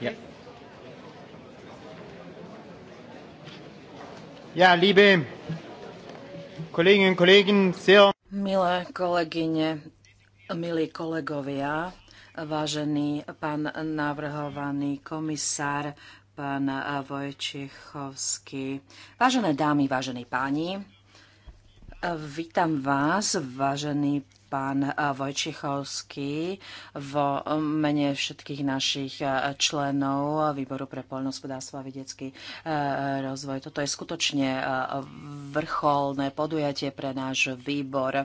Ja. liebe Kolleginnen und Kollegen, sehr... Milé kolegyne, milí kolegovia, vážený pán navrhovaný komisár, pán Vojčichovský, vážené dámy, vážení páni, Vítam vás, vážený pán Vojčichovský, v mene všetkých našich eh, členov Výboru pre poľnohospodárstvo a vedecký eh, rozvoj. Toto je skutočne eh, vrcholné podujatie pre náš výbor.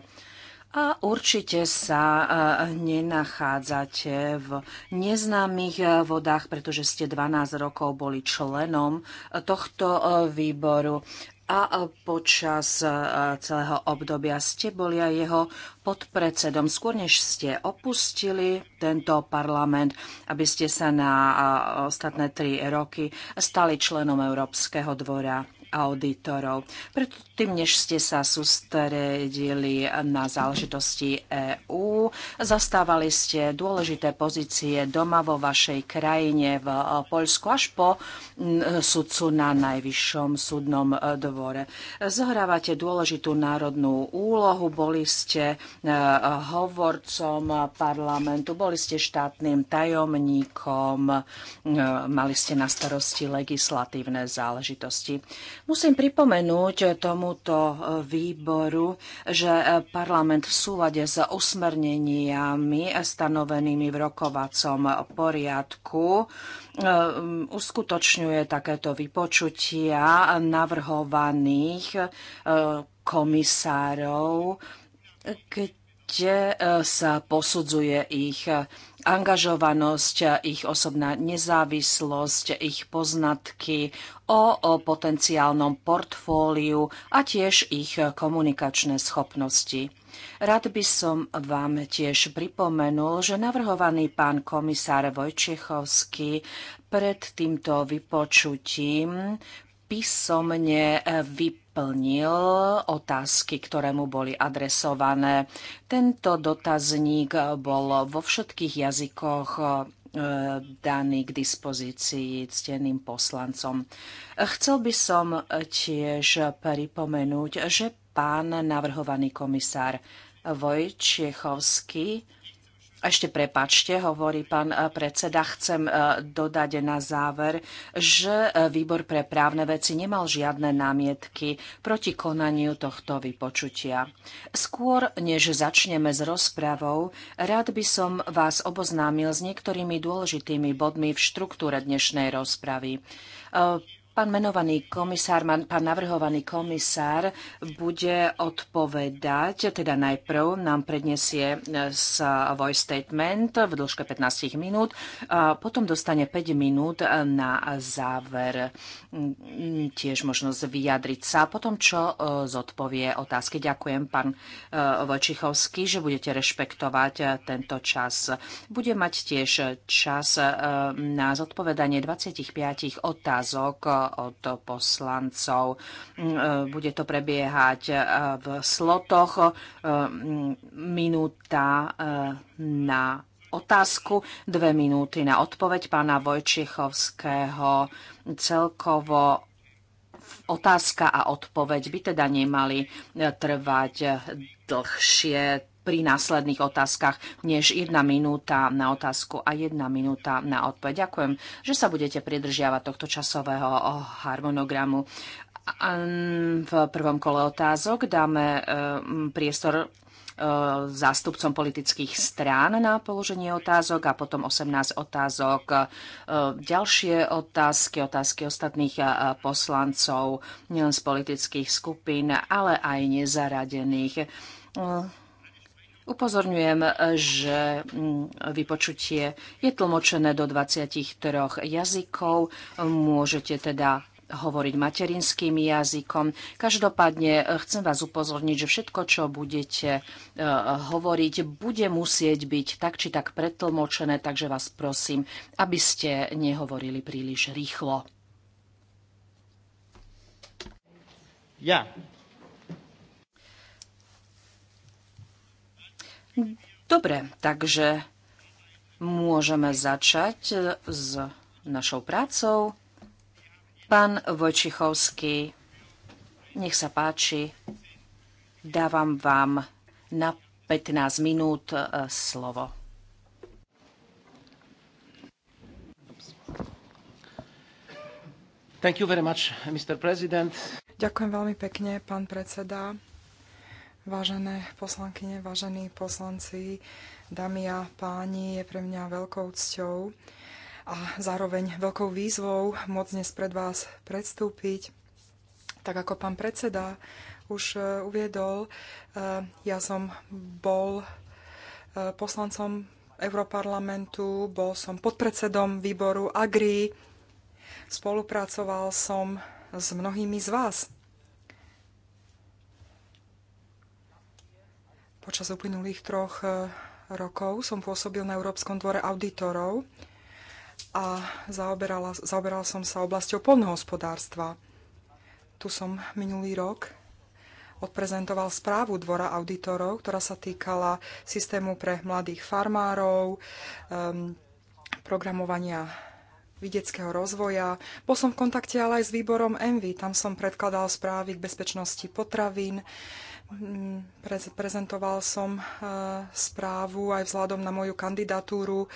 A určite sa nenachádzate v neznámych vodách, pretože ste 12 rokov boli členom tohto výboru a počas e, celého obdobia ste boli aj jeho podpredsedom. Skôr než ste opustili tento parlament, aby ste sa na e, ostatné tri roky stali členom Európskeho dvora auditorov. Predtým, než ste sa sústredili na záležitosti EÚ, zastávali ste dôležité pozície doma vo vašej krajine v Poľsku až po sudcu na Najvyššom súdnom dvore. Zohrávate dôležitú národnú úlohu, boli ste e, hovorcom parlamentu, boli ste štátnym tajomníkom, e, mali ste na starosti legislatívne záležitosti. Musím pripomenúť tomuto e, výboru, že e, parlament v súlade s usmerneniami stanovenými v rokovacom poriadku e, uskutočňuje takéto vypočutia navrhovaných komisárov, kde sa posudzuje ich angažovanosť, ich osobná nezávislosť, ich poznatky o, o potenciálnom portfóliu a tiež ich komunikačné schopnosti. Rád by som vám tiež pripomenul, že navrhovaný pán komisár Vojčechovský pred týmto vypočutím písomne vypočul plnil otázky, ktoré mu boli adresované. Tento dotazník bol vo všetkých jazykoch e, daný k dispozícii cteným poslancom. Chcel by som tiež pripomenúť, že pán navrhovaný komisár Vojčiechovský ešte prepačte, hovorí pán e, predseda, chcem e, dodať na záver, že e, výbor pre právne veci nemal žiadne námietky proti konaniu tohto vypočutia. Skôr, než začneme s rozpravou, rád by som vás oboznámil s niektorými dôležitými bodmi v štruktúre dnešnej rozpravy. Pán menovaný komisár, pán navrhovaný komisár bude odpovedať, teda najprv nám predniesie e, svoj statement v dĺžke 15 minút, a potom dostane 5 minút e, na záver mm, tiež možnosť vyjadriť sa, potom čo e, zodpovie otázky. Ďakujem, pán Vojčichovský, že budete rešpektovať tento čas. Bude mať tiež čas na zodpovedanie 25 otázok od poslancov. Bude to prebiehať e, v slotoch e, minúta e, na otázku, dve minúty na odpoveď pána Vojčichovského. Celkovo otázka a odpoveď by teda nemali trvať dlhšie pri následných otázkach než jedna minúta na otázku a jedna minúta na odpoveď. Ďakujem, že sa budete pridržiavať tohto časového oh, harmonogramu. Mm, v prvom kole otázok dáme eh, mm, priestor eh, zástupcom politických strán na položenie otázok a potom 18 otázok. Eh, ďalšie otázky, otázky ostatných poslancov, nielen z politických skupín, ale aj nezaradených Upozorňujem, že mm, vypočutie je tlmočené do 23 jazykov. Môžete teda hovoriť materinským jazykom. Každopádne eh, chcem vás upozorniť, že všetko, čo budete eh, hovoriť, bude musieť byť tak či tak pretlmočené, takže vás prosím, aby ste nehovorili príliš rýchlo. Ja, Dobre, takže môžeme začať e, s našou prácou. Pán Vojčichovský, nech sa páči, dávam vám na 15 minút e, slovo. Much, Ďakujem veľmi pekne, pán predseda. Vážené poslankyne, vážení poslanci, dámy a páni, je pre mňa veľkou cťou a zároveň veľkou výzvou môcť dnes pred vás predstúpiť. Tak ako pán predseda už e, uviedol, e, ja som bol e, poslancom Europarlamentu, bol som podpredsedom výboru Agri, spolupracoval som s mnohými z vás Počas uplynulých troch e, rokov som pôsobil na Európskom dvore auditorov a zaoberala, zaoberala som sa oblasťou polnohospodárstva. Tu som minulý rok odprezentoval správu Dvora auditorov, ktorá sa týkala systému pre mladých farmárov, um, programovania vidieckého rozvoja. Bol som v kontakte ale aj s výborom ENVY. Tam som predkladal správy k bezpečnosti potravín. Mm, prezentoval som eh, správu aj vzhľadom na moju kandidatúru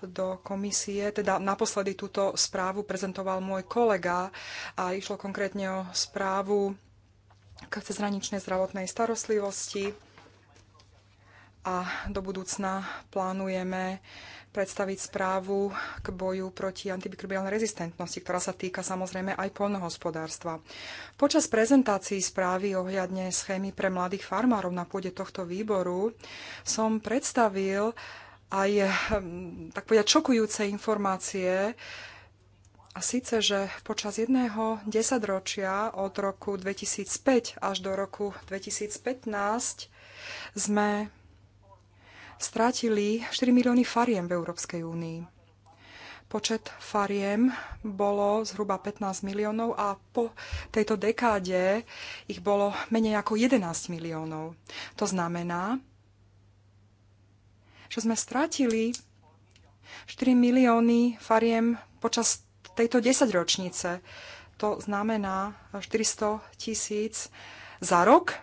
do komisie. Teda naposledy túto správu prezentoval môj kolega a išlo konkrétne o správu k cezhraničnej zdravotnej starostlivosti a do budúcna plánujeme predstaviť správu k boju proti antimikrobiálnej rezistentnosti, ktorá sa týka samozrejme aj polnohospodárstva. Počas prezentácií správy ohľadne schémy pre mladých farmárov na pôde tohto výboru som predstavil aj hm, tak povedať šokujúce informácie, a síce, že počas jedného desaťročia od roku 2005 až do roku 2015 sme strátili 4 milióny fariem v Európskej únii. Počet fariem bolo zhruba 15 miliónov a po tejto dekáde ich bolo menej ako 11 miliónov. To znamená, že sme strátili 4 milióny fariem počas tejto desaťročnice. To znamená 400 tisíc za rok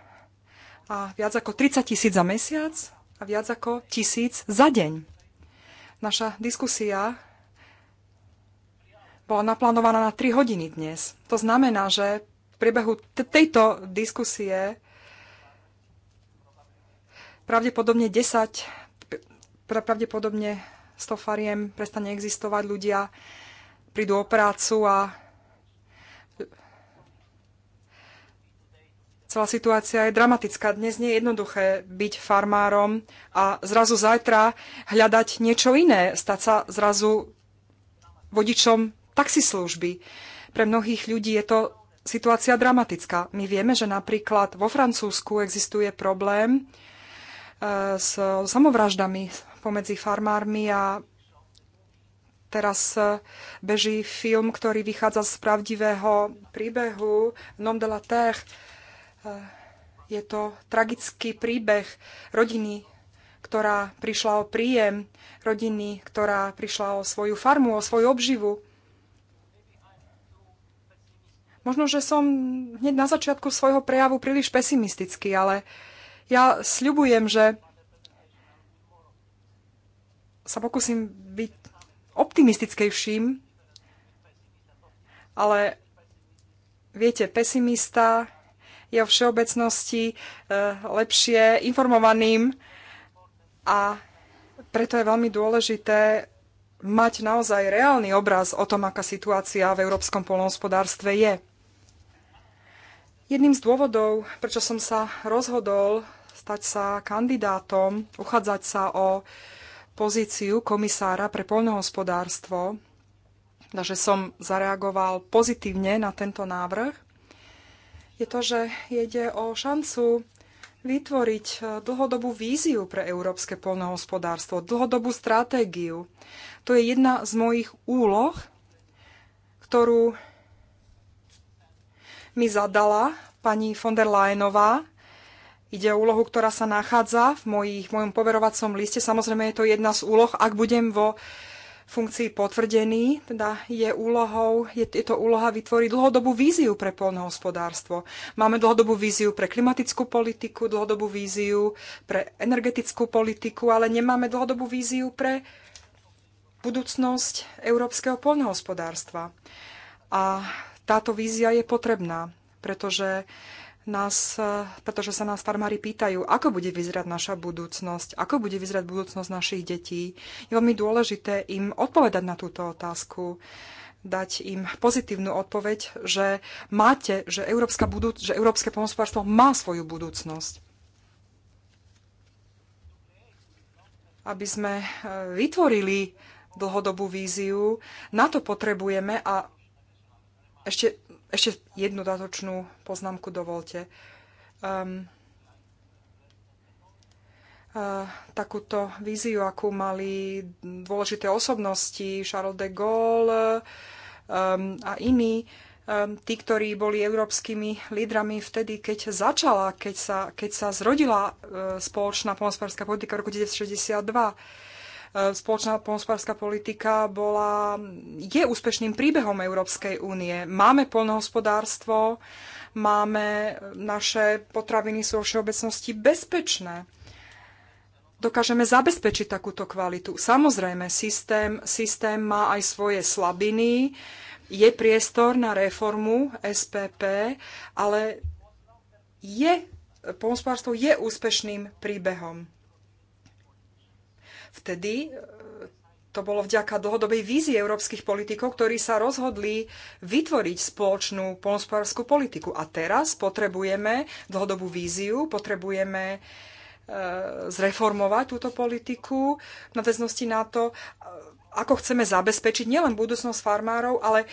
a viac ako 30 tisíc za mesiac a viac ako tisíc za deň. Naša diskusia bola naplánovaná na 3 hodiny dnes. To znamená, že v priebehu tejto diskusie pravdepodobne 10, pravdepodobne 100 fariem prestane existovať, ľudia prídu o prácu a Celá situácia je dramatická. Dnes nie je jednoduché byť farmárom a zrazu zajtra hľadať niečo iné, stať sa zrazu vodičom taxislužby. Pre mnohých ľudí je to situácia dramatická. My vieme, že napríklad vo Francúzsku existuje problém e, s samovraždami pomedzi farmármi a teraz beží film, ktorý vychádza z pravdivého príbehu Nom de la Terre. Je to tragický príbeh rodiny, ktorá prišla o príjem, rodiny, ktorá prišla o svoju farmu, o svoju obživu. Možno, že som hneď na začiatku svojho prejavu príliš pesimistický, ale ja sľubujem, že sa pokúsim byť optimistickejším, ale viete, pesimista je o všeobecnosti e, lepšie informovaným a preto je veľmi dôležité mať naozaj reálny obraz o tom, aká situácia v európskom polnohospodárstve je. Jedným z dôvodov, prečo som sa rozhodol stať sa kandidátom, uchádzať sa o pozíciu komisára pre poľnohospodárstvo, takže som zareagoval pozitívne na tento návrh, je to, že ide o šancu vytvoriť e, dlhodobú víziu pre európske polnohospodárstvo, dlhodobú stratégiu. To je jedna z mojich úloh, ktorú mi zadala pani von der Leyenová. Ide o úlohu, ktorá sa nachádza v mojich, mojom poverovacom liste. Samozrejme je to jedna z úloh. Ak budem vo funkcií potvrdený, teda je, úlohou, je, je to úloha vytvoriť dlhodobú víziu pre poľnohospodárstvo. Máme dlhodobú víziu pre klimatickú politiku, dlhodobú víziu pre energetickú politiku, ale nemáme dlhodobú víziu pre budúcnosť európskeho poľnohospodárstva. A táto vízia je potrebná, pretože nás, e, pretože sa nás farmári pýtajú, ako bude vyzerať naša budúcnosť, ako bude vyzerať budúcnosť našich detí. Je veľmi dôležité im odpovedať na túto otázku dať im pozitívnu odpoveď, že máte, že, európska budú, že európske pomospodárstvo má svoju budúcnosť. Aby sme e, vytvorili dlhodobú víziu, na to potrebujeme a ešte ešte jednu dodatočnú poznámku dovolte. Um, takúto víziu, akú mali dôležité osobnosti, Charles de Gaulle um, a iní, um, tí, ktorí boli európskymi lídrami vtedy, keď začala, keď sa, keď sa zrodila uh, spoločná pomospárska politika v roku 1962 Eh, spoločná polnohospodárska politika bola, je úspešným príbehom Európskej únie. Máme polnohospodárstvo, máme eh, naše potraviny sú vo všeobecnosti bezpečné. Dokážeme zabezpečiť takúto kvalitu. Samozrejme, systém, systém má aj svoje slabiny, je priestor na reformu SPP, ale je, eh, pomospárstvo je úspešným príbehom. Vtedy e, to bolo vďaka dlhodobej vízii európskych politikov, ktorí sa rozhodli vytvoriť spoločnú polnospodárskú politiku. A teraz potrebujeme dlhodobú víziu, potrebujeme e, zreformovať túto politiku v nadväznosti na to, ako chceme zabezpečiť nielen budúcnosť farmárov, ale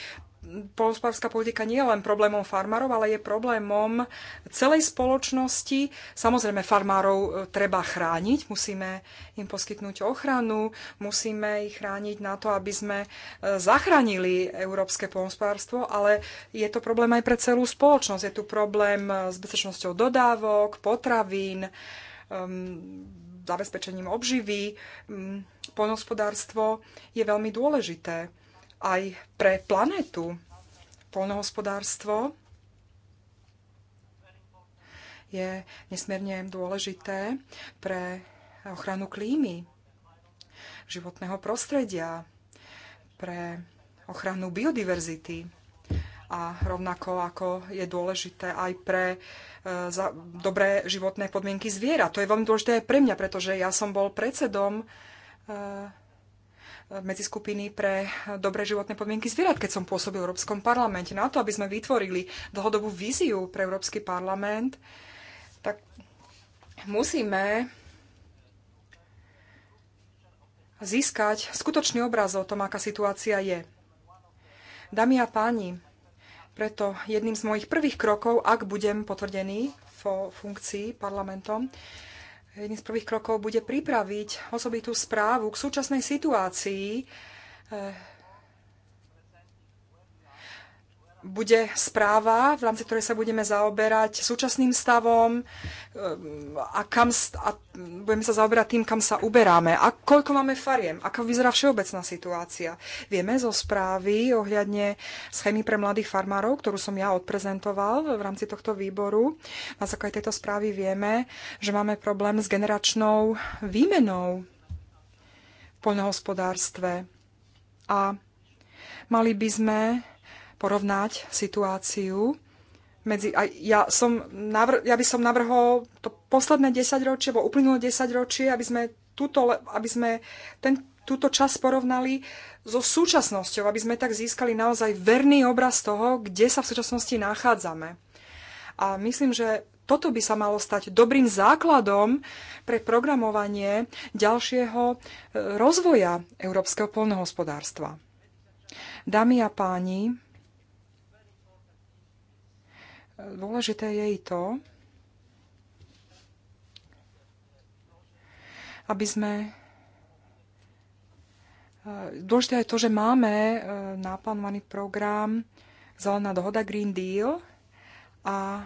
polospodárska politika nie je len problémom farmárov, ale je problémom celej spoločnosti. Samozrejme, farmárov e, treba chrániť, musíme im poskytnúť ochranu, musíme ich chrániť na to, aby sme e, zachránili európske polospodárstvo, ale je to problém aj pre celú spoločnosť. Je tu problém e, s bezpečnosťou dodávok, potravín, um, zabezpečením obživy. Um, poľnohospodárstvo je veľmi dôležité aj pre planetu. Polnohospodárstvo je nesmierne dôležité pre ochranu klímy, životného prostredia, pre ochranu biodiverzity a rovnako ako je dôležité aj pre e, za, dobré životné podmienky zviera. To je veľmi dôležité aj pre mňa, pretože ja som bol predsedom e, medziskupiny pre dobré životné podmienky zvierat, keď som pôsobil v Európskom parlamente. Na to, aby sme vytvorili dlhodobú víziu pre Európsky parlament, tak musíme získať skutočný obraz o tom, aká situácia je. Dámy a páni, preto jedným z mojich prvých krokov, ak budem potvrdený vo funkcii parlamentom, jedným z prvých krokov bude pripraviť osobitú správu k súčasnej situácii eh, bude správa, v rámci ktorej sa budeme zaoberať súčasným stavom ehm, a, kam, a budeme sa zaoberať tým, kam sa uberáme a koľko máme fariem, ako vyzerá všeobecná situácia. Vieme zo správy ohľadne schémy pre mladých farmárov, ktorú som ja odprezentoval v rámci tohto výboru. Na základe tejto správy vieme, že máme problém s generačnou výmenou v poľnohospodárstve a mali by sme porovnať situáciu medzi, a ja, som navr, ja by som navrhol to posledné 10 ročie, alebo uplynulé 10 ročie, aby sme, túto, aby sme ten, túto čas porovnali so súčasnosťou, aby sme tak získali naozaj verný obraz toho, kde sa v súčasnosti nachádzame. A myslím, že toto by sa malo stať dobrým základom pre programovanie ďalšieho e, rozvoja európskeho polnohospodárstva. Dámy a páni, Dôležité je i to, aby sme e, Dôležité je to, že máme e, naplánovaný program Zelená dohoda Green Deal a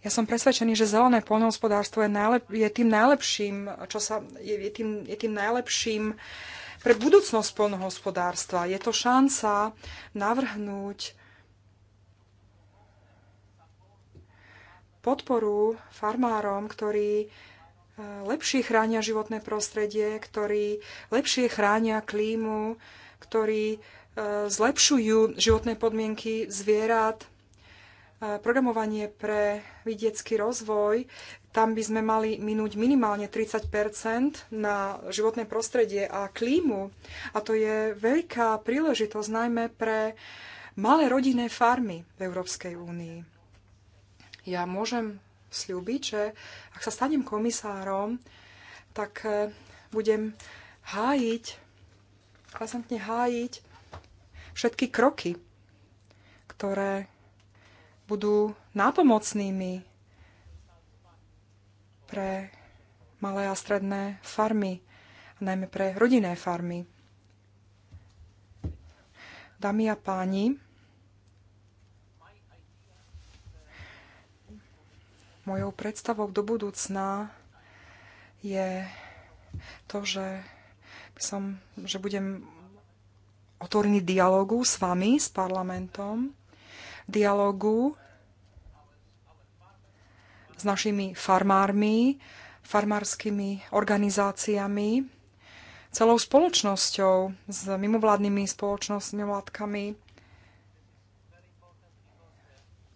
ja som presvedčený, že zelené poľnohospodárstvo je, najlep- je tým najlepším, čo sa, je, je, tým, je tým najlepším pre budúcnosť poľnohospodárstva. Je to šanca navrhnúť podporu farmárom, ktorí e, lepšie chránia životné prostredie, ktorí lepšie chránia klímu, ktorí e, zlepšujú životné podmienky zvierat, e, programovanie pre vidiecký rozvoj, tam by sme mali minúť minimálne 30 na životné prostredie a klímu. A to je veľká príležitosť najmä pre malé rodinné farmy v Európskej únii. Ja môžem slúbiť, že ak sa stanem komisárom, tak e, budem hájiť, razantne hájiť všetky kroky, ktoré budú nápomocnými pre malé a stredné farmy, a najmä pre rodinné farmy. Dámy a páni, Mojou predstavou do budúcna je to, že, som, že budem otvorený dialogu s vami, s parlamentom, dialogu s našimi farmármi, farmárskymi organizáciami, celou spoločnosťou, s mimovládnymi spoločnosťami, mimovládkami,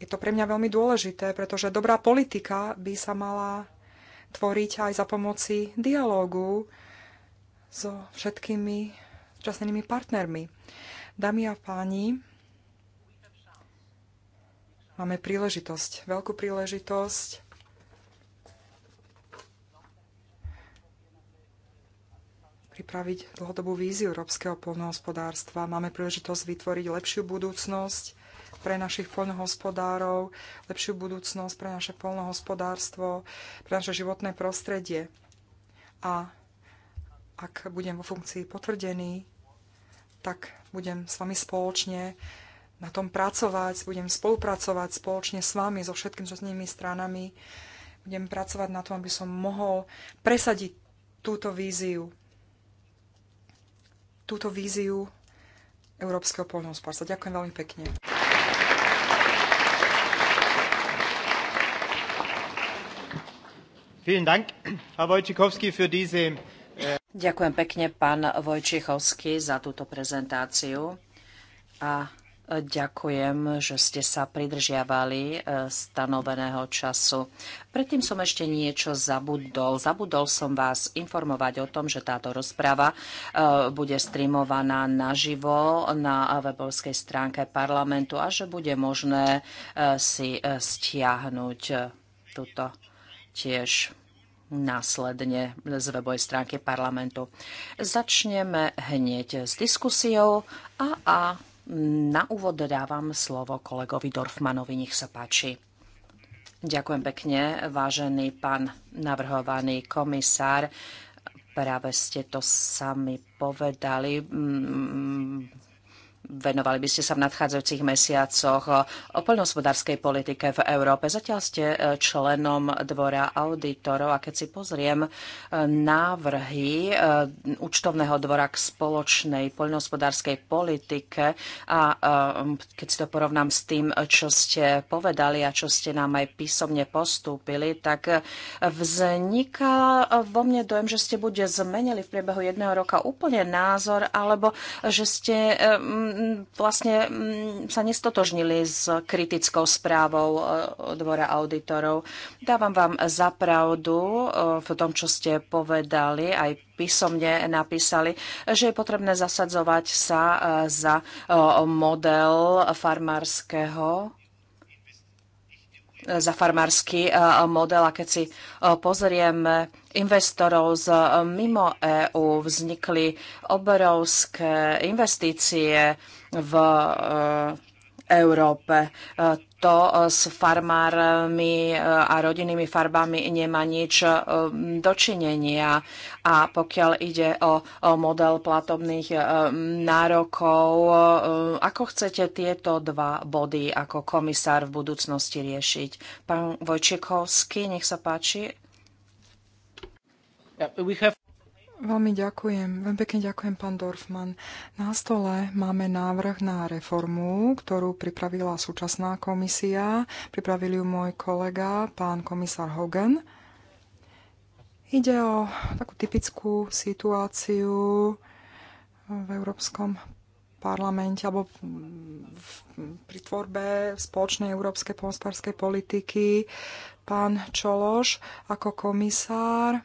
je to pre mňa veľmi dôležité, pretože dobrá politika by sa mala tvoriť aj za pomoci dialógu so všetkými časnými partnermi. Dámy a páni, máme príležitosť, veľkú príležitosť pripraviť dlhodobú víziu európskeho polnohospodárstva. Máme príležitosť vytvoriť lepšiu budúcnosť pre našich poľnohospodárov, lepšiu budúcnosť pre naše poľnohospodárstvo, pre naše životné prostredie. A ak budem vo funkcii potvrdený, tak budem s vami spoločne na tom pracovať, budem spolupracovať spoločne s vami, so všetkými zúčastnenými stranami. Budem pracovať na tom, aby som mohol presadiť túto víziu. Túto víziu európskeho poľnohospodárstva. Ďakujem veľmi pekne. Äh, ďakujem pekne, pán Vojčichovský, za túto prezentáciu. A Ďakujem, že ste sa pridržiavali e, stanoveného času. Predtým som ešte niečo zabudol. Zabudol som vás informovať o tom, že táto rozprava e, bude streamovaná naživo na webovskej stránke parlamentu a že bude možné e, si stiahnuť túto tiež následne z webovej stránky parlamentu. Začneme hneď s diskusiou a, a na úvod dávam slovo kolegovi Dorfmanovi. Nech sa páči. Ďakujem pekne, vážený pán navrhovaný komisár. Práve ste to sami povedali mm, Venovali by ste sa v nadchádzajúcich mesiacoch eh, o poľnohospodárskej politike v Európe. Zatiaľ ste eh, členom dvora auditorov a keď si pozriem eh, návrhy účtovného dvora k spoločnej poľnohospodárskej politike a keď si to porovnám s tým, čo ste povedali a čo ste nám aj písomne postúpili, tak vzniká vo mne dojem, že ste buď zmenili v priebehu jedného roka úplne názor, alebo že ste Mm, vlastne mm, sa nestotožnili s kritickou správou e, Dvora auditorov. Dávam vám zapravdu e, v tom, čo ste povedali, aj písomne napísali, že je potrebné zasadzovať sa e, za model farmárskeho za farmársky e, model. A keď si e, pozrieme investorov z e, mimo EÚ, vznikli obrovské investície v Európe to e, s farmármi e, a rodinnými farbami nemá nič e, dočinenia. A pokiaľ ide o model platobných nárokov, ako chcete tieto dva body ako komisár v budúcnosti riešiť? Pán Vojčekovský, nech sa páči. Yeah, Veľmi ďakujem, veľmi pekne ďakujem, pán Dorfman. Na stole máme návrh na reformu, ktorú pripravila súčasná komisia, pripravili ju môj kolega, pán komisár Hogan. Ide o takú typickú situáciu v Európskom parlamente alebo v, pri tvorbe spoločnej európskej pomospárskej politiky. Pán Čološ ako komisár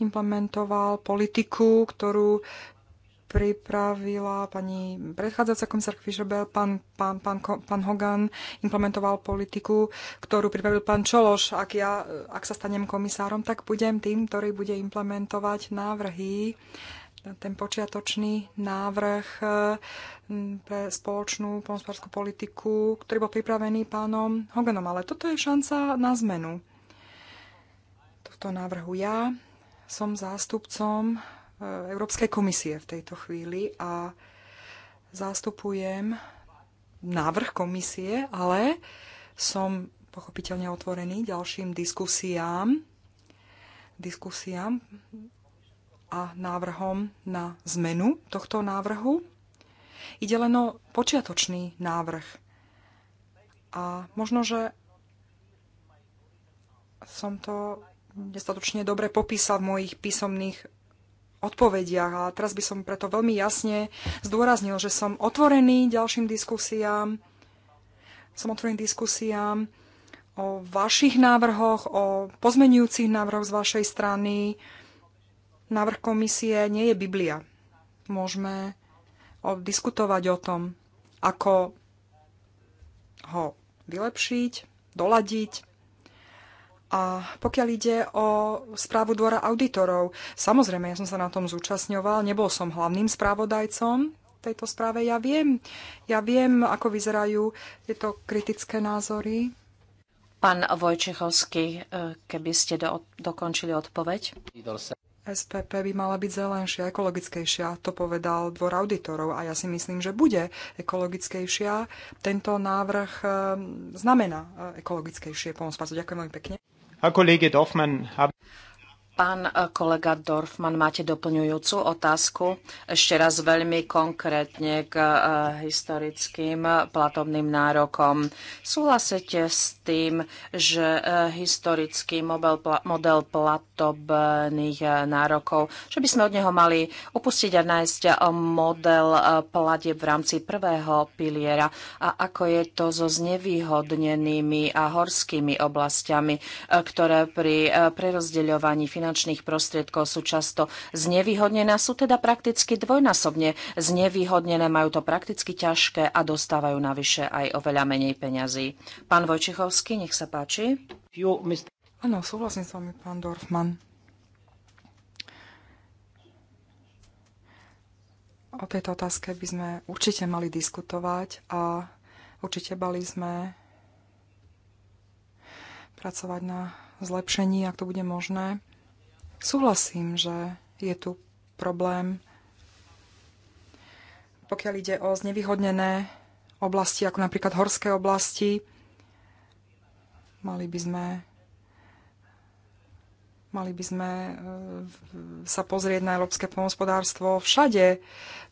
implementoval politiku, ktorú pripravila pani predchádzajúca komisárka Fischerbel, pán, pán, pán, pán Hogan implementoval politiku, ktorú pripravil pán Čološ. Ak, ja, ak sa stanem komisárom, tak budem tým, ktorý bude implementovať návrhy ten počiatočný návrh mm, pre spoločnú pomospárskú politiku, ktorý bol pripravený pánom Hoganom. Ale toto je šanca na zmenu. Tohto návrhu ja som zástupcom e, Európskej komisie v tejto chvíli a zástupujem návrh komisie, ale som pochopiteľne otvorený ďalším diskusiám, diskusiám a návrhom na zmenu tohto návrhu. Ide len o počiatočný návrh. A možno, že som to dostatočne dobre popísal v mojich písomných odpovediach. A teraz by som preto veľmi jasne zdôraznil, že som otvorený ďalším diskusiám. Som otvorený diskusiám o vašich návrhoch, o pozmenujúcich návrhoch z vašej strany. Návrh komisie nie je Biblia. Môžeme diskutovať o tom, ako ho vylepšiť, doladiť, a pokiaľ ide o správu dvora auditorov, samozrejme, ja som sa na tom zúčastňoval, nebol som hlavným správodajcom tejto správe. Ja viem, ja viem, ako vyzerajú tieto kritické názory. Pán Vojčechovský, e, keby ste do, dokončili odpoveď. SPP by mala byť zelenšia, ekologickejšia, to povedal dvor auditorov a ja si myslím, že bude ekologickejšia. Tento návrh e, znamená e, ekologickejšie pomoc Ďakujem veľmi pekne. Herr Kollege Dorfmann, haben Pán eh, kolega Dorfman, máte doplňujúcu otázku? Ešte raz veľmi konkrétne k eh, historickým eh, platobným nárokom. Súhlasíte s tým, že historický model platobných nárokov, že by sme od neho mali upustiť a nájsť model platieb v rámci prvého piliera a ako je to so znevýhodnenými a horskými oblastiami, ktoré pri prerozdeľovaní finančných finančných prostriedkov sú často znevýhodnené, sú teda prakticky dvojnásobne znevýhodnené, majú to prakticky ťažké a dostávajú navyše aj oveľa menej peňazí. Pán Vojčichovský, nech sa páči. Áno, súhlasím s vami, pán Dorfman. O tejto otázke by sme určite mali diskutovať a určite mali sme pracovať na zlepšení, ak to bude možné. Súhlasím, že je tu problém, pokiaľ ide o znevýhodnené oblasti, ako napríklad horské oblasti. Mali by sme Mali by sme e, sa pozrieť na európske pomospodárstvo všade,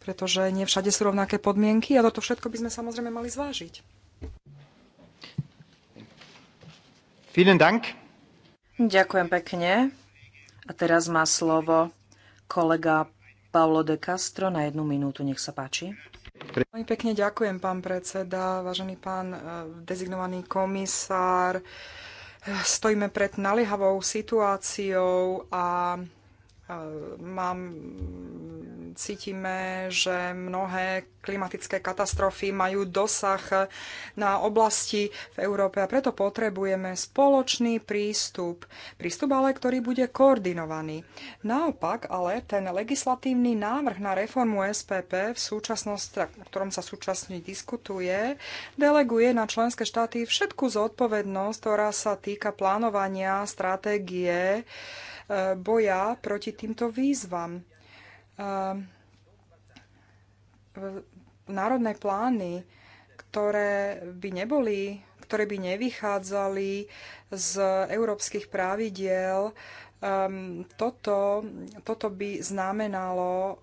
pretože nie všade sú rovnaké podmienky a toto všetko by sme samozrejme mali zvážiť. Vielen Dank. Ďakujem pekne. A teraz má slovo kolega Paolo de Castro na jednu minútu. Nech sa páči. Veľmi pekne ďakujem, pán predseda, vážený pán eh, dezignovaný komisár. Eh, stojíme pred naliehavou situáciou a mám, cítime, že mnohé klimatické katastrofy majú dosah na oblasti v Európe a preto potrebujeme spoločný prístup. Prístup ale, ktorý bude koordinovaný. Naopak ale ten legislatívny návrh na reformu SPP, v súčasnosti, o ktorom sa súčasne diskutuje, deleguje na členské štáty všetku zodpovednosť, ktorá sa týka plánovania stratégie boja proti týmto výzvam. Ehm, národné plány, ktoré by neboli, ktoré by nevychádzali z európskych pravidiel, ehm, toto, toto by znamenalo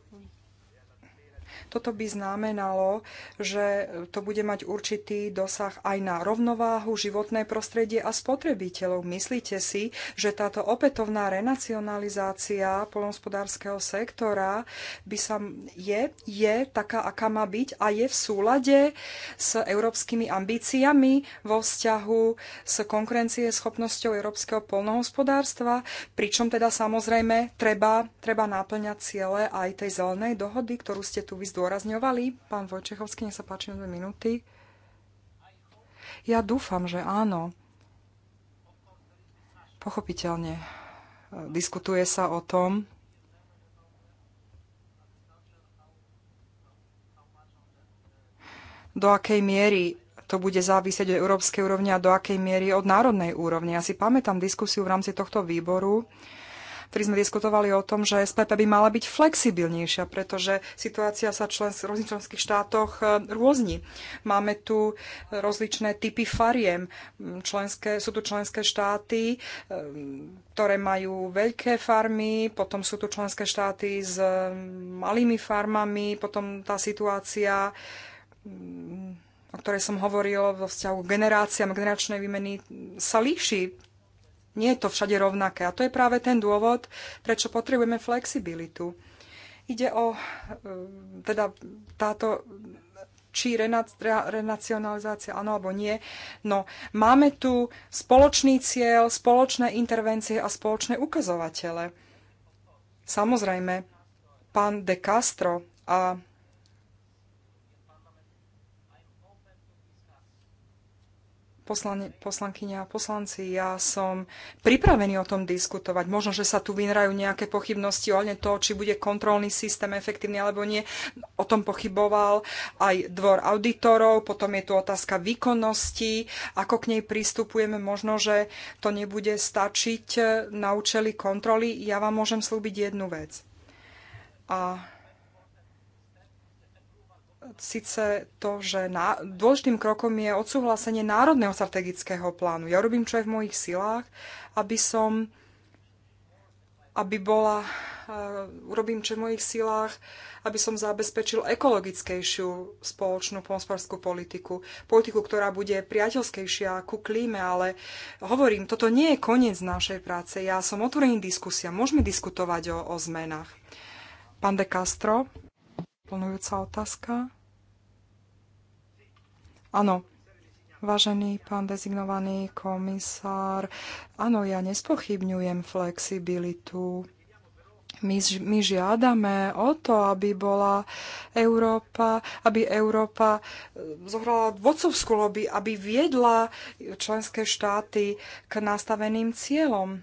toto by znamenalo, že to bude mať určitý dosah aj na rovnováhu, životné prostredie a spotrebiteľov. Myslíte si, že táto opätovná renacionalizácia polnospodárskeho sektora by sa je, je taká, aká má byť a je v súlade s európskymi ambíciami vo vzťahu s konkurencie schopnosťou európskeho polnohospodárstva, pričom teda samozrejme treba, treba náplňať ciele aj tej zelenej dohody, ktorú ste tu by zdôrazňovali? Pán Vojčechovský, nech sa páči na dve minúty. Ja dúfam, že áno. Pochopiteľne. E, diskutuje sa o tom, do akej miery to bude závisieť od európskej úrovne a do akej miery od národnej úrovne. Ja si pamätám diskusiu v rámci tohto výboru, ktorý sme diskutovali o tom, že SPP by mala byť flexibilnejšia, pretože situácia sa člen, v rôznych členských štátoch e, rôzni. Máme tu e, rozličné typy fariem. Mm, členské, sú tu členské štáty, e, ktoré majú veľké farmy, potom sú tu členské štáty s malými farmami, potom tá situácia mm, o ktorej som hovoril vo vzťahu generáciám, generačnej výmeny, sa líši nie je to všade rovnaké. A to je práve ten dôvod, prečo potrebujeme flexibilitu. Ide o e, teda táto či renacionalizácia, áno alebo nie. No, máme tu spoločný cieľ, spoločné intervencie a spoločné ukazovatele. Samozrejme, pán De Castro a poslankyňa a poslanci, ja som pripravený o tom diskutovať. Možno, že sa tu vynrajú nejaké pochybnosti o to, či bude kontrolný systém efektívny alebo nie. O tom pochyboval aj dvor auditorov, potom je tu otázka výkonnosti, ako k nej pristupujeme. Možno, že to nebude stačiť na účely kontroly. Ja vám môžem slúbiť jednu vec. A síce to, že na, dôležitým krokom je odsúhlasenie národného strategického plánu. Ja robím, čo je v mojich silách, aby som aby bola, uh, urobím čo v mojich silách, aby som zabezpečil ekologickejšiu spoločnú pomospárskú politiku. Politiku, ktorá bude priateľskejšia ku klíme, ale hovorím, toto nie je koniec našej práce. Ja som otvorený diskusia. Môžeme diskutovať o, o zmenách. Pán de Castro, plnujúca otázka. Áno, vážený pán dezignovaný komisár, áno, ja nespochybňujem flexibilitu. My, my žiadame o to, aby bola Európa, aby Európa e, zohrala vodcovskú lobby, aby viedla členské štáty k nastaveným cieľom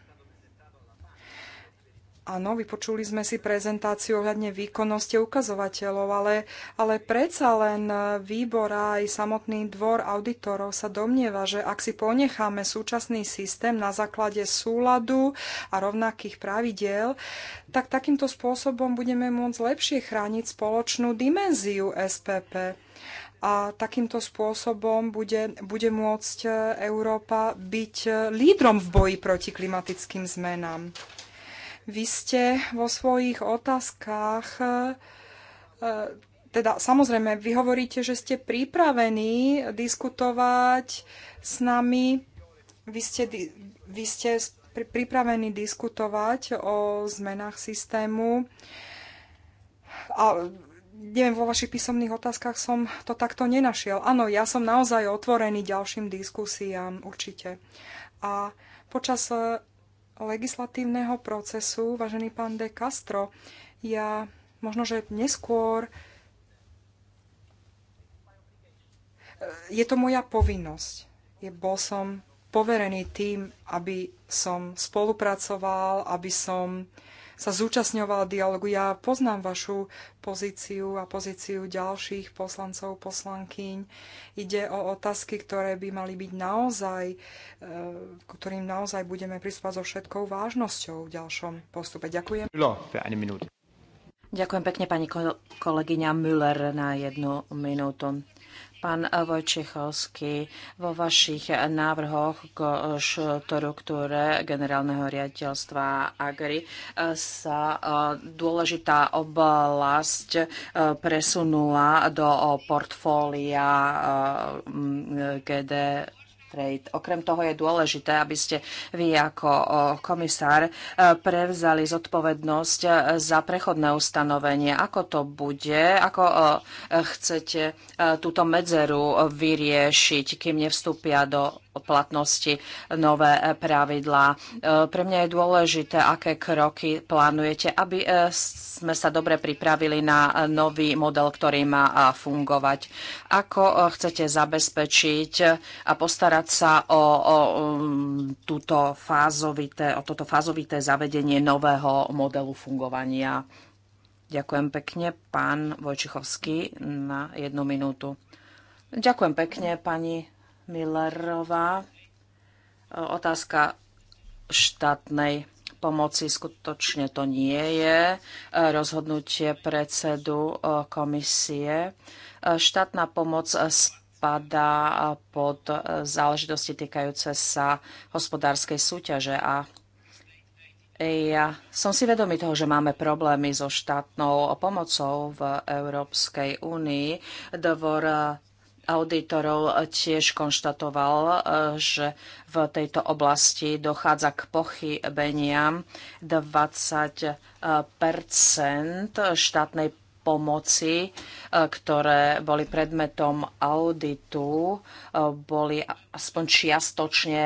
Áno, vypočuli sme si prezentáciu ohľadne výkonnosti ukazovateľov, ale, ale predsa len výbor a aj samotný dvor auditorov sa domnieva, že ak si ponecháme súčasný systém na základe súladu a rovnakých pravidiel, tak takýmto spôsobom budeme môcť lepšie chrániť spoločnú dimenziu SPP a takýmto spôsobom bude, bude môcť Európa byť lídrom v boji proti klimatickým zmenám. Vy ste vo svojich otázkach e, teda samozrejme, vy hovoríte, že ste pripravení diskutovať s nami. Vy ste, vy ste pripravení diskutovať o zmenách systému. A neviem, vo vašich písomných otázkach som to takto nenašiel. Áno, ja som naozaj otvorený ďalším diskusiám, určite. A počas e, legislatívneho procesu, vážený pán de Castro, ja možno, že neskôr je to moja povinnosť. Je, bol som poverený tým, aby som spolupracoval, aby som sa zúčastňovala dialogu. Ja poznám vašu pozíciu a pozíciu ďalších poslancov, poslankyň. Ide o otázky, ktoré by mali byť naozaj, e, ktorým naozaj budeme prispať so všetkou vážnosťou v ďalšom postupe. Ďakujem. Ďakujem pekne pani kolegyňa Müller na jednu minútu. Pán Vojčechovský, vo vašich návrhoch k štruktúre generálneho riaditeľstva Agri e, sa e, dôležitá oblasť e, presunula do portfólia GD Trade. Okrem toho je dôležité, aby ste vy ako komisár e, prevzali zodpovednosť e, za prechodné ustanovenie. Ako to bude? Ako e, chcete túto medzeru vyriešiť, kým nevstúpia do platnosti nové e, pravidlá. E, pre mňa je dôležité, aké kroky plánujete, aby e, sme sa dobre pripravili na nový model, ktorý má fungovať. Ako chcete zabezpečiť a postarať sa o, o, mm, túto fázovité, o toto fázovité zavedenie nového modelu fungovania? Ďakujem pekne, pán Vojčichovský, na jednu minútu. Ďakujem pekne, pani Millerová. Otázka štátnej pomoci skutočne to nie je rozhodnutie predsedu eh, komisie. Eh, štátna pomoc spadá pod záležitosti týkajúce sa hospodárskej súťaže a ja som si vedomý toho, že máme problémy so štátnou pomocou v Európskej únii. Dvor auditorov tiež konštatoval, e, že v tejto oblasti dochádza k pochybeniam 20 štátnej pomoci, e, ktoré boli predmetom auditu, e, boli aspoň čiastočne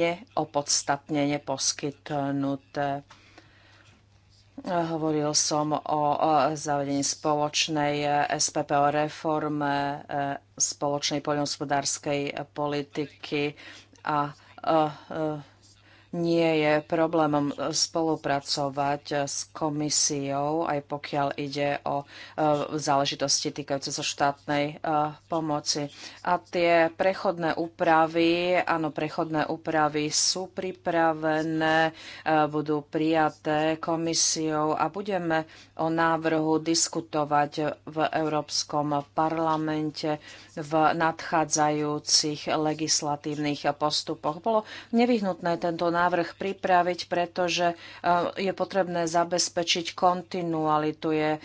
neopodstatne neposkytnuté. Hovoril som o zavedení spoločnej SPP, o reforme spoločnej poľnohospodárskej politiky a, a, a nie je problémom spolupracovať s komisiou, aj pokiaľ ide o e, záležitosti týkajúce sa štátnej e, pomoci. A tie prechodné úpravy, áno, prechodné úpravy sú pripravené, e, budú prijaté komisiou a budeme o návrhu diskutovať v Európskom parlamente v nadchádzajúcich legislatívnych postupoch. Bolo nevyhnutné tento návrh návrh pripraviť, pretože e, je potrebné zabezpečiť kontinualitu, je e,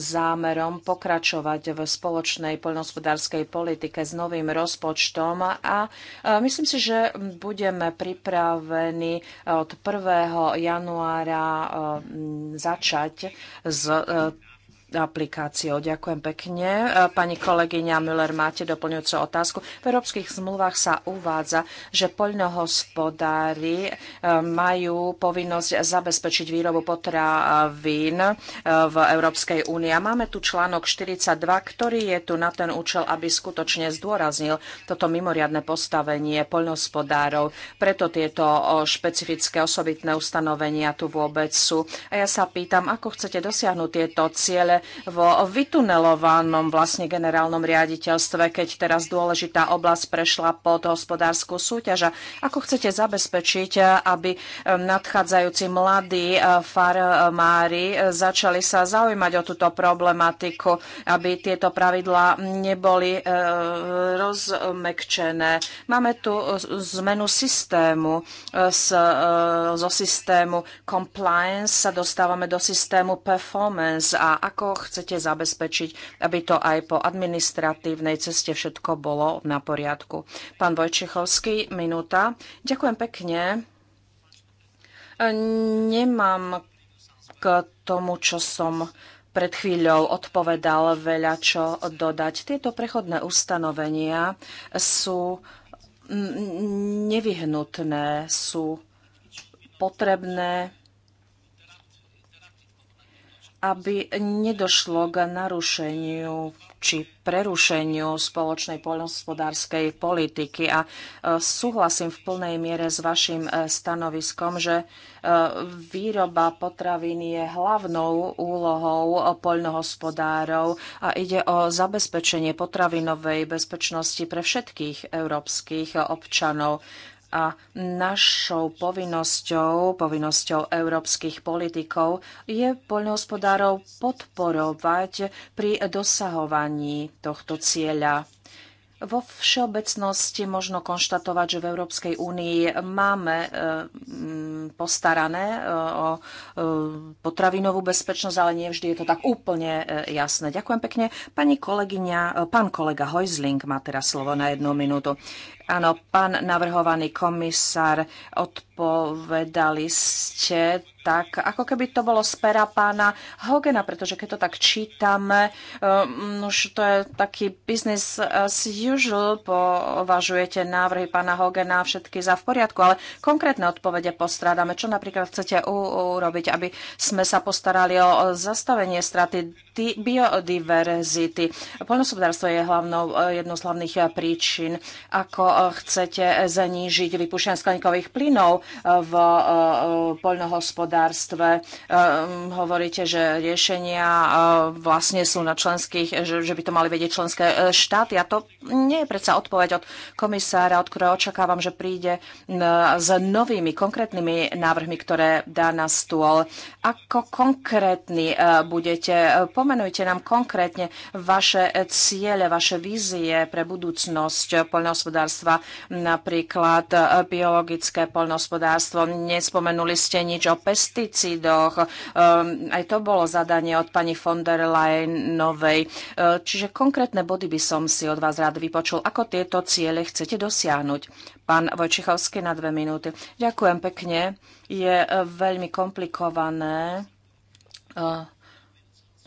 zámerom pokračovať v spoločnej poľnohospodárskej politike s novým rozpočtom a e, myslím si, že budeme pripravení od 1. januára začať s aplikáciou. Ďakujem pekne. Pani kolegyňa Müller, máte doplňujúcu otázku. V európskych zmluvách sa uvádza, že poľnohospodári e, majú povinnosť zabezpečiť výrobu potravín e, v Európskej únii. A máme tu článok 42, ktorý je tu na ten účel, aby skutočne zdôraznil toto mimoriadne postavenie poľnohospodárov. Preto tieto špecifické osobitné ustanovenia tu vôbec sú. A ja sa pýtam, ako chcete dosiahnuť tieto ciele vo vytunelovanom vlastne generálnom riaditeľstve, keď teraz dôležitá oblasť prešla pod hospodárskú súťaž. A ako chcete zabezpečiť, aby eh, nadchádzajúci mladí eh, farmári eh, začali sa zaujímať o túto problematiku, aby tieto pravidlá neboli rozmekčené. Máme tu zmenu systému. zo systému compliance sa dostávame do systému performance a ako chcete zabezpečiť, aby to aj po administratívnej ceste všetko bolo na poriadku? Pán Vojčichovský, minúta. Ďakujem pekne. Nemám k tomu, čo som pred chvíľou odpovedal veľa čo dodať. Tieto prechodné ustanovenia sú nevyhnutné, sú potrebné aby nedošlo k narušeniu či prerušeniu spoločnej poľnohospodárskej politiky. A e, súhlasím v plnej miere s vašim e, stanoviskom, že e, výroba potravín je hlavnou úlohou poľnohospodárov a ide o zabezpečenie potravinovej bezpečnosti pre všetkých európskych občanov. A našou povinnosťou, povinnosťou európskych politikov je poľnohospodárov podporovať pri dosahovaní tohto cieľa. Vo všeobecnosti možno konštatovať, že v Európskej únii máme e, postarané e, o e, potravinovú bezpečnosť, ale nie vždy je to tak úplne jasné. Ďakujem pekne. Pani kolegyňa, pán kolega Hojzling má teraz slovo na jednu minútu. Áno, pán navrhovaný komisár, odpovedali ste tak, ako keby to bolo z pera pána Hogena, pretože keď to tak čítame, um, už to je taký business as usual, považujete návrhy pána Hogena všetky za v poriadku, ale konkrétne odpovede postrádame. Čo napríklad chcete urobiť, aby sme sa postarali o zastavenie straty biodiverzity? Poľnospodárstvo je hlavnou, jednou z hlavných eh, príčin. Ako chcete znížiť vypúšťanie skleníkových plynov v e, e, poľnohospodárstve. E, hovoríte, že riešenia vlastne sú na členských, že by to mali vedieť členské štáty. A to nie je predsa odpoveď od komisára, od ktorého očakávam, že príde s novými konkrétnymi návrhmi, ktoré dá na stôl. Ako konkrétny budete? Pomenujte nám konkrétne vaše ciele, vaše vízie pre budúcnosť poľnohospodárstva poľnohospodárstva, napríklad e, biologické poľnohospodárstvo. Nespomenuli ste nič o pesticídoch. E, aj to bolo zadanie od pani von der Leyenovej. E, čiže konkrétne body by som si od vás rád vypočul. Ako tieto ciele chcete dosiahnuť? Pán Vojčichovský na dve minúty. Ďakujem pekne. Je veľmi komplikované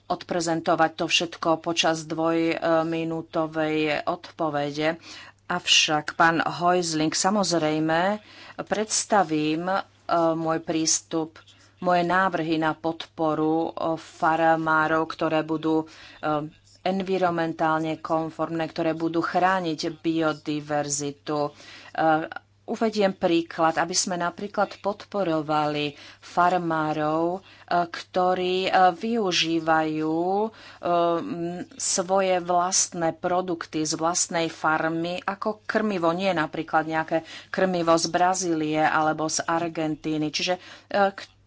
odprezentovať to všetko počas dvojminútovej odpovede. Avšak pán Hojzling, samozrejme, predstavím e, môj prístup moje návrhy na podporu e, farmárov, ktoré budú e, environmentálne konformné, ktoré budú chrániť biodiverzitu Uvediem príklad, aby sme napríklad podporovali farmárov, e, ktorí e, využívajú e, svoje vlastné produkty z vlastnej farmy ako krmivo, nie napríklad nejaké krmivo z Brazílie alebo z Argentíny. Čiže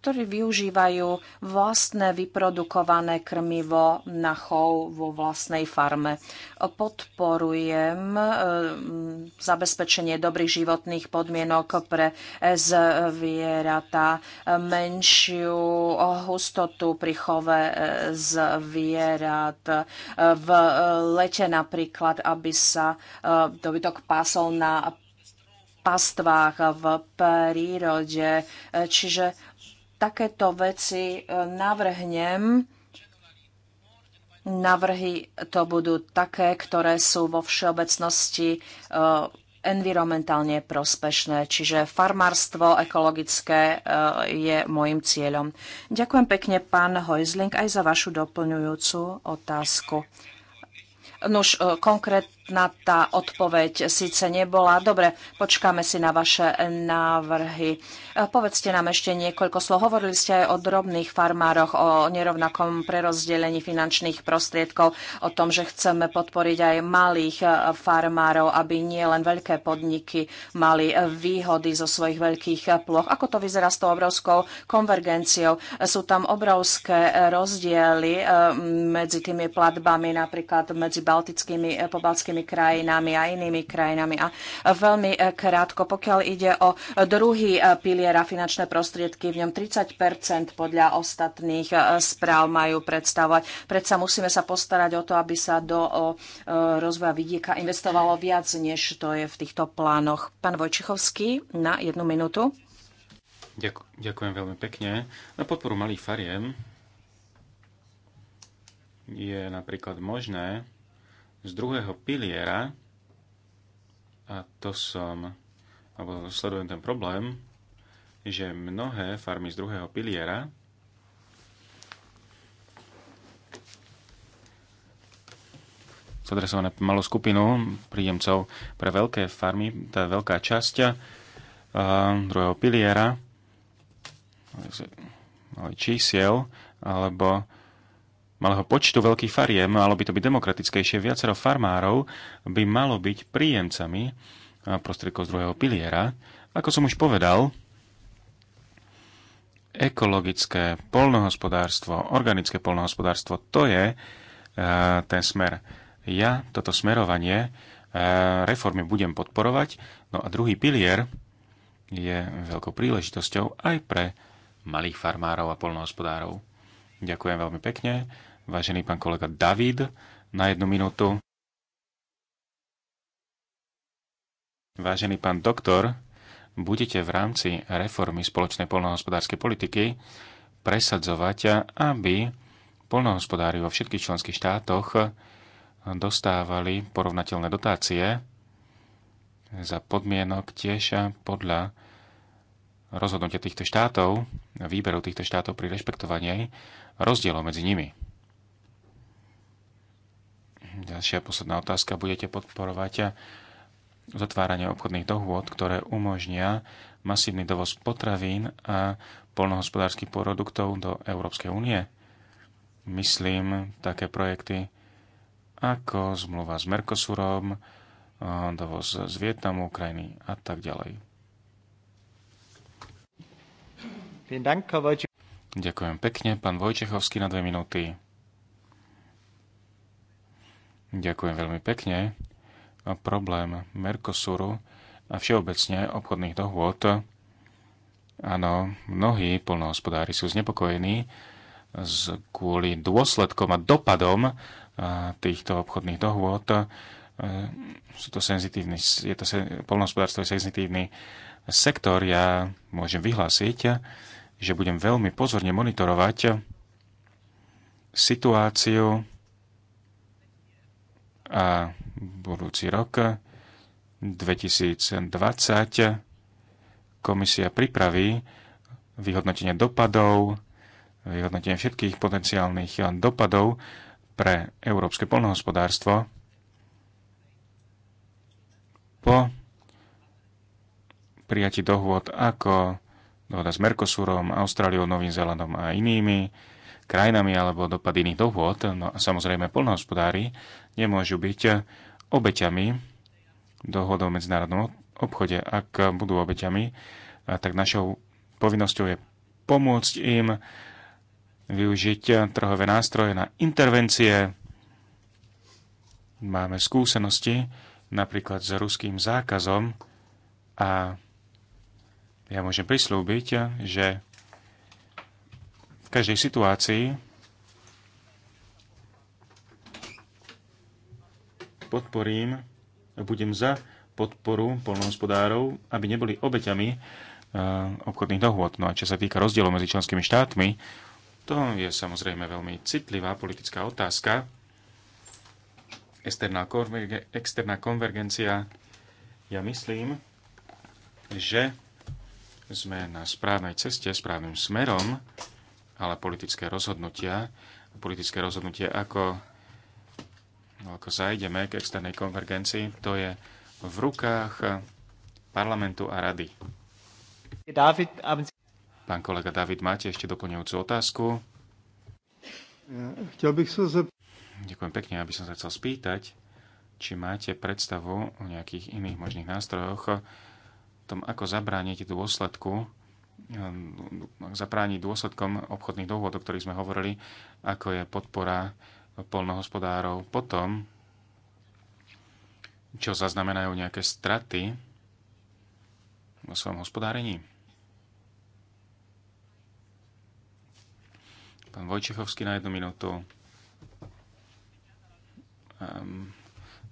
ktorí využívajú vlastné vyprodukované krmivo na chov vo vlastnej farme. Podporujem e, zabezpečenie dobrých životných podmienok pre zvieratá, menšiu hustotu pri chove e, zvierat, e, v lete napríklad, aby sa dobytok pásol na pastvách v prírode. Čiže takéto veci e, navrhnem, Navrhy to budú také, ktoré sú vo všeobecnosti e, environmentálne prospešné, čiže farmárstvo ekologické e, je môjim cieľom. Ďakujem pekne, pán Hojzling, aj za vašu doplňujúcu otázku. Nuž, konkrétna tá odpoveď síce nebola. Dobre, počkáme si na vaše návrhy. Povedzte nám ešte niekoľko slov. Hovorili ste aj o drobných farmároch, o nerovnakom prerozdelení finančných prostriedkov, o tom, že chceme podporiť aj malých e, farmárov, aby nie len veľké podniky mali e, výhody zo svojich veľkých e, ploch. Ako to vyzerá s tou obrovskou konvergenciou? Sú tam obrovské rozdiely medzi tými platbami, napríklad medzi baltickými, pobaltskými krajinami a inými krajinami. A veľmi krátko, pokiaľ ide o druhý pilier, zbiera finančné prostriedky, v ňom 30 podľa ostatných e, správ majú predstavovať. Predsa musíme sa postarať o to, aby sa do e, rozvoja vidieka investovalo viac, než to je v týchto plánoch. Pán Vojčichovský, na jednu minútu. Ďakujem veľmi pekne. Na podporu malých fariem je napríklad možné z druhého piliera, a to som, alebo sledujem ten problém, že mnohé farmy z druhého piliera zadresované adresované malú skupinu príjemcov pre veľké farmy, tá veľká časť eh, druhého piliera, čísiel, alebo malého počtu veľkých fariem, malo by to byť demokratickejšie, viacero farmárov by malo byť príjemcami eh, prostriedkov z druhého piliera. Ako som už povedal, ekologické polnohospodárstvo, organické polnohospodárstvo, to je e, ten smer. Ja toto smerovanie e, reformy budem podporovať. No a druhý pilier je veľkou príležitosťou aj pre malých farmárov a polnohospodárov. Ďakujem veľmi pekne. Vážený pán kolega David, na jednu minútu. Vážený pán doktor, budete v rámci reformy spoločnej polnohospodárskej politiky presadzovať, aby polnohospodári vo všetkých členských štátoch dostávali porovnateľné dotácie za podmienok tiež podľa rozhodnutia týchto štátov, výberu týchto štátov pri rešpektovaní rozdielov medzi nimi. Ďalšia posledná otázka. Budete podporovať zotváranie obchodných dohôd, ktoré umožnia masívny dovoz potravín a polnohospodárskych produktov do Európskej únie. Myslím také projekty ako zmluva s Mercosurom, eh, dovoz z Vietnamu, Ukrajiny a tak ďalej. Ďakujem pekne, pán Vojčechovský, na dve minúty. Ďakujem veľmi pekne problém Mercosuru a všeobecne obchodných dohôd. Áno, mnohí polnohospodári sú znepokojení z, kvôli dôsledkom a dopadom týchto obchodných dohôd. E, sú to senzitívny, je to polnohospodárstvo je senzitívny sektor. Ja môžem vyhlásiť, že budem veľmi pozorne monitorovať situáciu a budúci rok 2020 komisia pripraví vyhodnotenie dopadov, vyhodnotenie všetkých potenciálnych dopadov pre európske polnohospodárstvo po prijati dohôd ako dohoda s Mercosurom, Austráliou, Novým Zelandom a inými krajinami alebo dopad iných dohôd. No a samozrejme polnohospodári nemôžu byť obeťami dohodov o medzinárodnom obchode. Ak budú obeťami, tak našou povinnosťou je pomôcť im využiť trhové nástroje na intervencie. Máme skúsenosti napríklad s ruským zákazom a ja môžem prislúbiť, že v každej situácii podporím, budem za podporu polnohospodárov, aby neboli obeťami e, obchodných dohôd. No a čo sa týka rozdielov medzi členskými štátmi, to je samozrejme veľmi citlivá politická otázka. Externá, konverge- externá konvergencia, ja myslím, že sme na správnej ceste, správnym smerom, ale politické rozhodnutia, politické rozhodnutie ako No, ako zajdeme k externej konvergencii, to je v rukách parlamentu a rady. David, Pán kolega David, máte ešte doplňujúcu otázku? Ja, bych sa zep... Ďakujem pekne, aby som sa chcel spýtať, či máte predstavu o nejakých iných možných nástrojoch, tom, ako zabrániť dôsledku, ehm, zabrániť dôsledkom obchodných dôvodov, o ktorých sme hovorili, ako je podpora polnohospodárov potom, čo zaznamenajú nejaké straty vo svojom hospodárení. Pán Vojčechovský na jednu minútu. Um,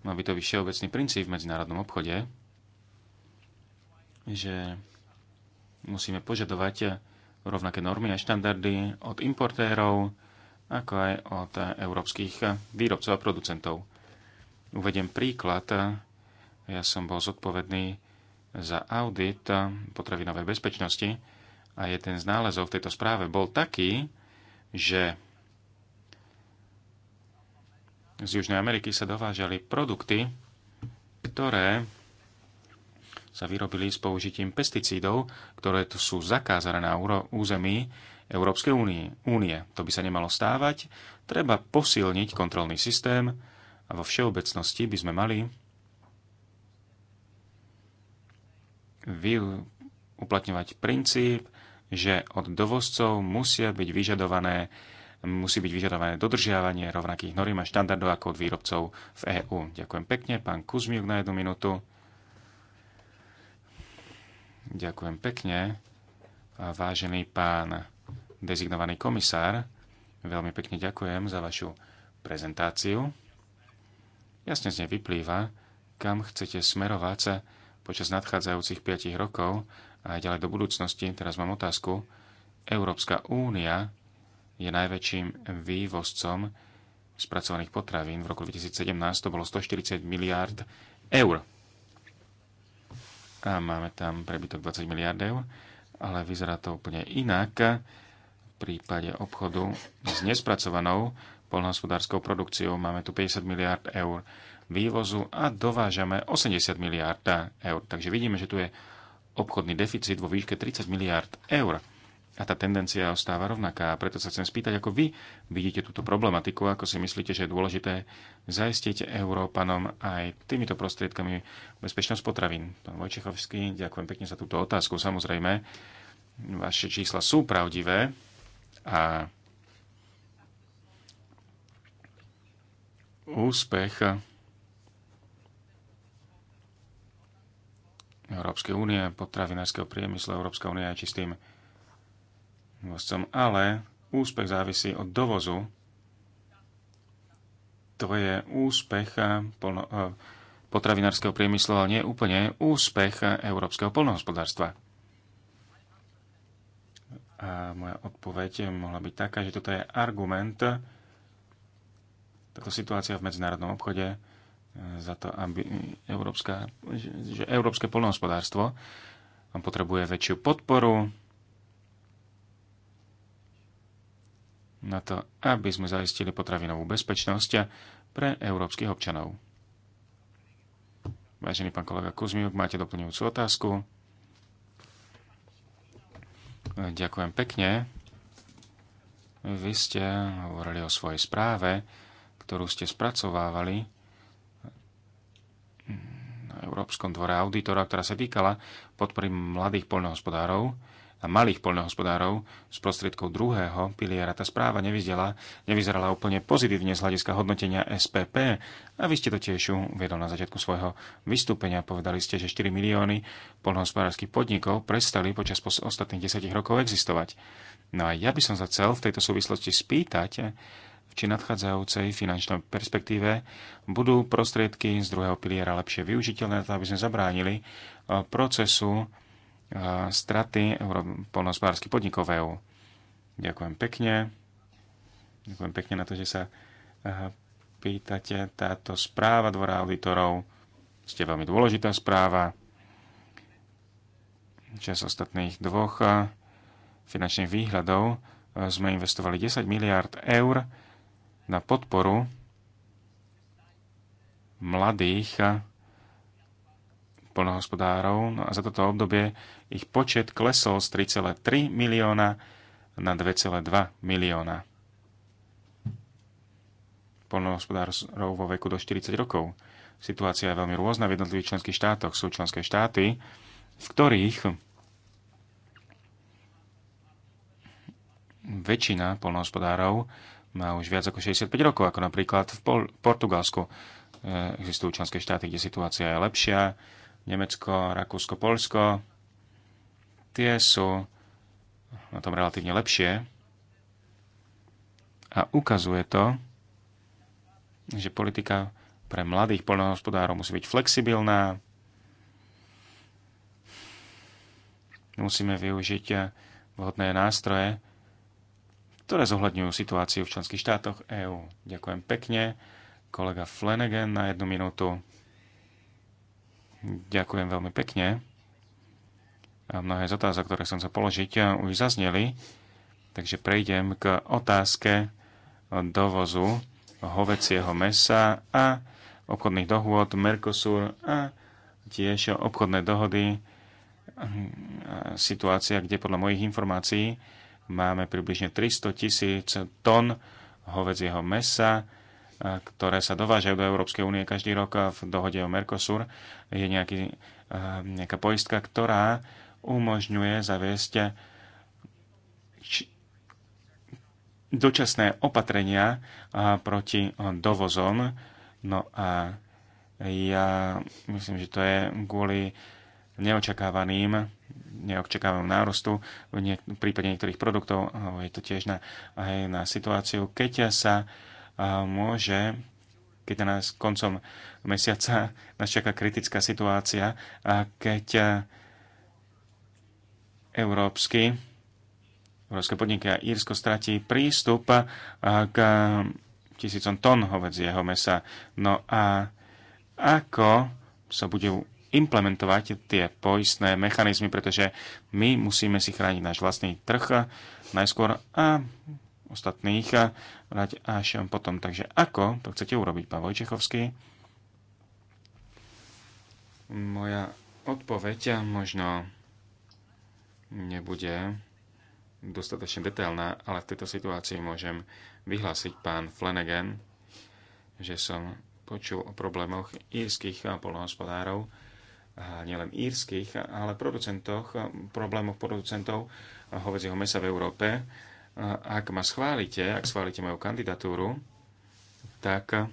mal by to byť všeobecný princíp v medzinárodnom obchode, že musíme požadovať rovnaké normy a štandardy od importérov, ako aj od európskych výrobcov a producentov. Uvediem príklad. Ja som bol zodpovedný za audit potravinovej bezpečnosti a jeden z nálezov v tejto správe bol taký, že z Južnej Ameriky sa dovážali produkty, ktoré sa vyrobili s použitím pesticídov, ktoré tu sú zakázané na území Európskej únie. únie. To by sa nemalo stávať. Treba posilniť kontrolný systém a vo všeobecnosti by sme mali uplatňovať princíp, že od dovozcov musia byť vyžadované musí byť vyžadované dodržiavanie rovnakých noriem a štandardov ako od výrobcov v EÚ. Ďakujem pekne, pán Kuzmiuk na jednu minútu. Ďakujem pekne, vážený pán dezignovaný komisár. Veľmi pekne ďakujem za vašu prezentáciu. Jasne z nej vyplýva, kam chcete smerovať sa počas nadchádzajúcich 5 rokov a aj ďalej do budúcnosti. Teraz mám otázku. Európska únia je najväčším vývozcom spracovaných potravín. V roku 2017 to bolo 140 miliárd eur. A máme tam prebytok 20 miliárd eur, ale vyzerá to úplne inak prípade obchodu s nespracovanou polnohospodárskou produkciou máme tu 50 miliard eur vývozu a dovážame 80 miliard eur. Takže vidíme, že tu je obchodný deficit vo výške 30 miliard eur. A tá tendencia ostáva rovnaká. A preto sa chcem spýtať, ako vy vidíte túto problematiku, ako si myslíte, že je dôležité zaistiť Európanom aj týmito prostriedkami bezpečnosť potravín. Pán Vojčechovský, ďakujem pekne za túto otázku. Samozrejme, vaše čísla sú pravdivé. A úspech Európskej únie, potravinárskeho priemyslu Európska únia je čistým vozcom, ale úspech závisí od dovozu. To je úspech eh, eh, potravinárskeho priemyslu, ale nie úplne úspech eh, európskeho polnohospodárstva. A moja odpoveď mohla byť taká, že toto je argument, táto situácia v medzinárodnom obchode e, za to, aby európska, že európske polnohospodárstvo potrebuje väčšiu podporu na to, aby sme zaistili potravinovú bezpečnosť pre európskych občanov. Vážený pán kolega Kuzmiuk, máte doplňujúcu otázku? Ďakujem pekne. Vy ste hovorili o svojej správe, ktorú ste spracovávali na Európskom dvore auditora, ktorá sa týkala podpory mladých poľnohospodárov na malých poľnohospodárov z prostriedkov druhého piliera. Tá správa nevyzdela, nevyzerala úplne pozitívne z hľadiska hodnotenia SPP a vy ste to tiež uvedol na začiatku svojho vystúpenia. Povedali ste, že 4 milióny poľnohospodárských podnikov prestali počas ostatných 10 rokov existovať. No a ja by som sa chcel v tejto súvislosti spýtať, či nadchádzajúcej finančnej perspektíve budú prostriedky z druhého piliera lepšie využiteľné, aby sme zabránili eh, procesu straty polnohospodárskych podnikov EU. Ďakujem pekne. Ďakujem pekne na to, že sa pýtate. Táto správa Dvora auditorov ste veľmi dôležitá správa. Čas ostatných dvoch finančných výhľadov sme investovali 10 miliard eur na podporu mladých polnohospodárov. No a za toto obdobie ich počet klesol z 3,3 milióna na 2,2 milióna polnohospodárov vo veku do 40 rokov. Situácia je veľmi rôzna v jednotlivých členských štátoch. Sú členské štáty, v ktorých väčšina polnohospodárov má už viac ako 65 rokov, ako napríklad v Portugalsku. E, existujú členské štáty, kde situácia je lepšia, Nemecko, Rakúsko, Polsko, tie sú na tom relatívne lepšie. A ukazuje to, že politika pre mladých poľnohospodárov musí byť flexibilná. Musíme využiť vhodné nástroje, ktoré zohľadňujú situáciu v členských štátoch EÚ. Ďakujem pekne. Kolega Flanagan na jednu minútu. Ďakujem veľmi pekne. A mnohé z otázok, ktoré som sa položiť, eh, už zazneli. Takže prejdem k otázke dovozu hovecieho mesa a obchodných dohôd Mercosur a tiež obchodné dohody situácia, kde podľa mojich informácií máme približne 300 tisíc tón hovedzieho mesa ktoré sa dovážajú do Európskej únie každý rok v dohode o Mercosur, je nejaký, e, nejaká poistka, ktorá umožňuje zaviesť dočasné opatrenia e, proti dovozom. No a ja myslím, že to je kvôli neočakávaným neočakávanom nárostu v, v prípade niektorých produktov, je to tiež na, aj na situáciu, keď sa uh, môže, keď nás koncom mesiaca nás čaká kritická situácia, a keď e, európsky, európske podniky a Írsko stratí prístup e, k tisícom tón hovedzieho mesa. No a ako sa bude implementovať tie poistné mechanizmy, pretože my musíme si chrániť náš vlastný trh e, najskôr a ostatných brať eh, až eh, potom. Takže ako to chcete urobiť, pán Vojčechovský? Moja odpoveď eh, možno nebude dostatočne detailná, ale v tejto situácii môžem vyhlásiť pán Flanagan, že som počul o problémoch írskych polnohospodárov, a nielen írskych, ale producentoch, problémoch producentov hovedzieho mesa v Európe, ak ma schválite, ak schválite moju kandidatúru, tak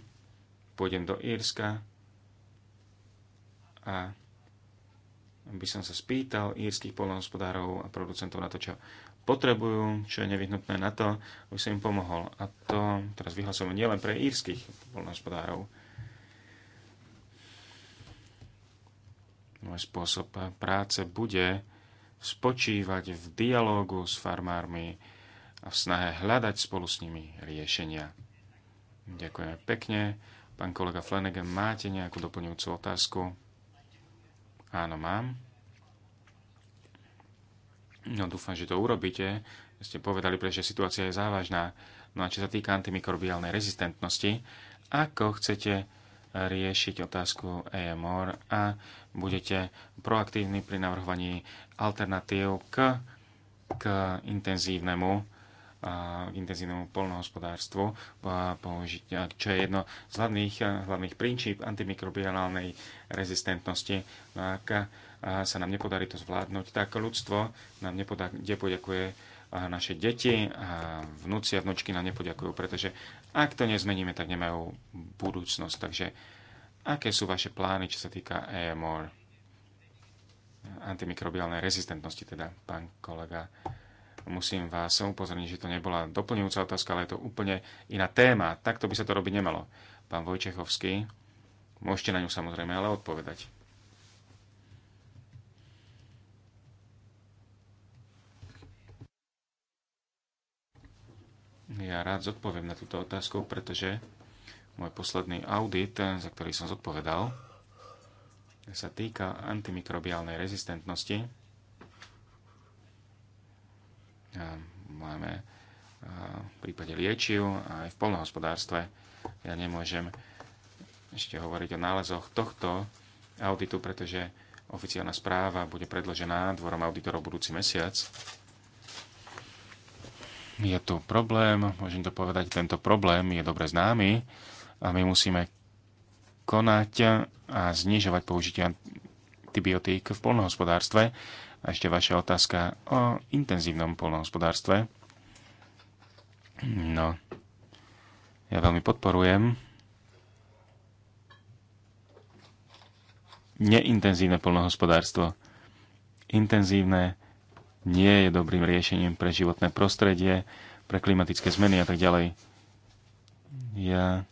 pôjdem do Írska a by som sa spýtal írskych polnohospodárov a producentov na to, čo potrebujú, čo je nevyhnutné na to, aby som im pomohol. A to teraz vyhlasujem nielen pre írskych polnohospodárov. Môj spôsob práce bude spočívať v dialogu s farmármi, a v snahe hľadať spolu s nimi riešenia. Ďakujeme pekne. Pán kolega Flanagan, máte nejakú doplňujúcu otázku? Áno, mám. No dúfam, že to urobíte. Ste povedali, prečo situácia je závažná. No a čo sa týka antimikrobiálnej rezistentnosti, ako chcete riešiť otázku EMR a budete proaktívni pri navrhovaní alternatív k, k intenzívnemu k intenzívnemu polnohospodárstvu, použiť, čo je jedno z hlavných, hlavných princíp antimikrobiálnej rezistentnosti. No Ak sa nám nepodarí to zvládnuť, tak ľudstvo nám nepoďakuje a naše deti a vnúci a vnúčky nám nepoďakujú, pretože ak to nezmeníme, tak nemajú budúcnosť. Takže aké sú vaše plány, čo sa týka EMR? Antimikrobiálnej rezistentnosti teda, pán kolega musím vás upozorniť, že to nebola doplňujúca otázka, ale je to úplne iná téma. Takto by sa to robiť nemalo. Pán Vojčechovský, môžete na ňu samozrejme ale odpovedať. Ja rád zodpoviem na túto otázku, pretože môj posledný audit, za ktorý som zodpovedal, sa týka antimikrobiálnej rezistentnosti máme v prípade liečiv a aj v polnohospodárstve. Ja nemôžem ešte hovoriť o nálezoch tohto auditu, pretože oficiálna správa bude predložená dvorom auditorov budúci mesiac. Je tu problém, môžem to povedať, tento problém je dobre známy a my musíme konať a znižovať použitie antibiotík v polnohospodárstve a ešte vaša otázka o intenzívnom polnohospodárstve. No, ja veľmi podporujem neintenzívne polnohospodárstvo. Intenzívne nie je dobrým riešením pre životné prostredie, pre klimatické zmeny a tak ďalej. Ja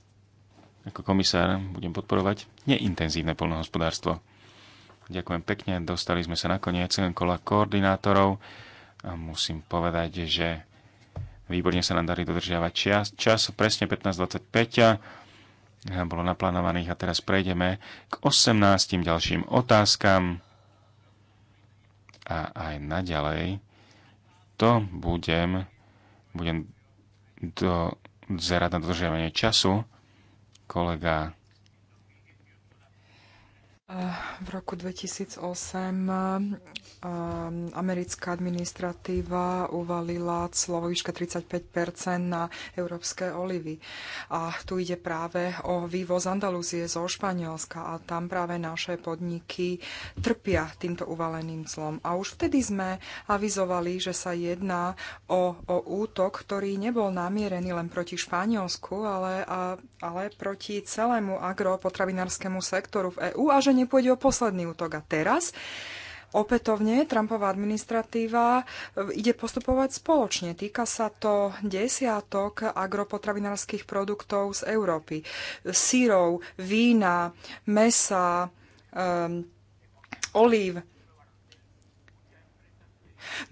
ako komisár budem podporovať neintenzívne polnohospodárstvo. Ďakujem pekne, dostali sme sa nakoniec len kola koordinátorov a musím povedať, že výborne sa nám darí dodržiavať čas, čas presne 15.25 bolo naplánovaných a teraz prejdeme k 18 ďalším otázkam a aj naďalej to budem, budem do, zerať na dodržiavanie času. Kolega Eh, v roku 2008 eh, americká administratíva uvalila clo výška 35 na európske olivy. A tu ide práve o vývoz Andalúzie zo Španielska a tam práve naše podniky trpia týmto uvaleným clom. A už vtedy sme avizovali, že sa jedná o, o útok, ktorý nebol namierený len proti Španielsku, ale, a, ale proti celému agropotravinárskému sektoru v EÚ a že nepôjde o posledný útok. A teraz Opätovne Trumpová administratíva e, ide postupovať spoločne. Týka sa to desiatok agropotravinárskych produktov z Európy. Sírov, vína, mesa, um, olív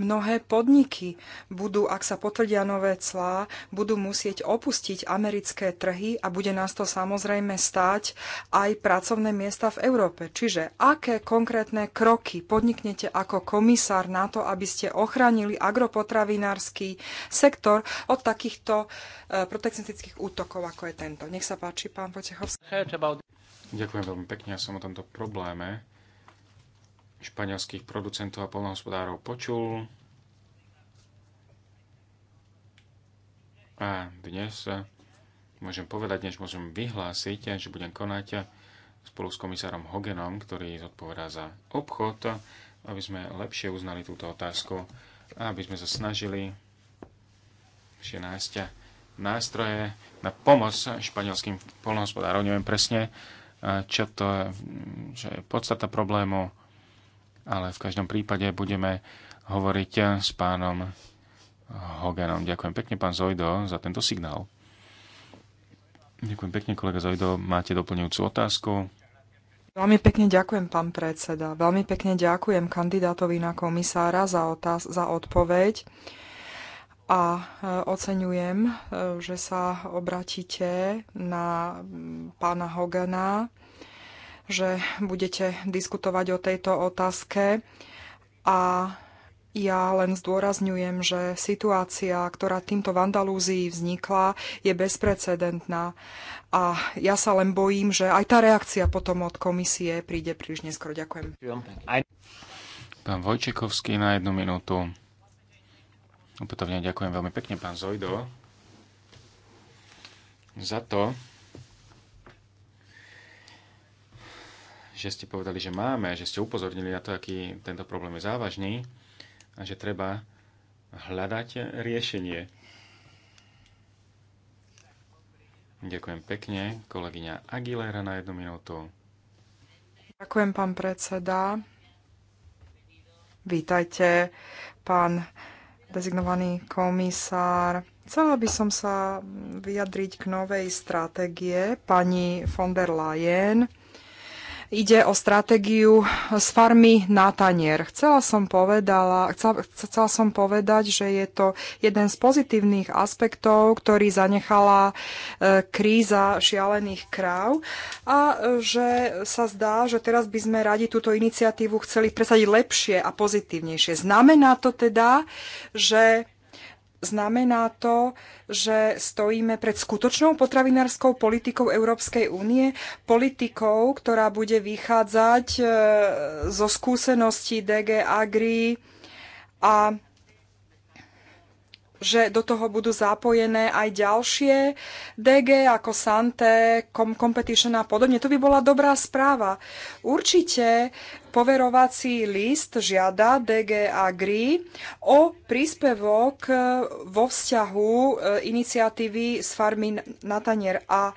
Mnohé podniky budú, ak sa potvrdia nové clá, budú musieť opustiť americké trhy a bude nás to samozrejme stáť aj pracovné miesta v Európe. Čiže aké konkrétne kroky podniknete ako komisár na to, aby ste ochránili agropotravinársky sektor od takýchto e, protekcionistických útokov, ako je tento? Nech sa páči, pán Potechovský. Ďakujem veľmi pekne, ja som o tomto probléme španielských producentov a polnohospodárov počul. A dnes môžem povedať, než môžem vyhlásiť, že budem konať spolu s komisárom Hogenom, ktorý zodpovedá za obchod, aby sme lepšie uznali túto otázku a aby sme sa snažili ešte nájsť nástroje na pomoc španielským polnohospodárom. Neviem presne, čo to je, čo je podstata problému ale v každom prípade budeme hovoriť s pánom Hoganom. Ďakujem pekne, pán Zojdo, za tento signál. Ďakujem pekne, kolega Zojdo. Máte doplňujúcu otázku? Veľmi pekne ďakujem, pán predseda. Veľmi pekne ďakujem kandidátovi na komisára za, otáz- za odpoveď a e, oceňujem, e, že sa obratíte na pána Hogana že budete diskutovať o tejto otázke a ja len zdôrazňujem, že situácia, ktorá týmto v Andalúzii vznikla, je bezprecedentná. A ja sa len bojím, že aj tá reakcia potom od komisie príde príliš neskoro. Ďakujem. Pán Vojčekovský na jednu minútu. Opätovne ďakujem veľmi pekne, pán Zojdo, za to, že ste povedali, že máme, že ste upozornili na to, aký tento problém je závažný a že treba hľadať riešenie. Ďakujem pekne. Kolegyňa Aguilera na jednu minútu. Ďakujem, pán predseda. Vítajte, pán dezignovaný komisár. Chcela by som sa vyjadriť k novej stratégie pani von der Leyen ide o stratégiu eh, z farmy na tanier. Chcela som, povedala, chcela, chcela som povedať, že je to jeden z pozitívnych aspektov, ktorý zanechala eh, kríza šialených kráv a eh, že sa zdá, že teraz by sme radi túto iniciatívu chceli presadiť lepšie a pozitívnejšie. Znamená to teda, že Znamená to, že stojíme pred skutočnou potravinárskou politikou Európskej únie, politikou, ktorá bude vychádzať e, zo skúseností DG Agri a že do toho budú zapojené aj ďalšie DG ako Sante, Com- Competition a podobne. To by bola dobrá správa. Určite poverovací list žiada DG Agri o príspevok e, vo vzťahu e, iniciatívy z farmy Natanier a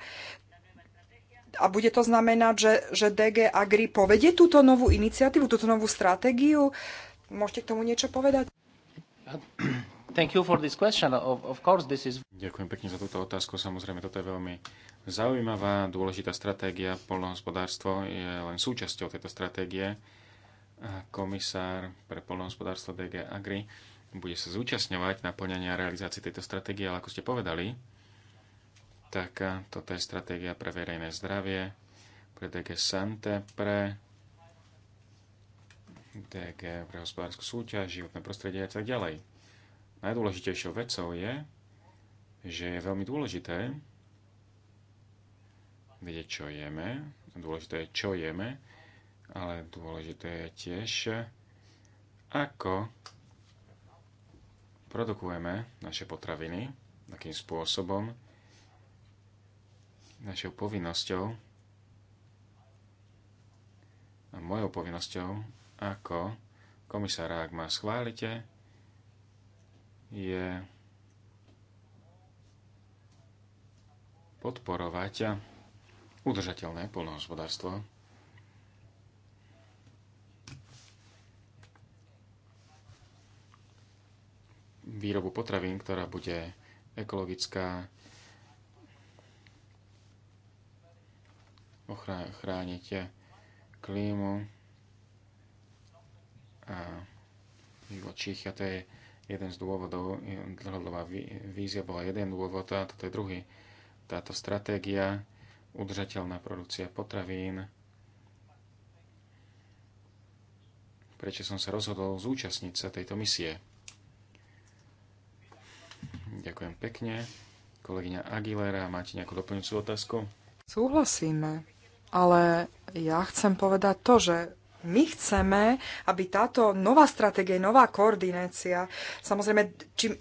a bude to znamenať, že, že DG Agri povedie túto novú iniciatívu, túto novú stratégiu? Môžete k tomu niečo povedať? Ďakujem pekne za túto otázku. Samozrejme, toto je veľmi zaujímavá, dôležitá stratégia. Polnohospodárstvo je len súčasťou tejto stratégie. komisár pre polnohospodárstvo DG Agri bude sa zúčastňovať na plňania a realizácii tejto stratégie, ale ako ste povedali, tak toto je stratégia pre verejné zdravie, pre DG Sante, pre DG pre hospodárskú súťaž, životné prostredie a tak ďalej najdôležitejšou vecou je, že je veľmi dôležité vedieť, čo jeme. Dôležité je, čo jeme, ale dôležité je tiež, ako produkujeme naše potraviny, akým spôsobom, našou povinnosťou a mojou povinnosťou ako komisára, ak ma schválite, je podporovať udržateľné polnohospodárstvo. Výrobu potravín, ktorá bude ekologická, ochrániť klímu a živočích. A to je jeden z dôvodov, dlhodobá vízia bola jeden dôvod a toto je druhý. Táto stratégia, udržateľná produkcia potravín, prečo som sa rozhodol zúčastniť sa tejto misie. Ďakujem pekne. Kolegyňa Aguilera, máte nejakú doplňujúcu otázku? Súhlasíme, ale ja chcem povedať to, že my chceme, aby táto nová stratégia, nová koordinácia, samozrejme, čím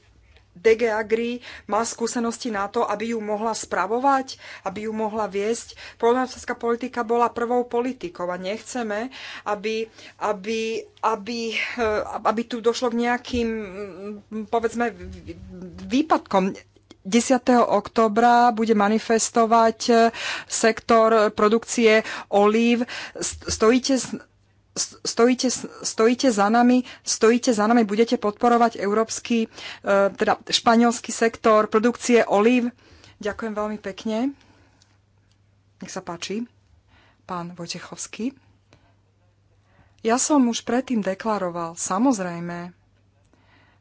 DG Agri má skúsenosti na to, aby ju mohla spravovať, aby ju mohla viesť. Polnohospodárska politika bola prvou politikou a nechceme, aby, aby, aby, eh, aby tu došlo k nejakým, hm, povedzme, výpadkom. 10. oktobra bude manifestovať eh, sektor produkcie olív. Stojíte stojíte, stojíte za nami, stojíte za nami, budete podporovať európsky, e, teda španielský sektor produkcie olív. Ďakujem veľmi pekne. Nech sa páči, pán Vojtechovský. Ja som už predtým deklaroval, samozrejme,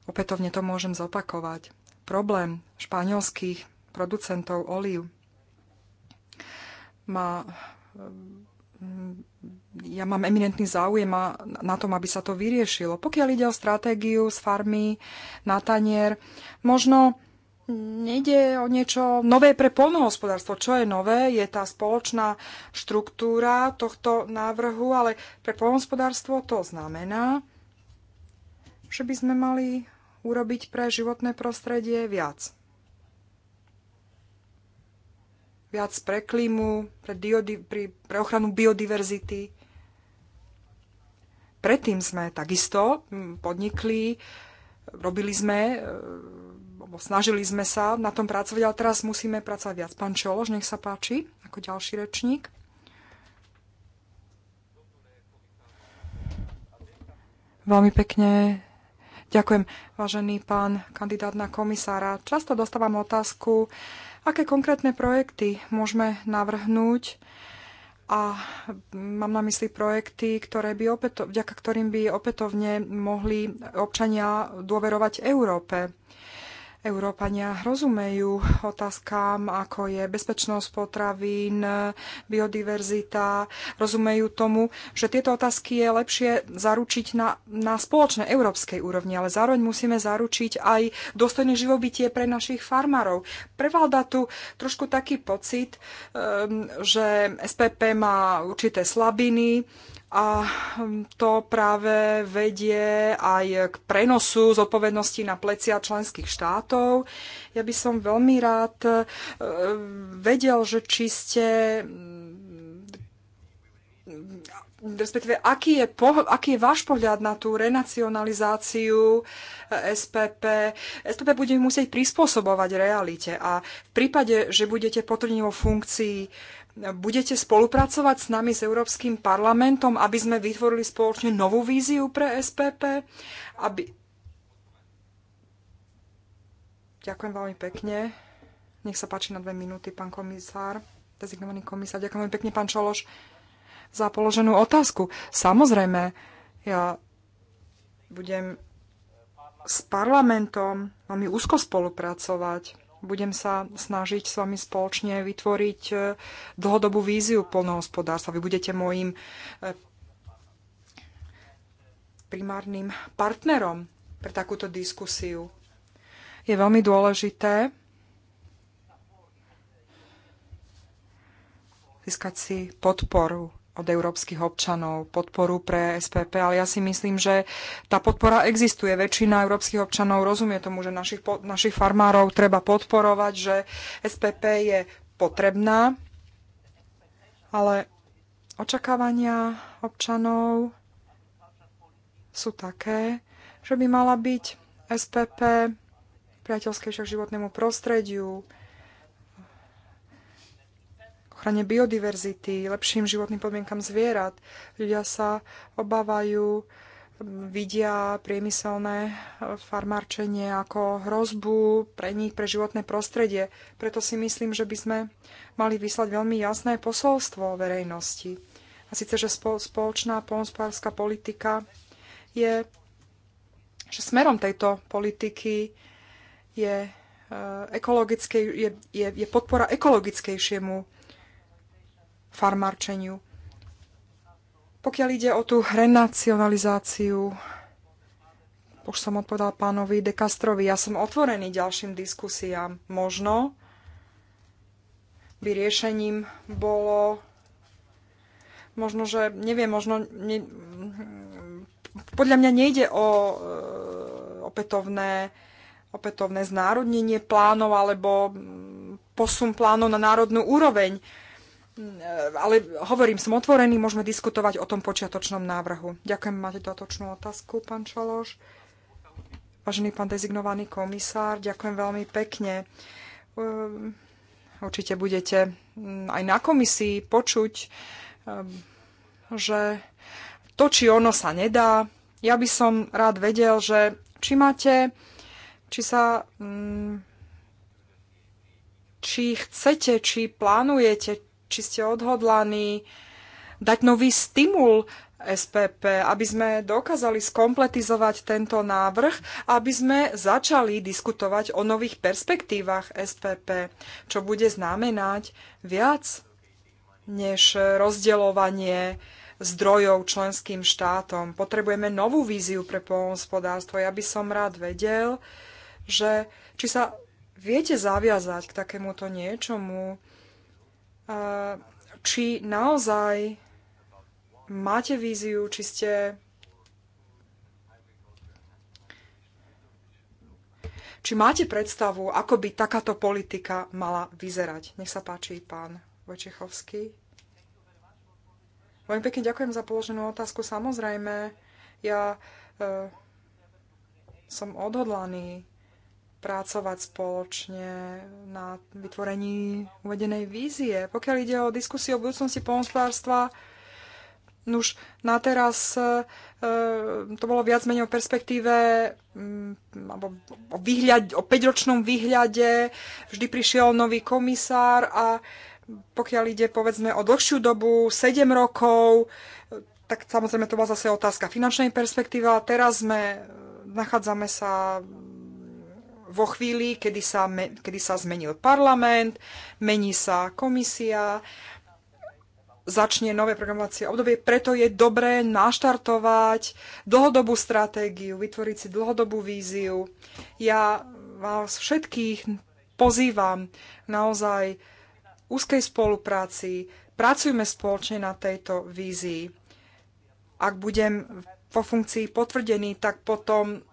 opätovne to môžem zopakovať, problém španielských producentov olív má ja mám eminentný záujem na tom, aby sa to vyriešilo. Pokiaľ ide o stratégiu z farmy na tanier, možno nejde o niečo nové pre polnohospodárstvo. Čo je nové, je tá spoločná štruktúra tohto návrhu, ale pre polnohospodárstvo to znamená, že by sme mali urobiť pre životné prostredie viac. Viac pre klímu, pre, pri, pre ochranu biodiverzity. Predtým sme takisto hm, podnikli, robili sme, eh, snažili sme sa na tom pracovať, ale teraz musíme pracovať viac. Pán Čolož, nech sa páči, ako ďalší rečník. Veľmi pekne ďakujem, vážený pán kandidát na komisára. Často dostávam otázku, aké konkrétne projekty môžeme navrhnúť, a mám na mysli projekty, ktoré by opäto, vďaka ktorým by opätovne mohli občania dôverovať Európe. Európania rozumejú otázkam, ako je bezpečnosť potravín, biodiverzita, rozumejú tomu, že tieto otázky je lepšie zaručiť na, na spoločnej európskej úrovni, ale zároveň musíme zaručiť aj dostojné živobytie pre našich farmárov. Prevalda tu trošku taký pocit, ehm, že SPP má určité slabiny, a hm, to práve vedie aj k prenosu zodpovednosti na plecia členských štátov. Ja by som veľmi rád e, vedel, že či ste hm, respektíve aký je, aký je váš pohľad na tú renacionalizáciu e, SPP. SPP bude musieť prispôsobovať realite a v prípade, že budete potrniť vo funkcii, budete spolupracovať s nami, s Európskym parlamentom, aby sme vytvorili spoločne novú víziu pre SPP? Aby... Ďakujem veľmi pekne. Nech sa páči na dve minúty, pán komisár, dezignovaný komisár. Ďakujem veľmi pekne, pán Čološ, za položenú otázku. Samozrejme, ja budem s parlamentom veľmi úzko spolupracovať budem sa snažiť s vami spoločne vytvoriť e, dlhodobú víziu polnohospodárstva. Vy budete môjim e, primárnym partnerom pre takúto diskusiu. Je veľmi dôležité získať si podporu od európskych občanov podporu pre SPP, ale ja si myslím, že tá podpora existuje. Väčšina európskych občanov rozumie tomu, že našich, našich farmárov treba podporovať, že SPP je potrebná, ale očakávania občanov sú také, že by mala byť SPP priateľskejšia k životnému prostrediu, ochrane biodiverzity, lepším životným podmienkam zvierat. Ľudia sa obávajú, vidia priemyselné farmárčenie ako hrozbu pre nich, pre životné prostredie. Preto si myslím, že by sme mali vyslať veľmi jasné posolstvo verejnosti. A síce, že spoločná polnospodárska politika je, že smerom tejto politiky je, e, ekologickej, je, je, je podpora ekologickejšiemu farmárčeniu. Pokiaľ ide o tú renacionalizáciu, už som odpovedal pánovi De Castrovi, ja som otvorený ďalším diskusiám. Možno by riešením bolo, možno, že, neviem, možno, ne, podľa mňa nejde o e, opätovné, opätovné znárodnenie plánov alebo posun plánov na národnú úroveň. E, Mm, ale hovorím, som otvorený, môžeme diskutovať o tom počiatočnom návrhu. Ďakujem, máte dotočnú otázku, pán Čološ. Vážený pán dezignovaný komisár, ďakujem veľmi pekne. Ehm, určite budete mm, aj na komisii počuť, ehm, že to, či ono sa nedá, ja by som rád vedel, že či máte, či sa mm, či chcete, či plánujete či ste odhodlaní dať nový stimul SPP, aby sme dokázali skompletizovať tento návrh, aby sme začali diskutovať o nových perspektívach SPP, čo bude znamenať viac než rozdeľovanie zdrojov členským štátom. Potrebujeme novú víziu pre poľnohospodárstvo. Ja by som rád vedel, že či sa viete zaviazať k takémuto niečomu, či naozaj máte víziu, či ste Či máte predstavu, ako by takáto politika mala vyzerať? Nech sa páči, pán Vojčechovský. Veľmi pekne ďakujem za položenú otázku. Samozrejme, ja e, som odhodlaný pracovať spoločne na vytvorení uvedenej vízie. Pokiaľ ide o diskusiu o budúcnosti pomospodárstva, už na teraz e, to bolo viac menej o perspektíve mm, alebo o, výhľad, o 5-ročnom výhľade. Vždy prišiel nový komisár a pokiaľ ide povedzme o dlhšiu dobu, 7 rokov, tak samozrejme to bola zase otázka finančnej perspektívy. A teraz sme, nachádzame sa vo chvíli, kedy sa, kedy sa zmenil parlament, mení sa komisia, začne nové programovacie obdobie, preto je dobré naštartovať dlhodobú stratégiu, vytvoriť si dlhodobú víziu. Ja vás všetkých pozývam naozaj úzkej spolupráci, pracujme spoločne na tejto vízii. Ak budem vo funkcii potvrdený, tak potom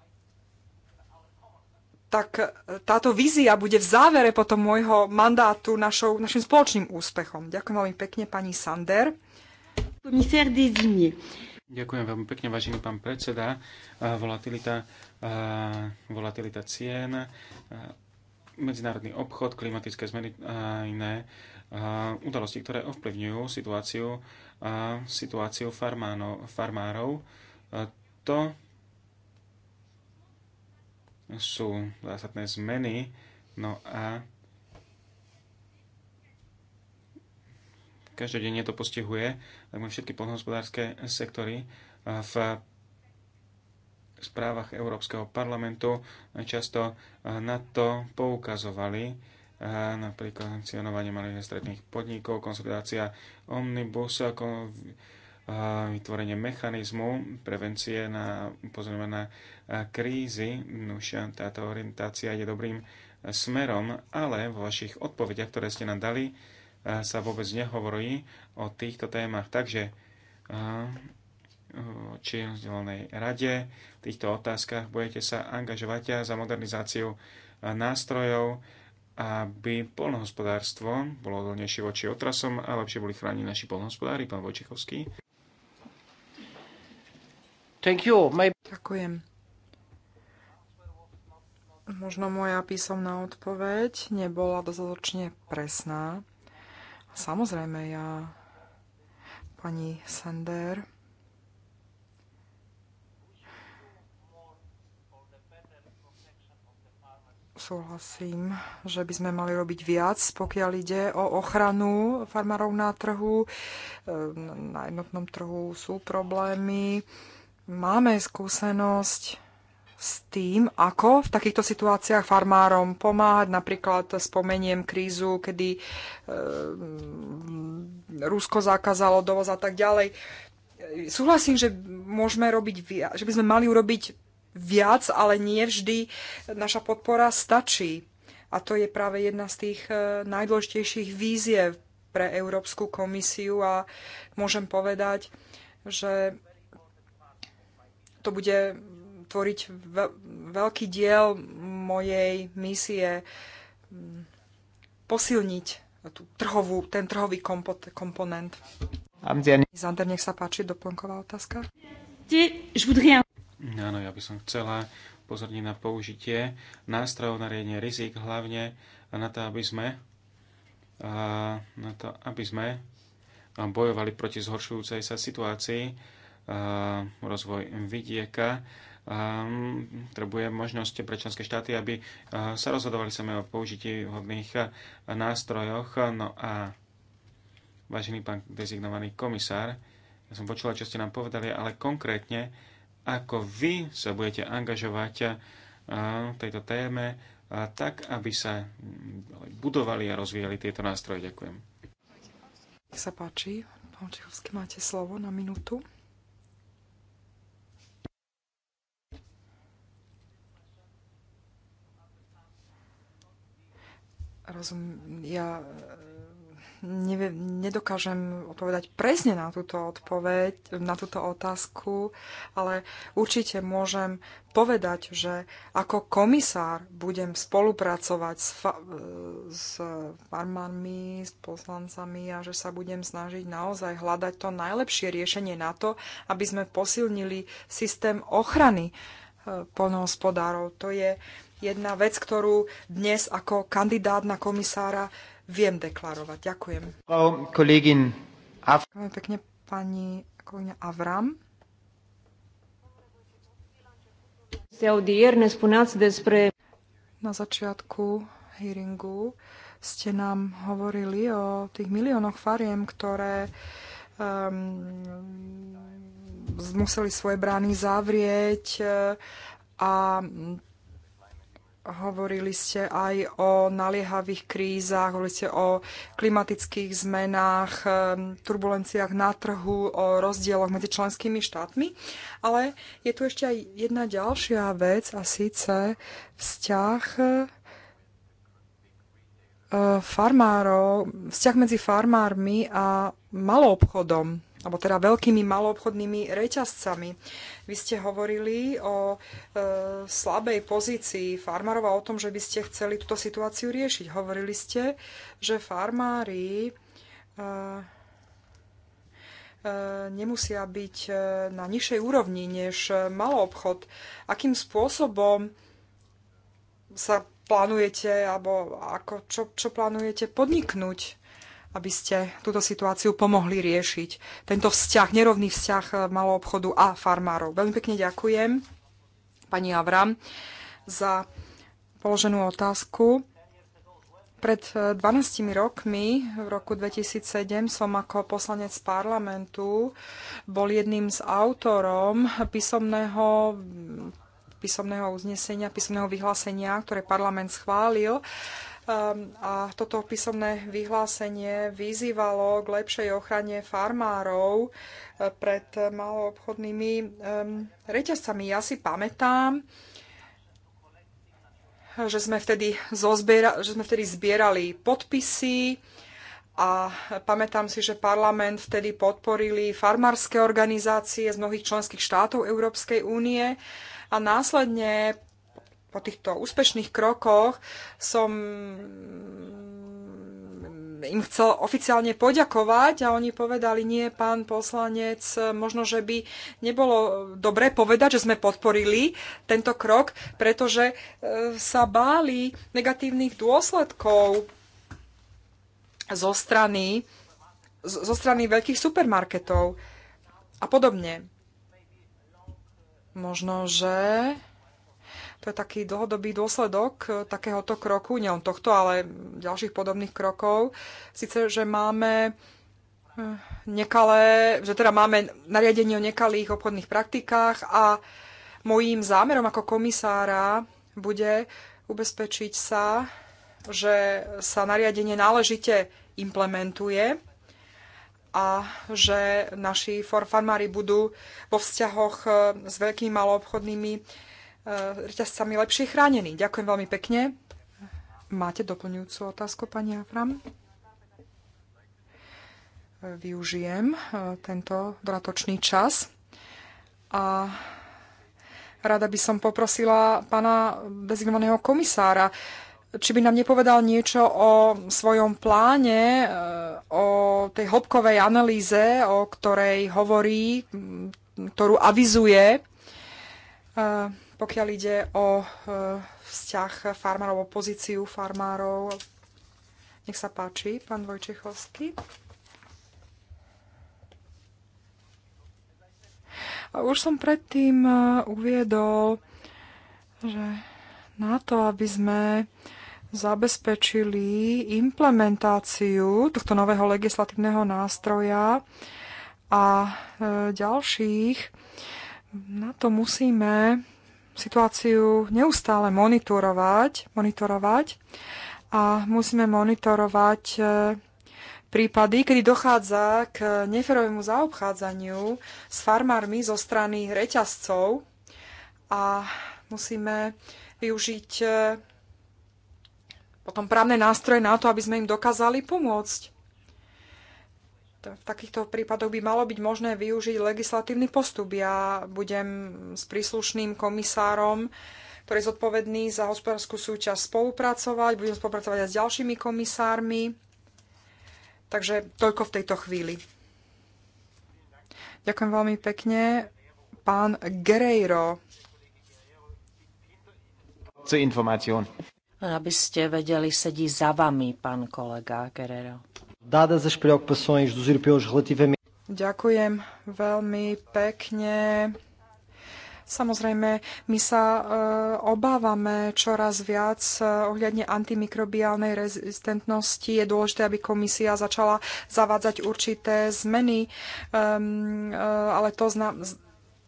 tak e, táto vízia bude v závere potom môjho mandátu našou, našim spoločným úspechom. Ďakujem veľmi pekne, pani Sander. Ďakujem veľmi pekne, vážený pán predseda. E, volatilita, e, volatilita cien, medzinárodný obchod, klimatické zmeny a iné udalosti, ktoré ovplyvňujú situáciu, situáciu farmáno, farmárov. To sú zásadné zmeny. No a každodenne to postihuje všetky polnohospodárske sektory v správach Európskeho parlamentu často na to poukazovali napríklad sankcionovanie malých a stredných podnikov, konsolidácia Omnibus, vytvorenie mechanizmu prevencie na pozorované na krízy. Už táto orientácia je dobrým smerom, ale vo vašich odpovediach, ktoré ste nám dali, sa vôbec nehovorí o týchto témach. Takže či zdelenej rade v týchto otázkach budete sa angažovať za modernizáciu nástrojov, aby polnohospodárstvo bolo odolnejšie voči otrasom a lepšie boli chrániť naši polnohospodári, pán Vojčechovský. Thank you. My... Ďakujem. Možno moja písomná odpoveď nebola dostatočne presná. Samozrejme, ja pani Sander súhlasím, že by sme mali robiť viac, pokiaľ ide o ochranu farmárov na trhu. Ehm, na jednotnom trhu sú problémy. Máme skúsenosť s tým, ako v takýchto situáciách farmárom pomáhať. Napríklad spomeniem krízu, kedy e, Rusko zakázalo dovoz a tak ďalej. Súhlasím, že môžeme robiť viac, že by sme mali urobiť viac, ale nie vždy naša podpora stačí. A to je práve jedna z tých e, najdôležitejších víziev pre Európsku komisiu a môžem povedať, že to bude tvoriť veľký diel mojej misie mm, posilniť tú trhovú, ten trhový kompot, komponent. Zander, nech sa páči, doplnková otázka. Áno, no, ja by som chcela pozorniť na použitie nástrojov na riadenie rizik, hlavne na to, aby sme, na to, aby sme bojovali proti zhoršujúcej sa situácii rozvoj vidieka, trebuje možnosť pre členské štáty, aby sa rozhodovali same o použití vhodných nástrojoch. No a vážený pán dezignovaný komisár, ja som počula, čo ste nám povedali, ale konkrétne, ako vy sa budete angažovať v tejto téme, tak, aby sa budovali a rozvíjali tieto nástroje. Ďakujem. Nech sa páči, pán Čichovský, máte slovo na minútu. Rozum, ja e, nevie, nedokážem odpovedať presne na túto odpoveď, na túto otázku, ale určite môžem povedať, že ako komisár budem spolupracovať s, fa- e, s farmármi, s poslancami a že sa budem snažiť naozaj hľadať to najlepšie riešenie na to, aby sme posilnili systém ochrany e, polnohospodárov. To je jedna vec, ktorú dnes ako kandidát na komisára viem deklarovať. Ďakujem. Veľmi pekne pani kolegyňa Avram. Na začiatku hearingu ste nám hovorili o tých miliónoch fariem, ktoré um, museli svoje brány zavrieť e, a Hovorili ste aj o naliehavých krízach, hovorili ste o klimatických zmenách, turbulenciách na trhu, o rozdieloch medzi členskými štátmi. Ale je tu ešte aj jedna ďalšia vec a síce vzťah e, farmárov, vzťah medzi farmármi a maloobchodom, alebo teda veľkými maloobchodnými reťazcami. Vy ste hovorili o e, slabej pozícii farmárov a o tom, že by ste chceli túto situáciu riešiť. Hovorili ste, že farmári e, e, nemusia byť e, na nižšej úrovni než e, maloobchod. Akým spôsobom sa plánujete, alebo ako, čo, čo plánujete podniknúť aby ste túto situáciu pomohli riešiť. Tento vzťah, nerovný vzťah e, malého obchodu a farmárov. Veľmi pekne ďakujem pani Avram za položenú otázku. Pred 12 e, rokmi, v roku 2007, som ako poslanec parlamentu bol jedným z autorom písomného písomného uznesenia, písomného vyhlásenia, ktoré parlament schválil Ehm, a toto písomné vyhlásenie vyzývalo k lepšej ochrane farmárov eh, pred maloobchodnými ehm, reťazcami. Ja si pamätám, že sme vtedy, zozbiera, že sme vtedy zbierali podpisy a pamätám si, že parlament vtedy podporili farmárske organizácie z mnohých členských štátov Európskej únie a následne po týchto úspešných krokoch som im chcel oficiálne poďakovať a oni povedali, nie, pán poslanec, možno, že by nebolo dobre povedať, že sme podporili tento krok, pretože e, sa báli negatívnych dôsledkov zo strany, zo strany veľkých supermarketov a podobne. Možno, že to je taký dlhodobý dôsledok e, takéhoto kroku, nielen tohto, ale ďalších podobných krokov. Sice, že máme e, nekalé, že teda máme nariadenie o nekalých obchodných praktikách a môjim zámerom ako komisára bude ubezpečiť sa, že sa nariadenie náležite implementuje a že naši farmári budú vo vzťahoch e, s veľkými maloobchodnými E, reťazcami lepšie chránení. Ďakujem veľmi pekne. Máte doplňujúcu otázku, pani Afram? Využijem e, tento dodatočný čas. A rada by som poprosila pána dezignovaného komisára, či by nám nepovedal niečo o svojom pláne, e, o tej hĺbkovej analýze, o ktorej hovorí, ktorú avizuje pokiaľ ide o e, vzťah farmárov, o pozíciu farmárov, nech sa páči, pán Vojčechovský. Už som predtým e, uviedol, že na to, aby sme zabezpečili implementáciu tohto nového legislatívneho nástroja a e, ďalších. Na to musíme situáciu neustále monitorovať, monitorovať a musíme monitorovať e, prípady, kedy dochádza k neferovému zaobchádzaniu s farmármi zo strany reťazcov a musíme využiť e, potom právne nástroje na to, aby sme im dokázali pomôcť v takýchto prípadoch by malo byť možné využiť legislatívny postup. Ja budem s príslušným komisárom, ktorý je zodpovedný za hospodárskú súťaž, spolupracovať. Budem spolupracovať aj s ďalšími komisármi. Takže toľko v tejto chvíli. Ďakujem veľmi pekne. Pán Guerreiro. Aby ste vedeli, sedí za vami, pán kolega Guerrero. Dadas as preocupações dos europeus relativamente... Ďakujem veľmi pekne. Samozrejme, my sa e, obávame čoraz viac e, ohľadne antimikrobiálnej rezistentnosti. Je dôležité, aby komisia začala zavádzať určité zmeny, um, e, ale to zna-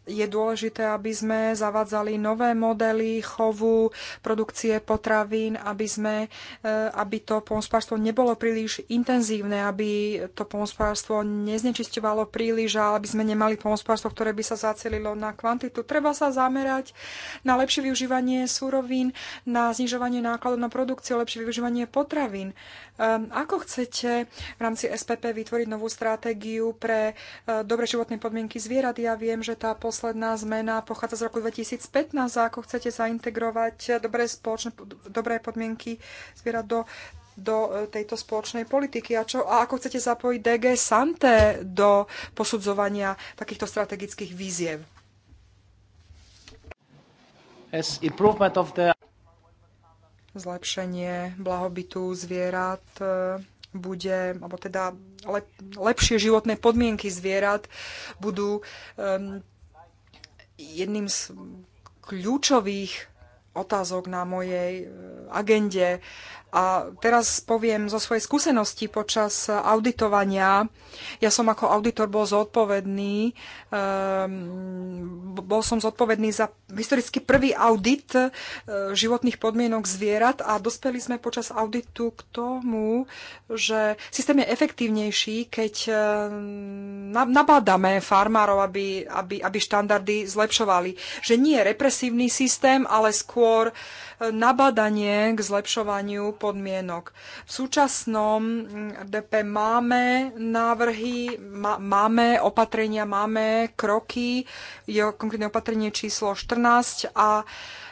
je dôležité, aby sme zavádzali nové modely chovu, produkcie potravín, aby, sme, eh, aby to pomospárstvo nebolo príliš intenzívne, aby to pomospárstvo neznečisťovalo príliš a aby sme nemali pomospárstvo, ktoré by sa zacelilo na kvantitu. Treba sa zamerať na lepšie využívanie súrovín, na znižovanie nákladov na produkciu, lepšie využívanie potravín. Ehm, ako chcete v rámci SPP vytvoriť novú stratégiu pre eh, dobre životné podmienky zvierat? Ja viem, že tá pos- posledná zmena pochádza z roku 2015 a ako chcete zaintegrovať dobré, spoločné, dobré podmienky zvierat do, do e, tejto spoločnej politiky a, čo, a ako chcete zapojiť DG Sante do posudzovania takýchto strategických víziev. Zlepšenie blahobytu zvierat e, bude, alebo teda lep, lepšie životné podmienky zvierat budú um, jedným z kľúčových otázok na mojej eh, agende a teraz poviem zo svojej skúsenosti počas auditovania. Ja som ako auditor bol zodpovedný, ehm, bol som zodpovedný za historicky prvý audit e, životných podmienok zvierat a dospeli sme počas auditu k tomu, že systém je efektívnejší, keď e, nabádame farmárov, aby, aby, aby štandardy zlepšovali. Že nie je represívny systém, ale skôr uh, nabadanie k zlepšovaniu podmienok. V súčasnom DP máme návrhy, máme opatrenia, máme kroky, je konkrétne opatrenie číslo 14 a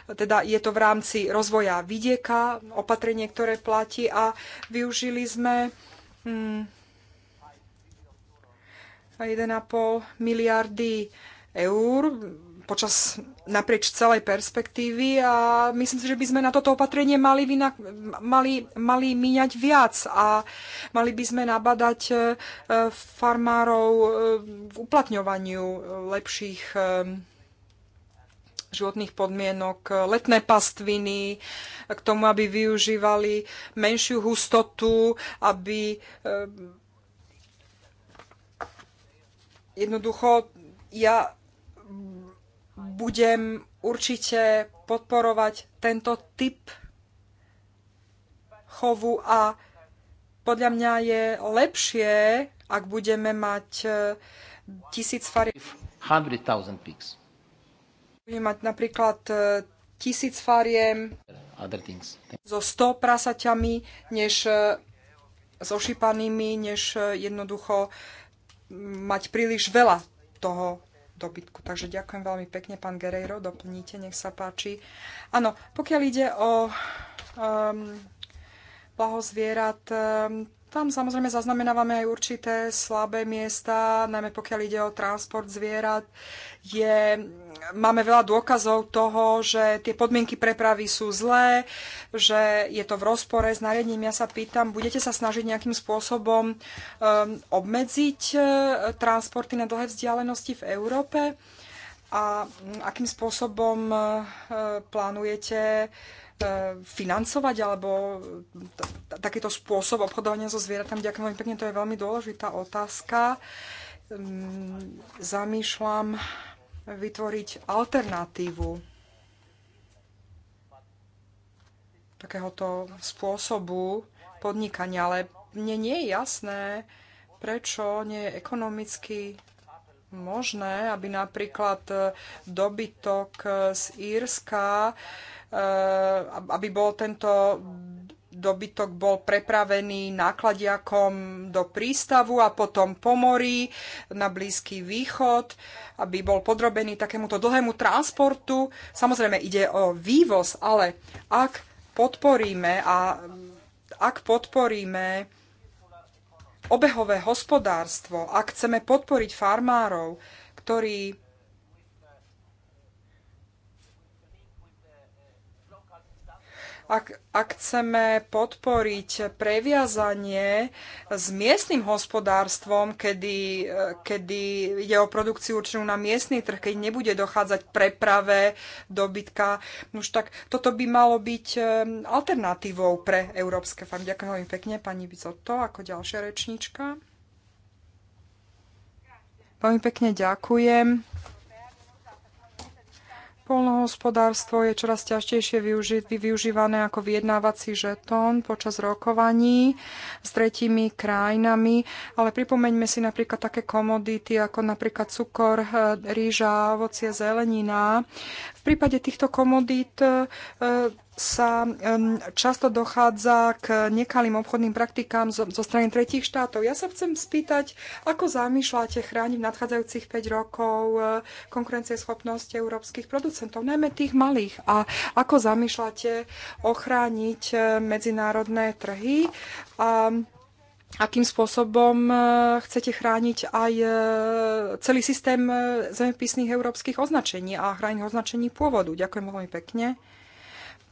teda je to v rámci rozvoja vidieka, opatrenie, ktoré platí a využili sme 1,5 hm, miliardy eur počas naprieč celej perspektívy a myslím si, že by sme na toto opatrenie mali, vina, mali, mali míňať viac a mali by sme nabadať e, farmárov e, v uplatňovaniu lepších e, životných podmienok, letné pastviny, k tomu, aby využívali menšiu hustotu, aby jednoducho ja budem určite podporovať tento typ chovu a podľa mňa je lepšie, ak budeme mať e, tisíc fariem Budeme mať napríklad e, tisíc fariem so 100 prasaťami, než so e, ošipanými, než jednoducho mať príliš veľa toho dobytku. Takže ďakujem veľmi pekne, pán Gerejro, doplníte, nech sa páči. Áno, pokiaľ ide o um, blaho zvierat, um, tam samozrejme zaznamenávame aj určité slabé miesta, najmä pokiaľ ide o transport zvierat. Je, máme veľa dôkazov toho, že tie podmienky prepravy sú zlé, že je to v rozpore s nariadením. Ja sa pýtam, budete sa snažiť nejakým spôsobom um, obmedziť uh, transporty na dlhé vzdialenosti v Európe? A um, akým spôsobom uh, plánujete uh, E, financovať alebo takýto spôsob obchodovania so zvieratami? Ďakujem veľmi pekne, to je veľmi dôležitá otázka. Mm, zamýšľam vytvoriť alternatívu takéhoto spôsobu podnikania, ale mne nie je jasné, prečo nie je ekonomicky možné, aby napríklad dobytok z Írska Eh, aby bol tento dobytok bol prepravený nákladiakom do prístavu a potom po mori na Blízky východ, aby bol podrobený takémuto dlhému transportu. Samozrejme ide o vývoz, ale ak podporíme a ak podporíme obehové hospodárstvo, ak chceme podporiť farmárov, ktorí ak, ak chceme podporiť previazanie s miestnym hospodárstvom, kedy, eh, kedy ide o produkciu určenú na miestny trh, keď nebude dochádzať preprave dobytka, už tak toto by malo byť eh, alternatívou pre európske farmy. Ďakujem veľmi pekne, pani Bizotto, ako ďalšia rečníčka. Veľmi pekne ďakujem. Polnohospodárstvo je čoraz ťažšie využívané ako vyjednávací žetón počas rokovaní s tretími krajinami, ale pripomeňme si napríklad také komodity ako napríklad cukor, eh, rýža, ovocie, zelenina, prípade týchto komodít e, sa často dochádza k nekalým obchodným praktikám zo, zo strany tretích štátov. Ja sa chcem spýtať, ako zamýšľate chrániť v nadchádzajúcich 5 rokov e, konkurencieschopnosť európskych producentov, najmä tých malých, a ako zamýšľate ochrániť e, medzinárodné trhy. A akým spôsobom e, chcete chrániť aj e, celý systém e, zemepisných európskych označení a chrániť označení pôvodu. Ďakujem veľmi pekne.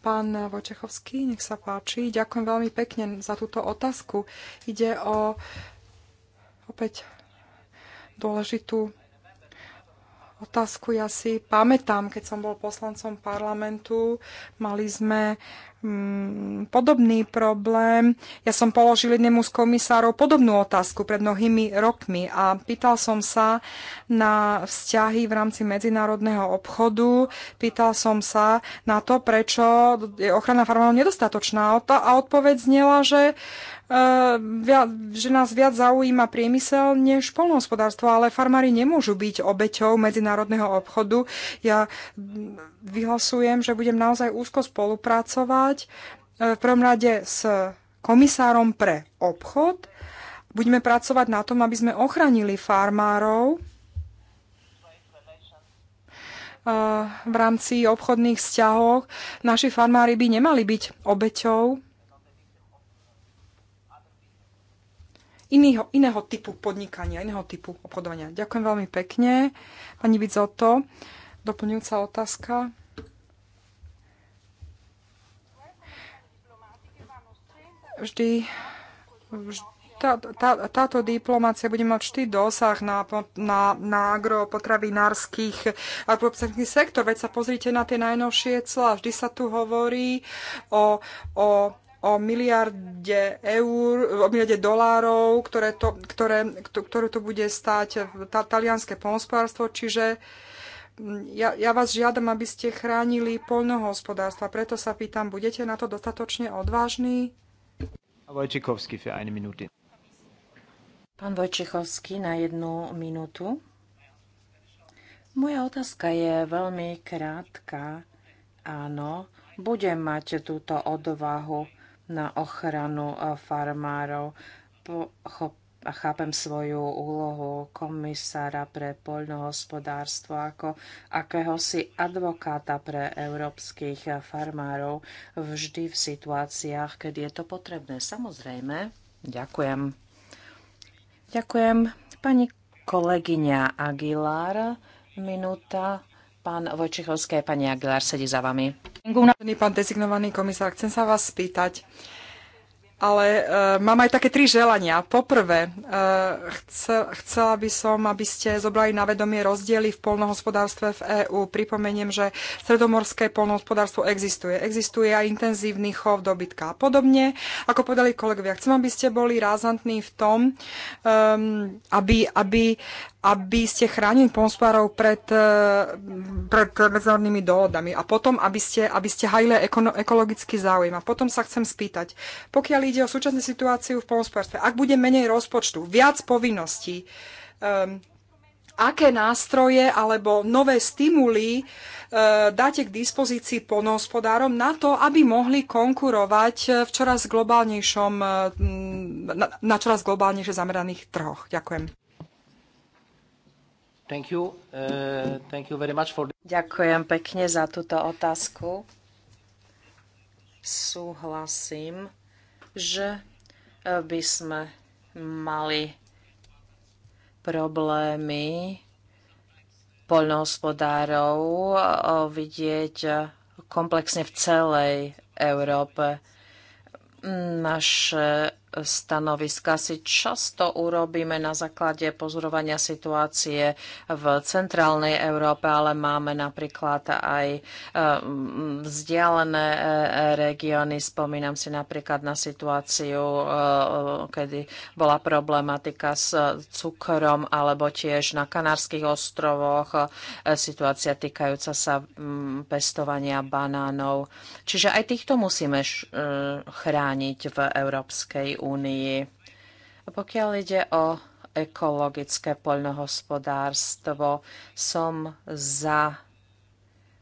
Pán Vojčechovský, nech sa páči. Ďakujem veľmi pekne za túto otázku. Ide o opäť dôležitú otázku. Ja si pamätám, keď som bol poslancom parlamentu, mali sme mm, podobný problém. Ja som položil jednému z komisárov podobnú otázku pred mnohými rokmi a pýtal som sa na vzťahy v rámci medzinárodného obchodu, pýtal som sa na to, prečo je ochrana farmárov nedostatočná a odpoveď znela, že Eh, že nás viac zaujíma priemysel než polnohospodárstvo, ale farmári nemôžu byť obeťou medzinárodného obchodu. Ja vyhlasujem, že budem naozaj úzko spolupracovať eh, v prvom rade s komisárom pre obchod. Budeme pracovať na tom, aby sme ochránili farmárov eh, v rámci obchodných vzťahov. Naši farmári by nemali byť obeťou iného, iného typu podnikania, iného typu obchodovania. Ďakujem veľmi pekne. Pani Bizoto, doplňujúca otázka. Vždy, vždy tá, tá, táto diplomácia bude mať vždy dosah na, na, na agropotravinárskych agropotravinárskych sektor. Veď sa pozrite na tie najnovšie clá. Vždy sa tu hovorí o, o o miliarde eur, o miliarde dolárov, ktoré to, ktoré, ktorú to bude stáť tá, talianské polnospodárstvo, čiže mm, ja, ja vás žiadam, aby ste chránili polnohospodárstva. Preto sa pýtam, budete na to dostatočne odvážni? Vojčikovský, für eine Minute. Pán Vojčichovský na jednu minútu. Moja otázka je veľmi krátka. Áno, budem mať túto odvahu na ochranu farmárov. chápem svoju úlohu komisára pre poľnohospodárstvo ako akéhosi advokáta pre európskych farmárov vždy v situáciách, keď je to potrebné. Samozrejme, ďakujem. Ďakujem. Pani kolegyňa Aguilar, minúta Pán Vojčichovský, pani Aguilar sedí za vami. Pán dezignovaný komisár, chcem sa vás spýtať, ale e, mám aj také tri želania. Poprvé, e, chce, chcela by som, aby ste zobrali na vedomie rozdiely v polnohospodárstve v EÚ. Pripomeniem, že stredomorské polnohospodárstvo existuje. Existuje aj intenzívny chov dobytka a podobne. Ako povedali kolegovia, chcem, aby ste boli rázantní v tom, e, aby, aby, aby ste chránili pomospárov pred, e, pred medzinárodnými dohodami a potom, aby ste, aby ste hajili ekologický záujem. A potom sa chcem spýtať, pokiaľ ide o súčasnú situáciu v pomospárstve, ak bude menej rozpočtu, viac povinností, um, aké nástroje alebo nové stimuly uh, dáte k dispozícii polnohospodárom na to, aby mohli konkurovať e, v čoraz globálnejšom, na, na čoraz globálnejšie zameraných trhoch. Ďakujem. Thank you. Uh, thank you very much for... Ďakujem pekne za túto otázku. Súhlasím, že eh, by sme mali problémy poľnohospodárov eh, vidieť eh, komplexne v celej Európe. Naše stanoviska si často urobíme na základe pozorovania situácie v centrálnej Európe, ale máme napríklad aj e, vzdialené e, regióny. Spomínam si napríklad na situáciu, e, kedy bola problematika s cukrom alebo tiež na Kanárskych ostrovoch situácia týkajúca sa pestovania banánov. Čiže aj týchto musíme chrániť v Európskej únii. A pokiaľ ide o ekologické poľnohospodárstvo, som za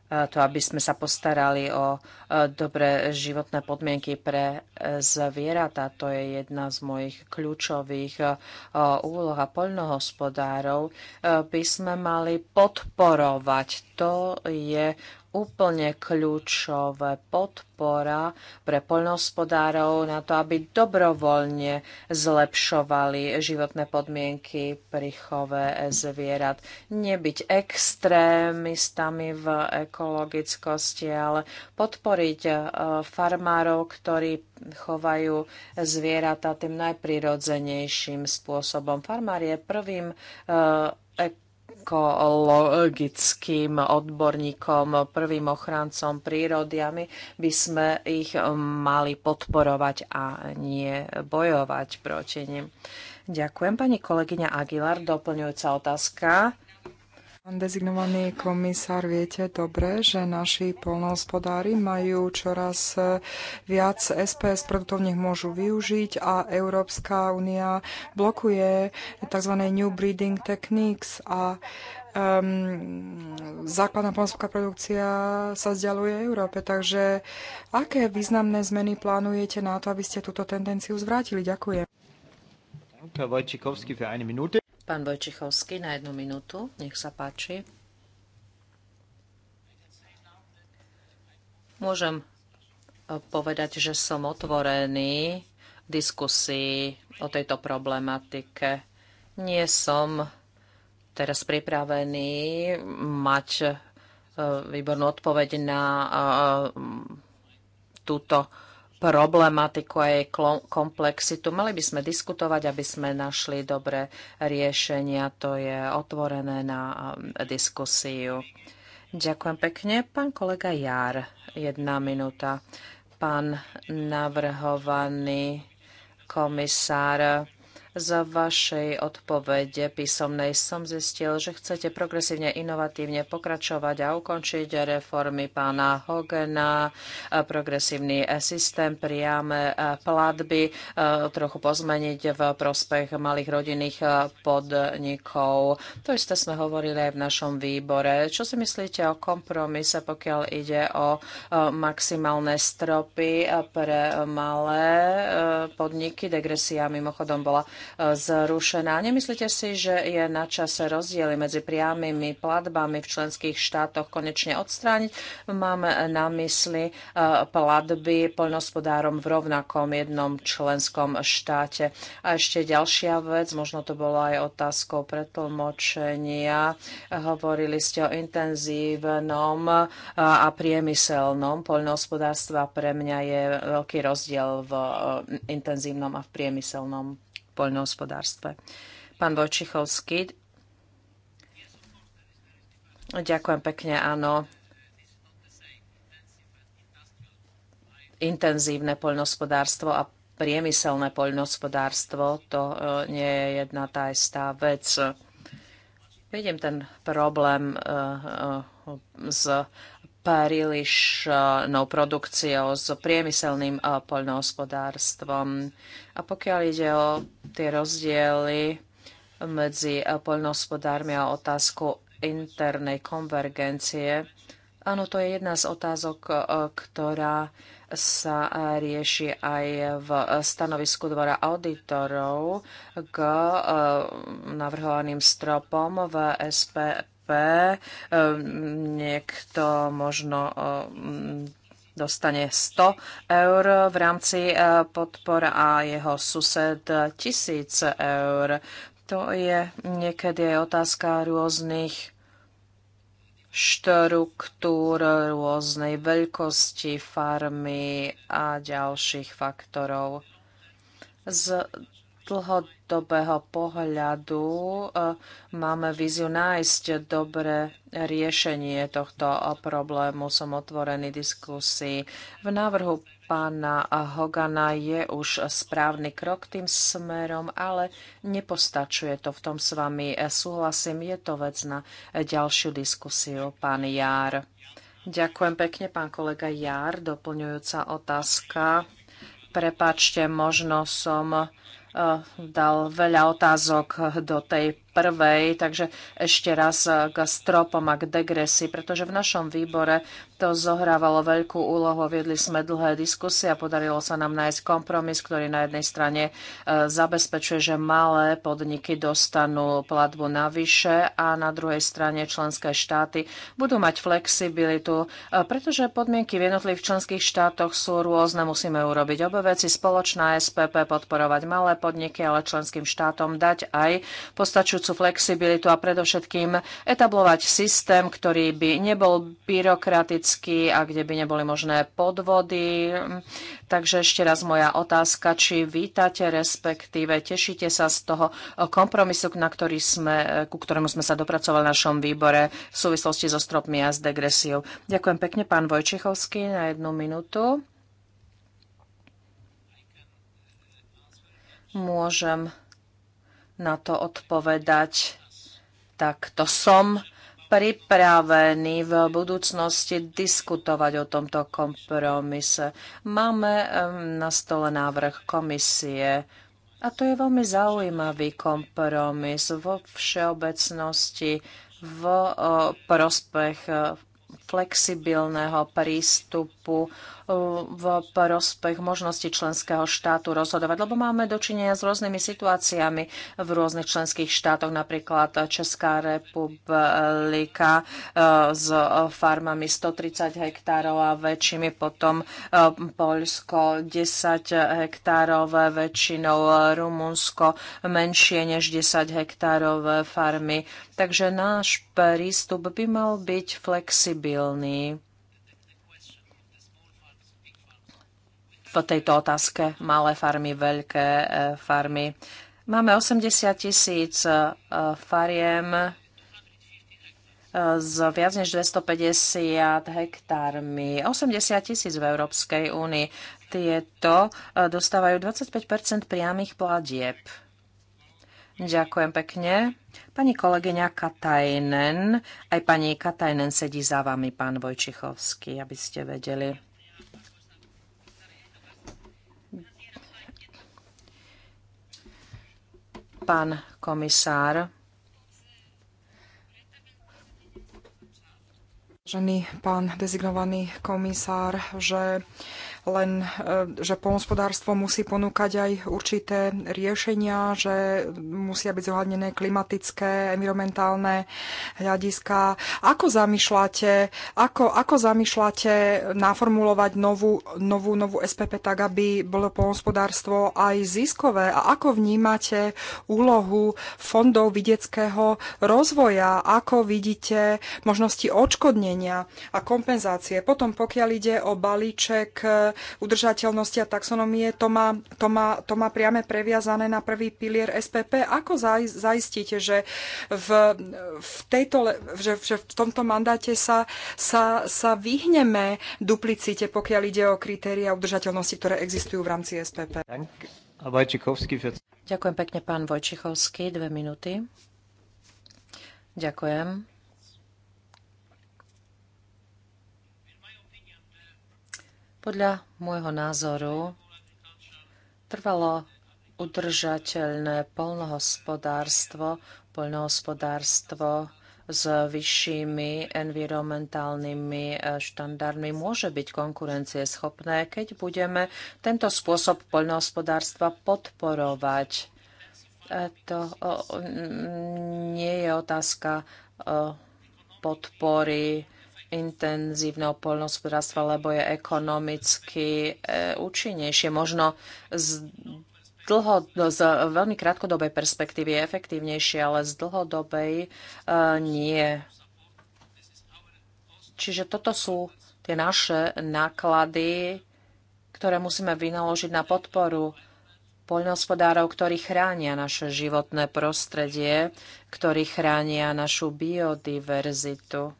e, to, aby sme sa postarali o e, dobré životné podmienky pre zvieratá. To je jedna z mojich kľúčových e, úloh a poľnohospodárov by sme mali podporovať. To je úplne kľúčové podpora pre poľnohospodárov na to, aby dobrovoľne zlepšovali životné podmienky pri chove zvierat. Nebyť extrémistami v ekologickosti, ale podporiť e, farmárov, ktorí chovajú zvieratá tým najprirodzenejším spôsobom. Farmár je prvým e, ekologickým odborníkom, prvým ochrancom prírody a my by sme ich mali podporovať a nie bojovať proti nim. Ďakujem. Pani kolegyňa Aguilar, doplňujúca otázka. Pán dezignovaný komisár, viete dobre, že naši polnohospodári majú čoraz e, viac SPS produktov, nech môžu využiť a Európska únia blokuje tzv. New Breeding Techniques a um, základná polnohospodárska produkcia sa vzdialuje Európe. Takže aké významné zmeny plánujete na to, aby ste túto tendenciu zvrátili? Ďakujem. Pán Vojčikovský, für Pán Vojčichovský na jednu minútu, nech sa páči. Môžem e, povedať, že som otvorený v diskusii o tejto problematike. Nie som teraz pripravený mať e, výbornú odpoveď na e, túto problematiku a jej komplexitu. Mali by sme diskutovať, aby sme našli dobré riešenia. To je otvorené na um, diskusiu. Ďakujem pekne. Pán kolega Jar, jedna minúta. Pán navrhovaný komisár z vašej odpovede písomnej som zistil, že chcete progresívne, inovatívne pokračovať a ukončiť reformy pána Hogena, progresívny e, systém, priame e, platby, e, trochu pozmeniť v prospech malých rodinných podnikov. To isté sme hovorili aj v našom výbore. Čo si myslíte o kompromise, pokiaľ ide o maximálne stropy pre malé podniky? Degresia mimochodom bola zrušená. Nemyslíte si, že je na čase rozdiely medzi priamými platbami v členských štátoch konečne odstrániť? Mám na mysli e, platby poľnospodárom v rovnakom jednom členskom štáte. A ešte ďalšia vec, možno to bolo aj otázkou pretlmočenia. Hovorili ste o intenzívnom e, a priemyselnom poľnohospodárstva. Pre mňa je veľký rozdiel v e, intenzívnom a v priemyselnom poľnohospodárstve. Pán Vojčichovský. Ďakujem pekne, áno. Intenzívne poľnohospodárstvo a priemyselné poľnohospodárstvo, to e, nie je jedna tá istá vec. Vidím ten problém e, e, s prílišnou produkciou, s priemyselným poľnohospodárstvom. A pokiaľ ide o tie rozdiely medzi poľnohospodármi a otázku internej konvergencie, áno, to je jedna z otázok, e, ktorá sa rieši aj v stanovisku dvora auditorov k e, navrhovaným stropom v SPP. E, niekto možno dostane 100 eur v rámci e, podpor a jeho sused 1000 eur. To je niekedy aj otázka rôznych štruktúr, rôznej veľkosti farmy a ďalších faktorov. Z dlhodobého pohľadu eh, máme víziu nájsť dobré riešenie tohto problému. Som otvorený diskusii. V návrhu pána Hogana je už správny krok tým smerom, ale nepostačuje to. V tom s vami eh, súhlasím. Je to vec na ďalšiu diskusiu, pán Jár. Ďakujem pekne, pán kolega Jár. Doplňujúca otázka. Prepačte, možno som Eh, dal veľa otázok do tej prvej, takže ešte raz k eh, stropom a k degresi, pretože v našom výbore to zohrávalo veľkú úlohu. Viedli sme dlhé diskusie a podarilo sa nám nájsť kompromis, ktorý na jednej strane e, zabezpečuje, že malé podniky dostanú platbu navyše a na druhej strane členské štáty budú mať flexibilitu, e, pretože podmienky v jednotlivých členských štátoch sú rôzne. Musíme urobiť obe veci. Spoločná SPP podporovať malé podniky, ale členským štátom dať aj postačujúcu flexibilitu a predovšetkým etablovať systém, ktorý by nebol byrokratický, prevádzky a kde by neboli možné podvody. Takže ešte raz moja otázka, či vítate, respektíve tešíte sa z toho kompromisu, na ktorý sme, ku ktorému sme sa dopracovali v našom výbore v súvislosti so stropmi a s degresiou. Ďakujem pekne, pán Vojčichovský, na jednu minútu. Môžem na to odpovedať takto som pripravení v budúcnosti diskutovať o tomto kompromise. Máme na stole návrh komisie. A to je veľmi zaujímavý kompromis vo všeobecnosti v prospech flexibilného prístupu uh, v prospech možnosti členského štátu rozhodovať, lebo máme dočinenia s rôznymi situáciami v rôznych členských štátoch, napríklad Česká republika uh, s farmami 130 hektárov a väčšími, potom uh, Poľsko 10 hektárov, väčšinou Rumunsko menšie než 10 hektárov farmy. Takže náš prístup by mal byť flexibilný silný v tejto otázke. Malé farmy, veľké e, farmy. Máme 80 tisíc e, fariem e, s viac než 250 hektármi, 80 tisíc v Európskej únii. Tieto dostávajú 25 priamých platieb. Ďakujem pekne. Pani kolegyňa Katajnen, aj pani Katajnen sedí za vami, pán Vojčichovský, aby ste vedeli. Pán komisár. Vážený pán dezignovaný komisár, že len e, že polnospodárstvo musí ponúkať aj určité riešenia, že musia byť zohľadnené klimatické, environmentálne hľadiska. Ako zamýšľate, ako, ako zamýšľate naformulovať novú, novú, novú SPP tak, aby bolo polnospodárstvo aj ziskové? A ako vnímate úlohu fondov vidieckého rozvoja? Ako vidíte možnosti odškodnenia a kompenzácie? Potom, pokiaľ ide o balíček udržateľnosti a taxonomie, to má, to má, to má priame previazané na prvý pilier SPP. Ako zaistíte, že v, v, tejto, že, že v tomto mandáte sa, sa, sa vyhneme duplicite, pokiaľ ide o kritéria udržateľnosti, ktoré existujú v rámci SPP? Ďakujem pekne, pán Vojčichovský. Dve minúty. Ďakujem. Podľa môjho názoru trvalo udržateľné polnohospodárstvo, polnohospodárstvo s vyššími environmentálnymi e, štandardmi môže byť konkurencieschopné, keď budeme tento spôsob poľnohospodárstva podporovať. E, to nie je otázka e, podpory intenzívneho poľnohospodárstva, lebo je ekonomicky e, účinnejšie. Možno z dlho, z veľmi krátkodobej perspektívy je efektívnejšie, ale z dlhodobej e, nie. Čiže toto sú tie naše náklady, ktoré musíme vynaložiť na podporu poľnohospodárov, ktorí chránia naše životné prostredie, ktorí chránia našu biodiverzitu.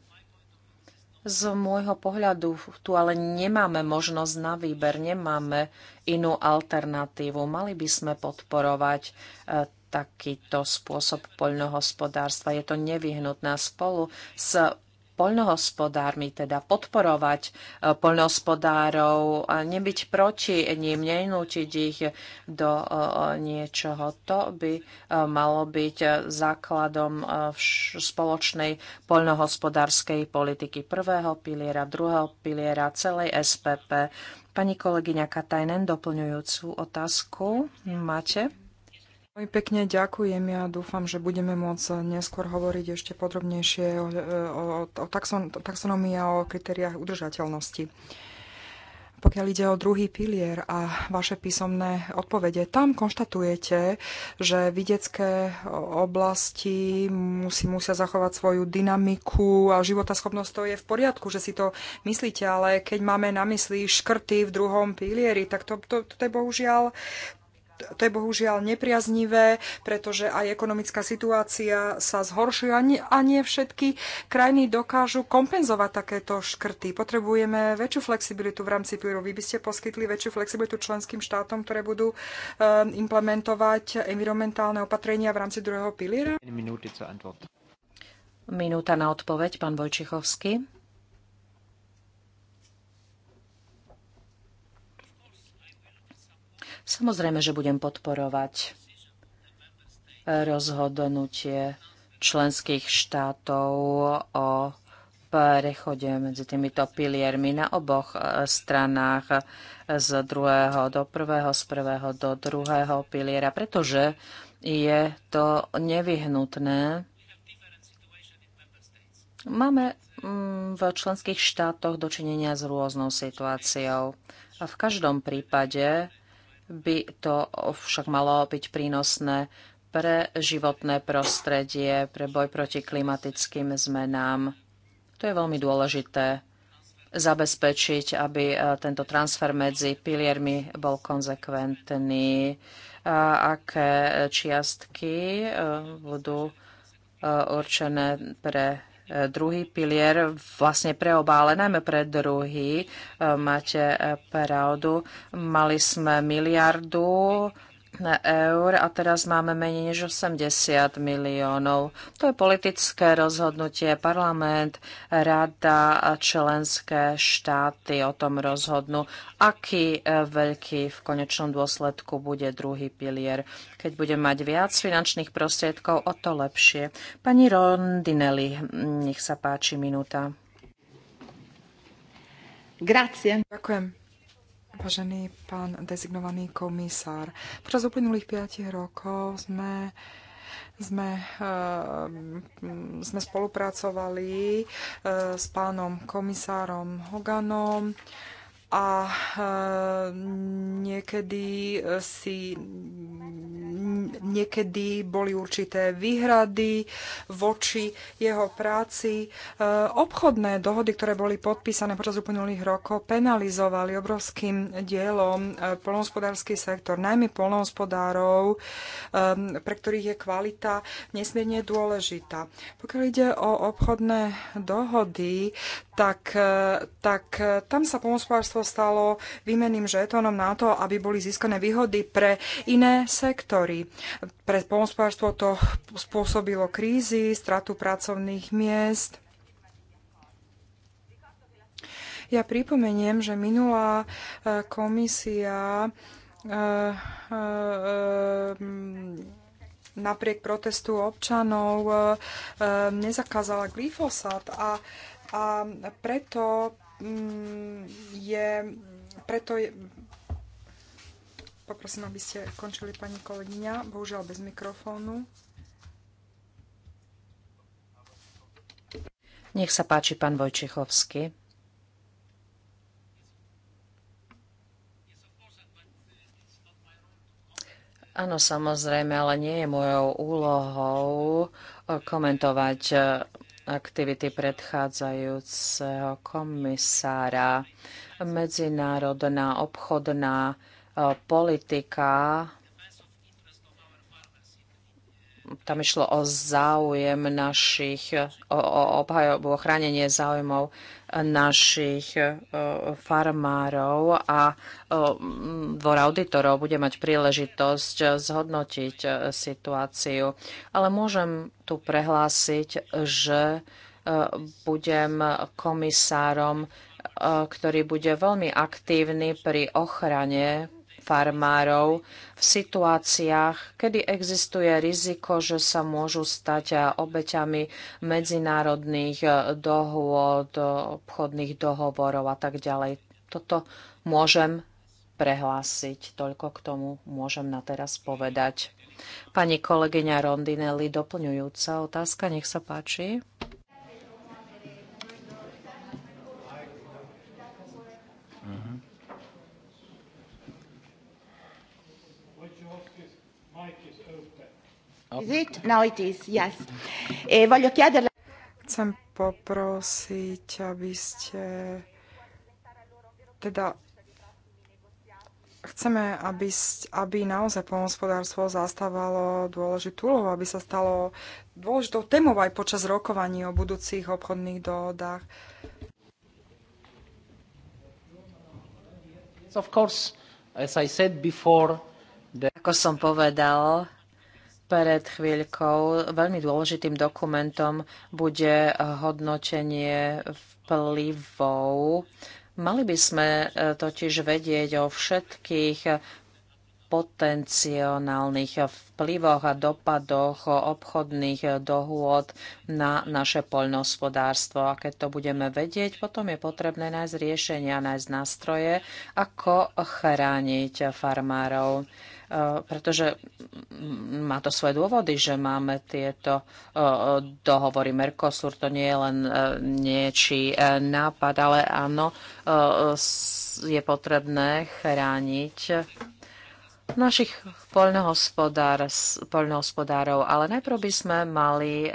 Z môjho pohľadu tu ale nemáme možnosť na výber, nemáme inú alternatívu. Mali by sme podporovať e, takýto spôsob poľnohospodárstva. Je to nevyhnutné spolu s poľnohospodármi, teda podporovať e, poľnohospodárov, nebyť proti ním, nenútiť ich do e, niečoho. To by e, malo byť základom spoločnej poľnohospodárskej politiky prvého piliera, druhého piliera, celej SPP. Pani kolegyňa Katajnen, doplňujúcu otázku máte? Veľmi pekne ďakujem. Ja dúfam, že budeme môcť neskôr hovoriť ešte podrobnejšie o, o, o taxon, taxonomii a o kritériách udržateľnosti. Pokiaľ ide o druhý pilier a vaše písomné odpovede, tam konštatujete, že vidiecké oblasti musí, musia zachovať svoju dynamiku a životaschopnosť to je v poriadku, že si to myslíte, ale keď máme na mysli škrty v druhom pilieri, tak to, to, to, to je bohužiaľ to je bohužiaľ nepriaznivé, pretože aj ekonomická situácia sa zhoršuje a nie, všetky krajiny dokážu kompenzovať takéto škrty. Potrebujeme väčšiu flexibilitu v rámci píru. Vy by ste poskytli väčšiu flexibilitu členským štátom, ktoré budú eh, implementovať environmentálne opatrenia v rámci druhého piliera? Minúta na odpoveď, pán Vojčichovský. Samozrejme, že budem podporovať eh, rozhodnutie členských štátov o prechode medzi týmito piliermi na oboch eh, stranách eh, z druhého do prvého, z prvého do druhého piliera, pretože je to nevyhnutné. Máme mm, v členských štátoch dočinenia s rôznou situáciou a v každom prípade by to však malo byť prínosné pre životné prostredie, pre boj proti klimatickým zmenám. To je veľmi dôležité zabezpečiť, aby e, tento transfer medzi piliermi bol konzekventný. A aké čiastky e, budú e, určené pre druhý pilier vlastne preoba, ale najmä pre druhý. E, máte e, pravdu. Mali sme miliardu eur a teraz máme menej než 80 miliónov. To je politické rozhodnutie. Parlament, rada a členské štáty o tom rozhodnú, aký e, veľký v konečnom dôsledku bude druhý pilier. Keď bude mať viac finančných prostriedkov, o to lepšie. Pani Rondinelli, nech sa páči minúta. Grazie. Ďakujem Vážený pán dezignovaný komisár, počas uplynulých 5 rokov sme sme, eh, sme spolupracovali eh, s pánom komisárom Hoganom a eh, niekedy eh, si niekedy boli určité výhrady voči jeho práci. Eh, obchodné dohody, ktoré boli podpísané počas uplynulých rokov, penalizovali obrovským dielom polnohospodársky sektor, najmä polnohospodárov, pre ktorých je kvalita nesmierne dôležitá. Pokiaľ ide o obchodné dohody, tak, e, tak e, tam sa pomospárstvo stalo výmenným žetónom na to, aby boli získané výhody pre iné sektory. Pre pomospárstvo to spôsobilo krízy, stratu pracovných miest. Ja pripomeniem, že minulá e, komisia napriek protestu občanov nezakázala glyfosát a a preto mm, je, preto je, poprosím, aby ste končili pani kolegyňa, bohužiaľ bez mikrofónu. Nech sa páči, pán Vojčichovský. Áno, samozrejme, ale nie je mojou úlohou komentovať aktivity predchádzajúceho komisára. Medzinárodná obchodná eh, politika tam išlo o záujem našich, o, o o chránenie záujmov našich e, farmárov a e, dvor auditorov bude mať príležitosť zhodnotiť e, situáciu. Ale môžem tu prehlásiť, že budem komisárom, ktorý bude veľmi aktívny pri ochrane farmárov v situáciách, kedy existuje riziko, že sa môžu stať eh, obeťami medzinárodných eh, dohôd, eh, obchodných dohovorov a tak ďalej. Toto môžem prehlásiť. Toľko k tomu môžem na teraz povedať. Pani kolegyňa Rondinelli, doplňujúca otázka, nech sa páči. Oh. Eh, Chcem poprosiť, aby ste teda chceme, aby, aby naozaj pomospodárstvo zastávalo dôležitú úlohu, aby sa stalo dôležitou témou aj počas rokovaní o budúcich obchodných dohodách. Of course, as I said before, the... Ako som povedal, pred chvíľkou veľmi dôležitým dokumentom bude hodnotenie vplyvov. Mali by sme e, totiž vedieť o všetkých potenciálnych vplyvoch a dopadoch obchodných dohôd na naše poľnohospodárstvo. A keď to budeme vedieť, potom je potrebné nájsť riešenia, nájsť nástroje, ako chrániť farmárov. Eh, pretože má to svoje dôvody, že máme tieto eh, dohovory. Mercosur to nie je len eh, niečí nápad, ale áno, je potrebné chrániť našich poľnohospodárov, ale najprv by sme mali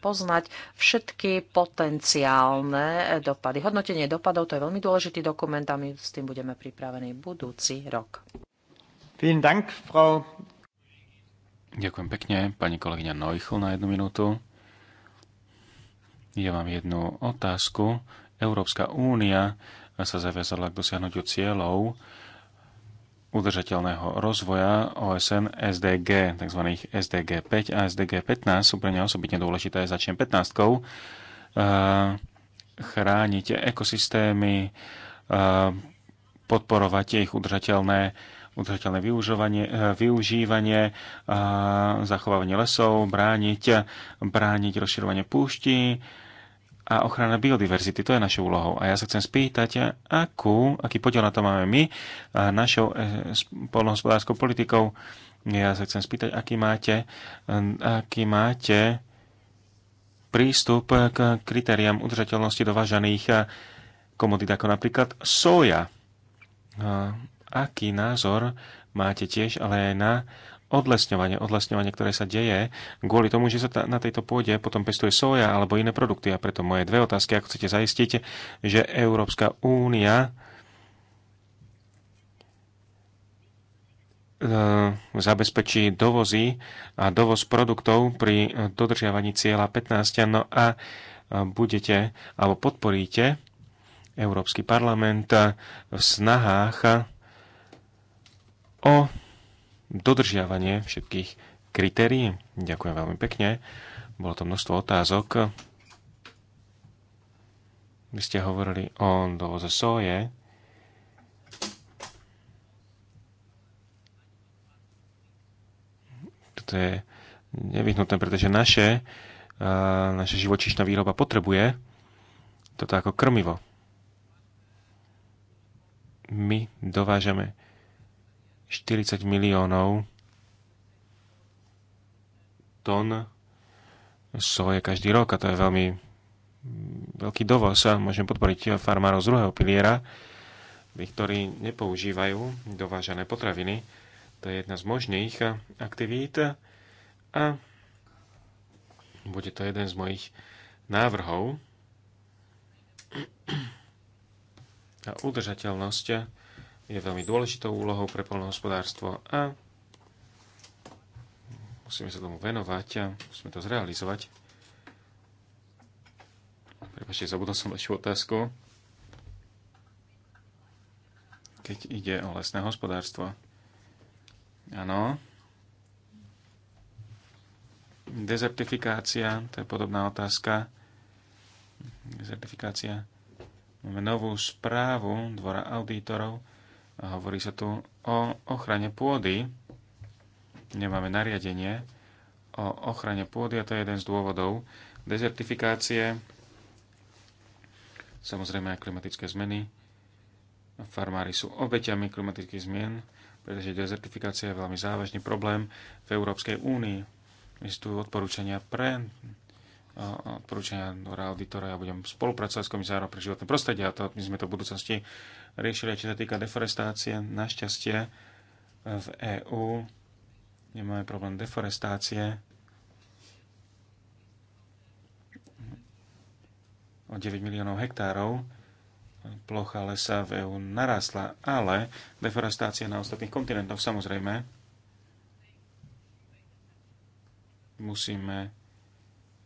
poznať všetky potenciálne dopady. Hodnotenie dopadov to je veľmi dôležitý dokument a my s tým budeme pripravení budúci rok. Vielen Dank, Frau... Ďakujem pekne, pani kolegyňa Neuchl na jednu minútu. Ja mám jednu otázku. Európska únia sa zaviazala k dosiahnutiu cieľov udržateľného rozvoja OSN SDG, tzv. SDG 5 a SDG 15 sú pre mňa osobitne dôležité. Začnem 15. Eh, Chránite ekosystémy, eh, podporovať ich udržateľné udržateľné eh, využívanie, eh, zachovávanie lesov, brániť, brániť rozširovanie púšti a ochrana biodiverzity. To je našou úlohou. A ja sa chcem spýtať, akú, aký podiel na to máme my eh, našou polnohospodárskou politikou. Ja sa chcem spýtať, aký máte, aký máte prístup k kritériám udržateľnosti dovážaných komodít, ako napríklad soja aký názor máte tiež ale aj na odlesňovanie, odlesňovanie, ktoré sa deje kvôli tomu, že sa ta, na tejto pôde potom pestuje soja alebo iné produkty. A preto moje dve otázky, ako chcete zaistiť, že Európska únia e, zabezpečí dovozy a dovoz produktov pri dodržiavaní cieľa 15. No a e, budete alebo podporíte Európsky parlament v snahách o dodržiavanie všetkých kritérií. Ďakujem veľmi pekne. Bolo to množstvo otázok. Vy ste hovorili o dovoze soje. To je nevyhnutné, pretože naše, naše živočíšna výroba potrebuje toto ako krmivo. My dovážame 40 miliónov tón soje každý rok a to je veľmi veľký dovoz a môžeme podporiť farmárov z druhého piliera, ktorí nepoužívajú dovážané potraviny. To je jedna z možných aktivít a bude to jeden z mojich návrhov. A udržateľnosť je veľmi dôležitou úlohou pre polnohospodárstvo a musíme sa tomu venovať a musíme to zrealizovať. Prepačte, zabudol som vašu otázku. Keď ide o lesné hospodárstvo. Áno. Dezertifikácia, to je podobná otázka. Dezertifikácia. Máme novú správu Dvora auditorov, Hovorí sa tu o ochrane pôdy. Nemáme nariadenie o ochrane pôdy a to je jeden z dôvodov dezertifikácie, samozrejme aj klimatické zmeny. Farmári sú obeťami klimatických zmien, pretože dezertifikácia je veľmi závažný problém v Európskej únii. Existujú odporúčania pre odporúčania do auditora. Ja budem spolupracovať s komisárom pre životné prostredie a to, my sme to v budúcnosti riešili, čo sa týka deforestácie. Našťastie e, v EÚ nemáme problém deforestácie. O 9 miliónov hektárov plocha lesa v EÚ narastla, ale deforestácia na ostatných kontinentoch samozrejme musíme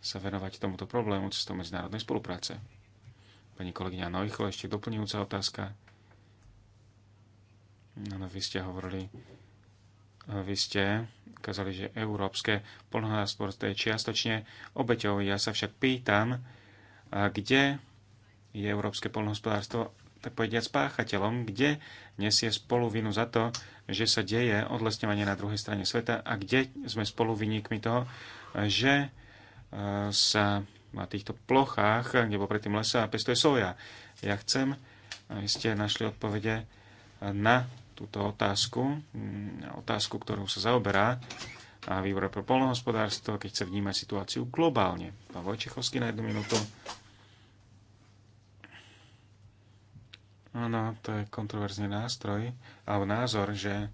sa venovať tomuto problému cestou medzinárodnej spolupráce. Pani kolegyňa Noichol, ešte doplňujúca otázka. Áno, vy ste hovorili, eh, vy ste kazali, že európske polnohospodárstvo je čiastočne obeťou. Ja sa však pýtam, kde je európske polnohospodárstvo tak povediať spáchateľom, kde nesie spolu vinu za to, že sa deje odlesňovanie na druhej strane sveta a kde sme spolu vynikmi toho, že eh, sa na týchto plochách, kde bol predtým lesa, pestuje soja. Ja chcem, aby ste našli odpovede na túto otázku, mm, otázku, ktorou sa zaoberá a výbor pre polnohospodárstvo, keď chce vnímať situáciu globálne. Pán Vojčechovský na jednu minútu. Áno, to je kontroverzný nástroj, alebo názor, že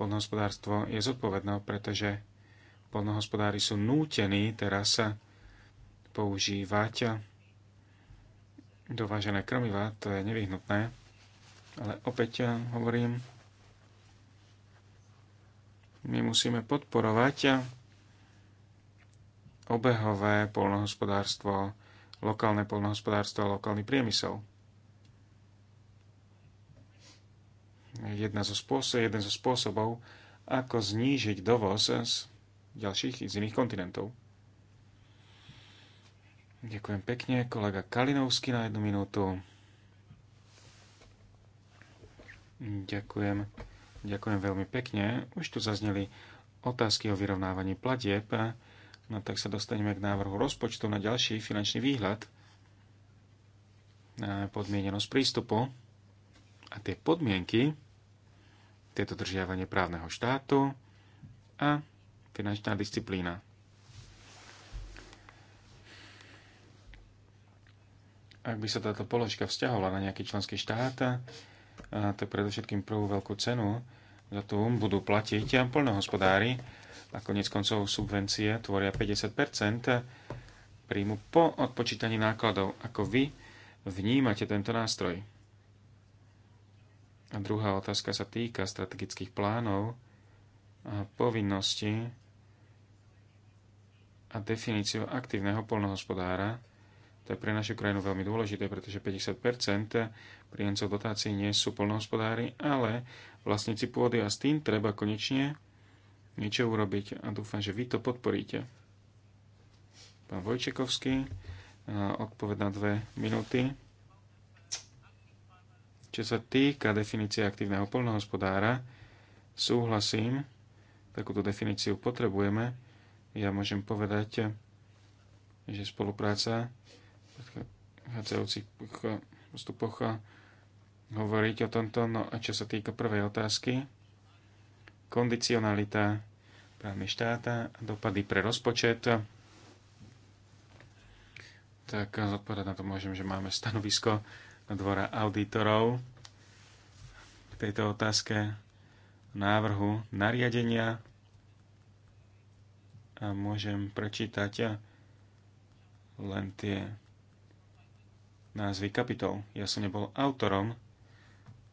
polnohospodárstvo je zodpovedné, pretože polnohospodári sú nútení teraz sa používať dovážené krmiva, to je nevyhnutné ale opäť eh, hovorím, my musíme podporovať eh, obehové polnohospodárstvo, lokálne polnohospodárstvo a lokálny priemysel. Jedna zo spôsob, jeden zo spôsobov, ako znížiť dovoz z ďalších z iných kontinentov. Ďakujem pekne, kolega Kalinovský na jednu minútu. Ďakujem. Ďakujem veľmi pekne. Už tu zazneli otázky o vyrovnávaní platieb. No tak sa dostaneme k návrhu rozpočtu na ďalší finančný výhľad na podmienenosť prístupu a tie podmienky, tieto držiavanie právneho štátu a finančná disciplína. Ak by sa táto položka vzťahovala na nejaký členský štát, a to predovšetkým prvú veľkú cenu, za to budú platiť a plnohospodári a konec koncov subvencie tvoria 50 príjmu po odpočítaní nákladov. Ako vy vnímate tento nástroj? A druhá otázka sa týka strategických plánov a povinnosti a definíciu aktívneho polnohospodára to je pre našu krajinu veľmi dôležité, pretože 50 príjemcov dotácií nie sú plnohospodári, ale vlastníci pôdy a s tým treba konečne niečo urobiť a dúfam, že vy to podporíte. Pán Vojčekovský, e, odpoved na dve minúty. Čo sa týka definície aktívneho polnohospodára, súhlasím, takúto definíciu potrebujeme. Ja môžem povedať, že spolupráca predchádzajúcich postupoch eh, hovoriť o tomto. No a čo sa týka prvej otázky, kondicionalita právne štáta a dopady pre rozpočet, tak eh, zodpovedať na to môžem, že máme stanovisko na dvora auditorov k tejto otázke návrhu nariadenia a môžem prečítať eh, len tie názvy kapitol. Ja som nebol autorom,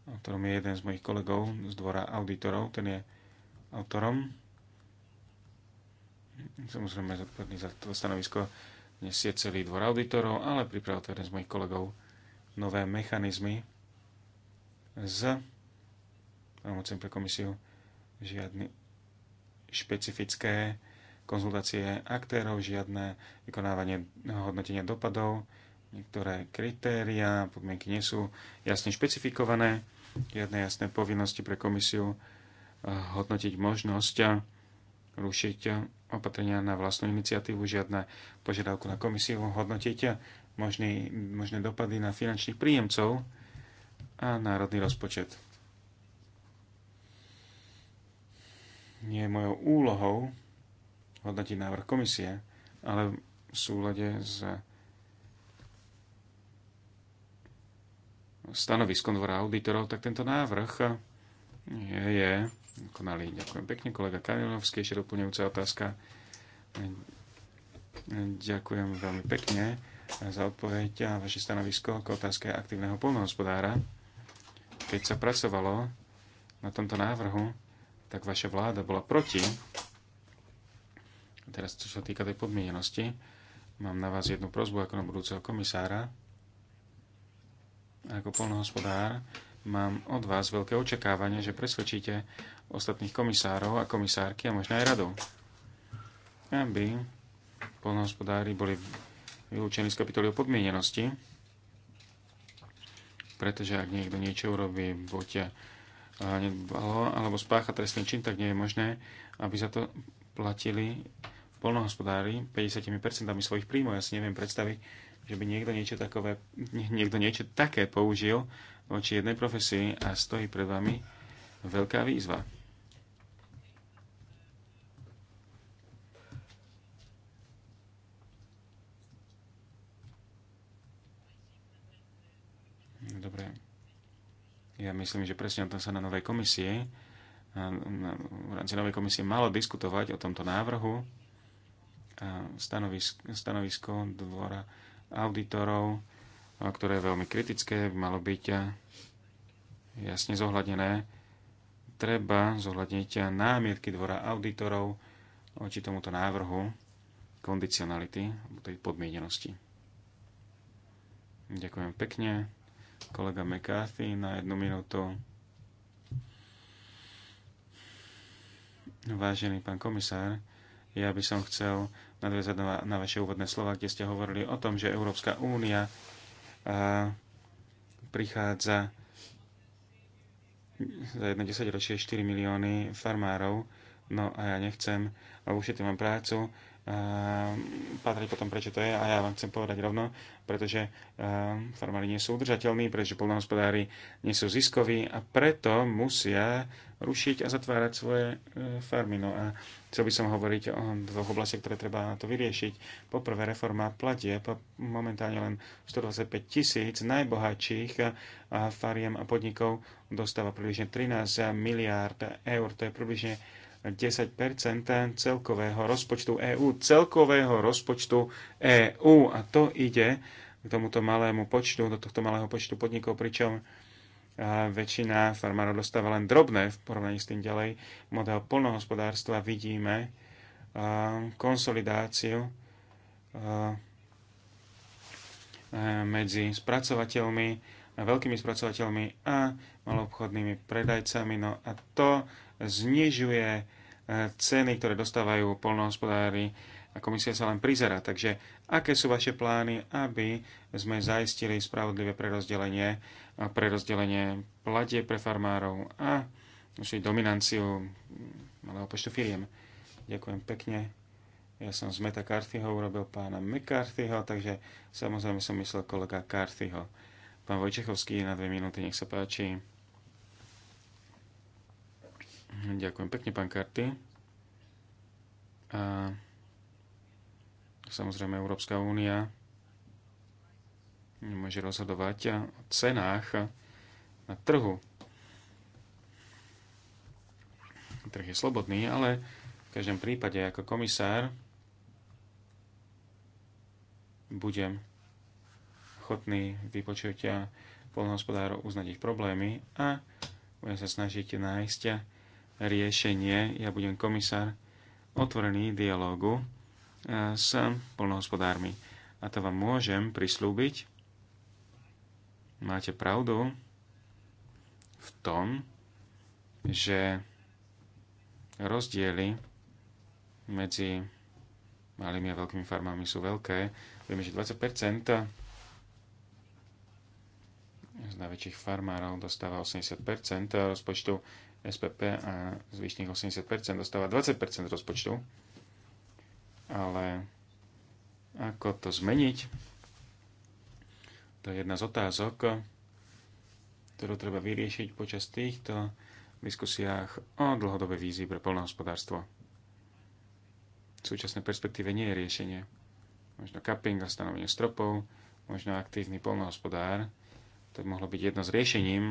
autorom je jeden z mojich kolegov z dvora auditorov, ten je autorom. Samozrejme, zodpovedný za to stanovisko dnes je celý dvor auditorov, ale pripravil to jeden z mojich kolegov nové mechanizmy z pravomocem pre komisiu žiadne špecifické konzultácie aktérov, žiadne vykonávanie hodnotenia dopadov, Niektoré kritéria, podmienky nie sú jasne špecifikované, žiadne jasné povinnosti pre komisiu eh, hodnotiť možnosť eh, rušiť eh, opatrenia na vlastnú iniciatívu, žiadna požiadavku na komisiu hodnotiť možný, možné dopady na finančných príjemcov a národný rozpočet. Nie je mojou úlohou hodnotiť návrh komisie, ale v súlade s stanoviskom dvora auditorov, tak tento návrh je, je konalý. Ďakujem pekne, kolega Kanilovský, ešte doplňujúca otázka. Ďakujem veľmi pekne za odpoveď a vaše stanovisko k otázke aktívneho polnohospodára. Keď sa pracovalo na tomto návrhu, tak vaša vláda bola proti. Teraz, čo sa týka tej podmienenosti, mám na vás jednu prozbu ako na budúceho komisára ako polnohospodár mám od vás veľké očakávanie, že presvedčíte ostatných komisárov a komisárky a možno aj radov, aby polnohospodári boli vylúčení z kapitoly o podmienenosti, pretože ak niekto niečo urobí, buď eh, nedbalo alebo spácha trestný čin, tak nie je možné, aby za to platili polnohospodári 50% svojich príjmov. Ja si neviem predstaviť, že by niekto niečo, takové, niekto niečo také použil voči jednej profesii a stojí pred vami veľká výzva. Dobre. Ja myslím, že presne o tom sa na novej komisie, v rámci novej komisie malo diskutovať o tomto návrhu a stanovisko, stanovisko dvora auditorov, ktoré je veľmi kritické, by malo byť eh, jasne zohľadnené. Treba zohľadniť eh, námietky dvora auditorov oči tomuto návrhu kondicionality, tej podmienenosti. Ďakujem pekne. Kolega McCarthy na jednu minútu. Vážený pán komisár, ja by som chcel nadviazať na, na vaše úvodné slova, kde ste hovorili o tom, že Európska únia a, prichádza za jedno desaťročie 4 milióny farmárov, no a ja nechcem, lebo všetci mám prácu, Patrik potom prečo to je a ja vám chcem povedať rovno, pretože farmári nie sú udržateľní, pretože polnohospodári nie sú ziskoví a preto musia rušiť a zatvárať svoje e, farmy. No a chcel by som hovoriť o dvoch oblastiach, ktoré treba na to vyriešiť. Poprvé reforma platie. Momentálne len 125 tisíc najbohatších e, fariem a podnikov dostáva približne 13 miliárd eur. To je približne 10 celkového rozpočtu EÚ. Celkového rozpočtu EÚ. A to ide k tomuto malému počtu, do tohto malého počtu podnikov, pričom a väčšina farmárov dostáva len drobné v porovnaní s tým ďalej. Model polnohospodárstva vidíme konsolidáciu e, medzi spracovateľmi, veľkými spracovateľmi a maloobchodnými predajcami. No a to znižuje e, ceny, ktoré dostávajú polnohospodári a komisia sa len prizera. Takže aké sú vaše plány, aby sme zaistili spravodlivé prerozdelenie, prerozdelenie platie pre farmárov a našej dominanciu malého počtu firiem. Ďakujem pekne. Ja som z Meta Carthyho urobil pána McCarthyho, takže samozrejme som myslel kolega Carthyho. Pán Vojčechovský na dve minúty, nech sa páči. Hm, ďakujem pekne, pán Carthy. A samozrejme Európska únia nemôže rozhodovať o cenách na trhu. Trh je slobodný, ale v každom prípade ako komisár budem ochotný vypočuť polnohospodárov uznať ich problémy a budem sa snažiť nájsť riešenie. Ja budem komisár otvorený dialógu s polnohospodármi. A to vám môžem prislúbiť. Máte pravdu v tom, že rozdiely medzi malými a veľkými farmami sú veľké. Vieme, že 20 z najväčších farmárov dostáva 80 rozpočtu SPP a zvyšných 80 dostáva 20 rozpočtu ale ako to zmeniť, to je jedna z otázok, ktorú treba vyriešiť počas týchto diskusiách o dlhodobej vízii pre polnohospodárstvo. V súčasnej perspektíve nie je riešenie. Možno cupping a stanovenie stropov, možno aktívny polnohospodár. To by mohlo byť jedno z riešením,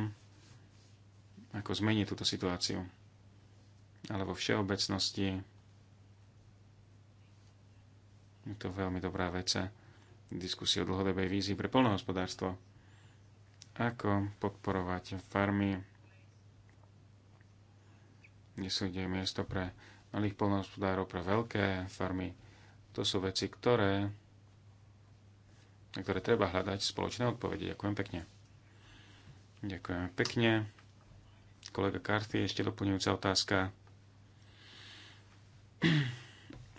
ako zmeniť túto situáciu. Ale vo všeobecnosti je to veľmi dobrá vec. Diskusie o dlhodobej vízii pre polnohospodárstvo. Ako podporovať farmy, kde sú kde miesto pre malých polnohospodárov, pre veľké farmy. To sú veci, ktoré, na ktoré treba hľadať spoločné odpovede. Ďakujem pekne. Ďakujem pekne. Kolega Karty, ešte doplňujúca otázka.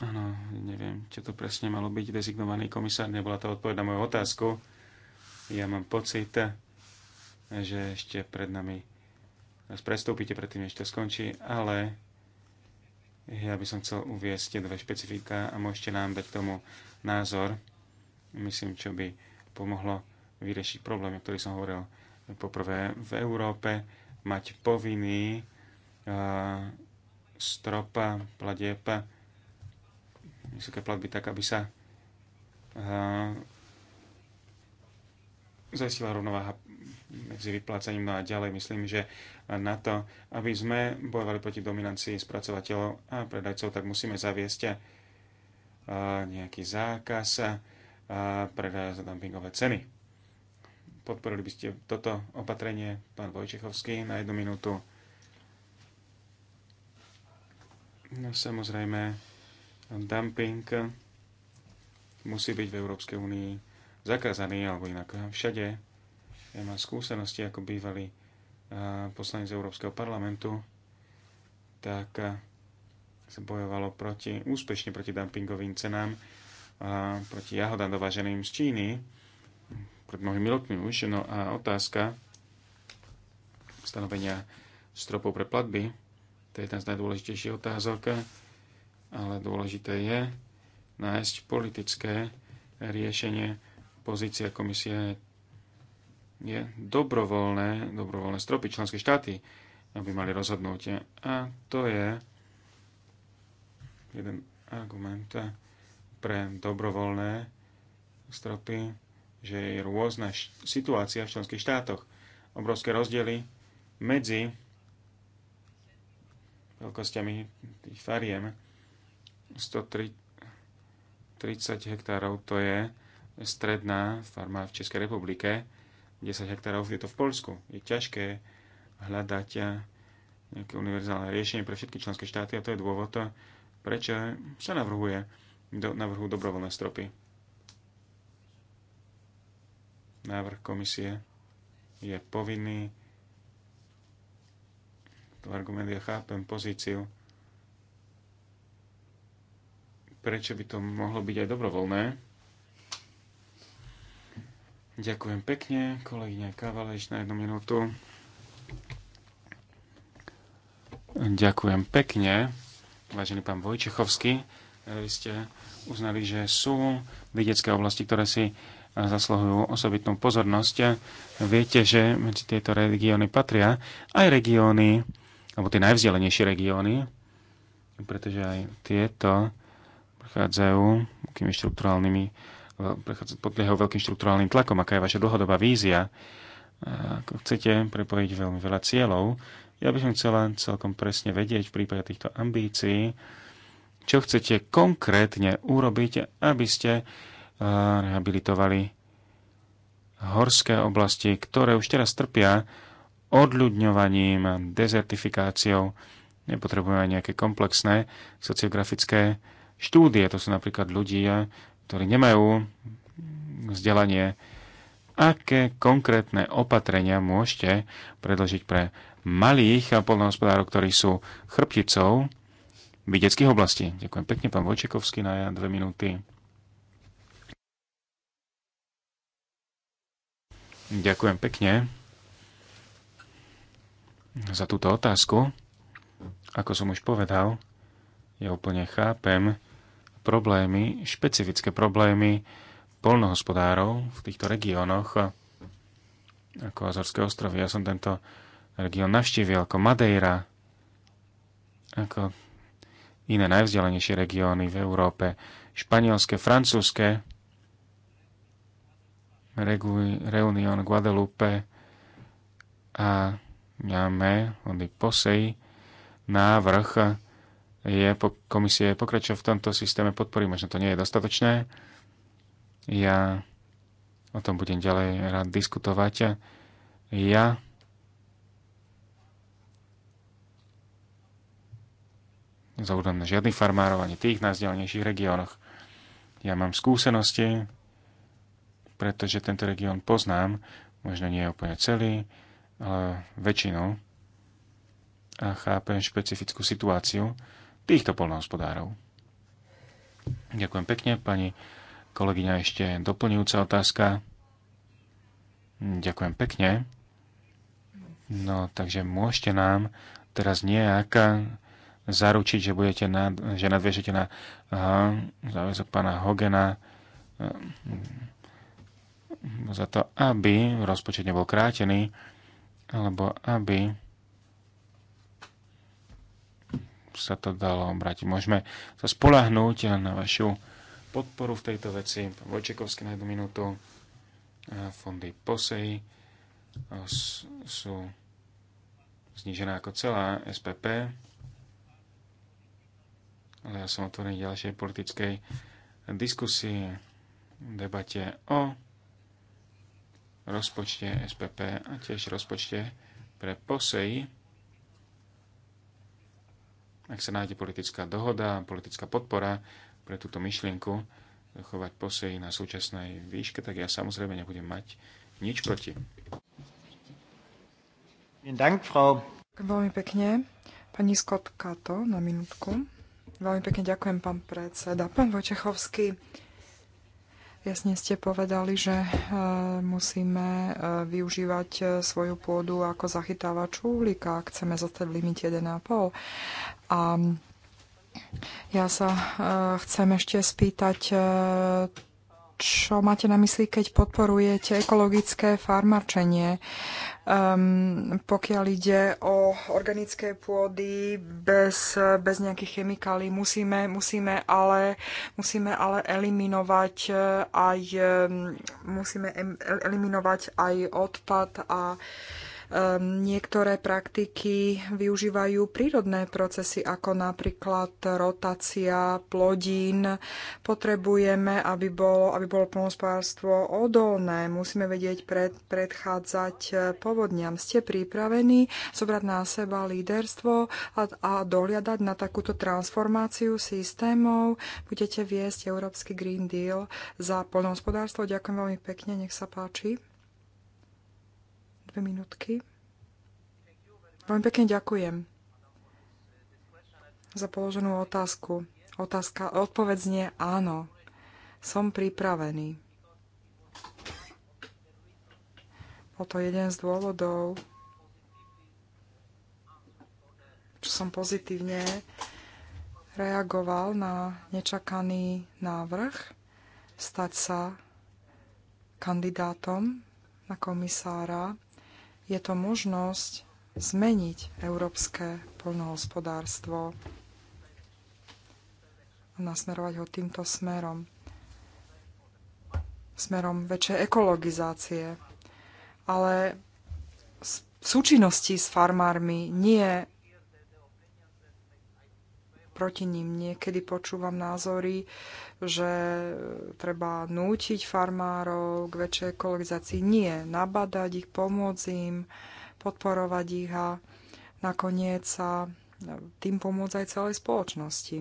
Áno, neviem, čo to presne malo byť dezignovaný komisár, nebola to odpoveď na moju otázku. Ja mám pocit, že ešte pred nami nás prestúpite predtým, ešte to skončí, ale ja by som chcel uviesť tie dve špecifika a môžete nám dať tomu názor, myslím, čo by pomohlo vyriešiť problém, o ktorý som hovoril poprvé v Európe, mať povinný uh, stropa, pladiepa, vysoké platby tak, aby sa eh, zaistila rovnováha medzi vyplácaním no a ďalej. Myslím, že na to, aby sme bojovali proti dominancii spracovateľov a predajcov, tak musíme zaviesť eh, nejaký zákaz eh, predaja za dumpingové ceny. Podporili by ste toto opatrenie, pán Vojčechovský, na jednu minútu. No samozrejme, dumping musí byť v Európskej únii zakázaný, alebo inak všade. Ja mám skúsenosti ako bývalý eh, poslanec Európskeho parlamentu, tak eh, sa bojovalo proti, úspešne proti dumpingovým cenám, a proti jahodám dovaženým z Číny, pred mnohými rokmi už. No a otázka stanovenia stropov pre platby, to je jedna z najdôležitejších otázok, ale dôležité je nájsť politické riešenie. Pozícia komisie je dobrovoľné, dobrovoľné stropy členské štáty, aby mali rozhodnutie. A to je jeden argument pre dobrovoľné stropy, že je rôzna situácia v členských štátoch. Obrovské rozdiely medzi veľkosťami tých fariem 130 hektárov to je stredná farma v Českej republike, 10 hektárov je to v Polsku. Je ťažké hľadať eh, nejaké univerzálne riešenie pre všetky členské štáty a to je dôvod, prečo sa navrhuje, do, navrhu dobrovoľné stropy. Návrh komisie je povinný. To argument ja chápem pozíciu prečo by to mohlo byť aj dobrovoľné. Ďakujem pekne, kolegyňa Kavaleš na jednu minútu. Ďakujem pekne, vážený pán Vojčechovský. Vy ste uznali, že sú vedecké oblasti, ktoré si zasluhujú osobitnú pozornosť. Viete, že medzi tieto regióny patria aj regióny, alebo tie najvzdelenejšie regióny, pretože aj tieto prechádzajú akými štruktúrálnymi, e, podliehajú veľkým štruktúrálnym tlakom. Aká je vaša dlhodobá vízia? E, ako chcete prepojiť veľmi veľa cieľov, ja by som chcela celkom presne vedieť v prípade týchto ambícií, čo chcete konkrétne urobiť, aby ste e, rehabilitovali horské oblasti, ktoré už teraz trpia odľudňovaním, dezertifikáciou. Nepotrebujeme nejaké komplexné sociografické štúdie. To sú napríklad ľudia, ktorí nemajú vzdelanie. Aké konkrétne opatrenia môžete predložiť pre malých polnohospodárov, ktorí sú chrbticou vidieckých oblastí? Ďakujem pekne, pán Vojčekovský, na dve minúty. Ďakujem pekne za túto otázku. Ako som už povedal, ja úplne chápem problémy, špecifické problémy polnohospodárov v týchto regiónoch ako Azorské ostrovy. Ja som tento región navštívil ako Madeira, ako iné najvzdelenejšie regióny v Európe, španielské, francúzske, Reunion, Guadalupe a máme oni Posej návrh je, komisie pokračuje v tomto systéme podpory. Možno to nie je dostatočné. Ja o tom budem ďalej rád diskutovať. Ja zaujímam na žiadnych farmárov, ani tých na vzdialenejších regiónoch. Ja mám skúsenosti, pretože tento región poznám, možno nie je úplne celý, ale väčšinu a chápem špecifickú situáciu, týchto polnohospodárov. Ďakujem pekne, pani kolegyňa, ešte doplňujúca otázka. Ďakujem pekne. No, takže môžete nám teraz nejaká zaručiť, že, budete nad, že nadviežete na aha, záväzok pána Hogena ehm, za to, aby rozpočet nebol krátený, alebo aby sa to dalo brať. Môžeme sa spolahnúť na vašu podporu v tejto veci. Vojčekovský na jednu minútu. Fondy POSEI sú znižené ako celá SPP. Ale ja som otvorený ďalšej politickej diskusii, debate o rozpočte SPP a tiež rozpočte pre POSEI ak sa nájde politická dohoda, politická podpora pre túto myšlienku, chovať posej na súčasnej výške, tak ja samozrejme nebudem mať nič proti. Veľmi pekne. Pani Scott Kato na minútku. Veľmi pekne ďakujem, pán predseda. Pán Vojčechovský, Jasne ste povedali, že e, musíme e, využívať e, svoju pôdu ako zachytávač uhlíka, ak chceme zostať v limite 1,5. A ja sa e, chcem ešte spýtať, e, čo máte na mysli, keď podporujete ekologické farmačenie. Um, pokiaľ ide o organické pôdy bez, bez nejakých chemikálií, musíme, musíme, ale, musíme ale eliminovať e, aj, musíme eliminovať aj odpad a uh, Ehm, niektoré praktiky využívajú prírodné procesy, ako napríklad rotácia plodín. Potrebujeme, aby bolo, aby bolo plnospárstvo odolné. Musíme vedieť pred, predchádzať eh, povodňam. Ste pripravení zobrať na seba líderstvo a, a dohliadať na takúto transformáciu systémov? Budete viesť Európsky Green Deal za poľnohospodárstvo. Ďakujem veľmi pekne, nech sa páči. Dve minútky. Veľmi pekne ďakujem za položenú otázku. Otázka, odpoveď znie áno. Som pripravený. Bol to jeden z dôvodov, čo som pozitívne reagoval na nečakaný návrh stať sa kandidátom na komisára je to možnosť zmeniť európske poľnohospodárstvo a nasmerovať ho týmto smerom. Smerom väčšej ekologizácie. Ale v súčinnosti s farmármi, nie proti ním. Niekedy počúvam názory, že treba nútiť farmárov k väčšej ekologizácii. Nie, nabadať ich, pomôcť im, podporovať ich a nakoniec sa tým pomôcť aj celej spoločnosti.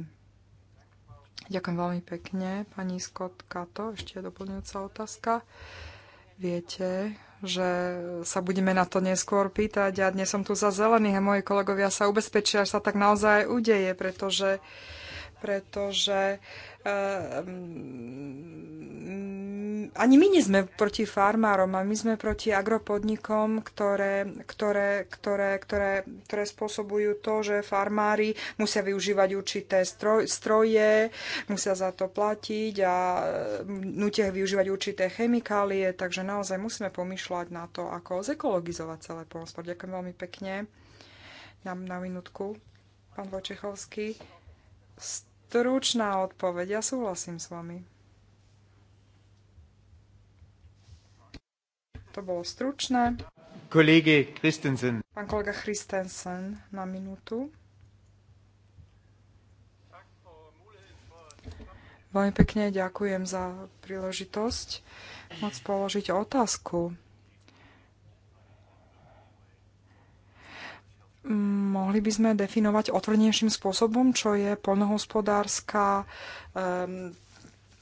Ďakujem veľmi pekne, pani Skotka. To ešte je doplňujúca otázka. Viete, že sa budeme na to neskôr pýtať ja dnes som tu za zelených a moji kolegovia sa ubezpečia, že sa tak naozaj udeje, pretože uh, pretože eh, mm, ani my nie sme proti farmárom, a my sme proti agropodnikom, ktoré, ktoré, ktoré, ktoré, ktoré spôsobujú to, že farmári musia využívať určité stroj, stroje, musia za to platiť a eh, nutia využívať určité chemikálie, takže naozaj musíme pomýšľať na to, ako zekologizovať celé polnospor. Ďakujem veľmi pekne. Na, na minútku, pán Vojčechovský. Stručná odpoveď, ja súhlasím s vami. To bolo stručné. Kolege Christensen. Pán kolega Christensen na minútu. Veľmi pekne ďakujem za príležitosť môcť položiť otázku. mohli by sme definovať otvornejším spôsobom, čo je polnohospodárska, um,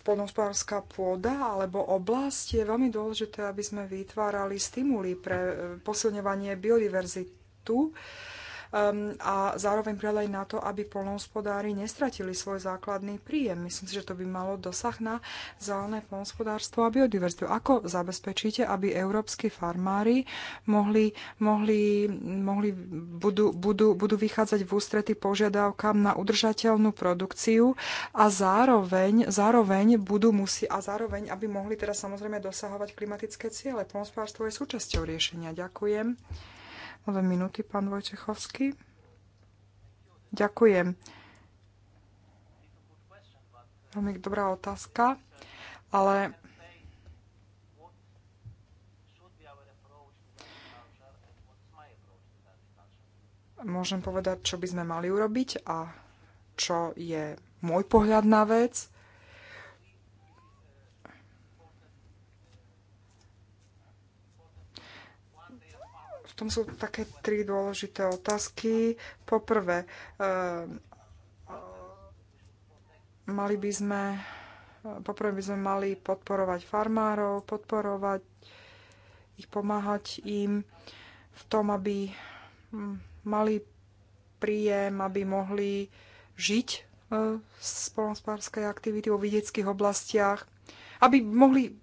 polnohospodárska pôda alebo oblasť. Je veľmi dôležité, aby sme vytvárali stimuly pre eh, posilňovanie biodiverzitu. Um, a zároveň prihľadať na to, aby polnohospodári nestratili svoj základný príjem. Myslím si, že to by malo dosah na zelené polnohospodárstvo a biodiverzitu. Ako zabezpečíte, aby európsky farmári mohli, mohli, mohli budú, budú, budú vychádzať v ústrety požiadavkám na udržateľnú produkciu a zároveň, zároveň budú musí, a zároveň, aby mohli teda samozrejme dosahovať klimatické ciele. Polnohospodárstvo je súčasťou riešenia. Ďakujem. Dve minúty, pán Vojčechovský. Ďakujem. Veľmi dobrá otázka, ale môžem povedať, čo by sme mali urobiť a čo je môj pohľad na vec. tom sú také tri dôležité otázky. Poprvé, eh, mali by sme poprvé by sme mali podporovať farmárov, podporovať ich, pomáhať im v tom, aby hm, mali príjem, aby mohli žiť eh, z polnospárskej aktivity vo vidieckých oblastiach, aby mohli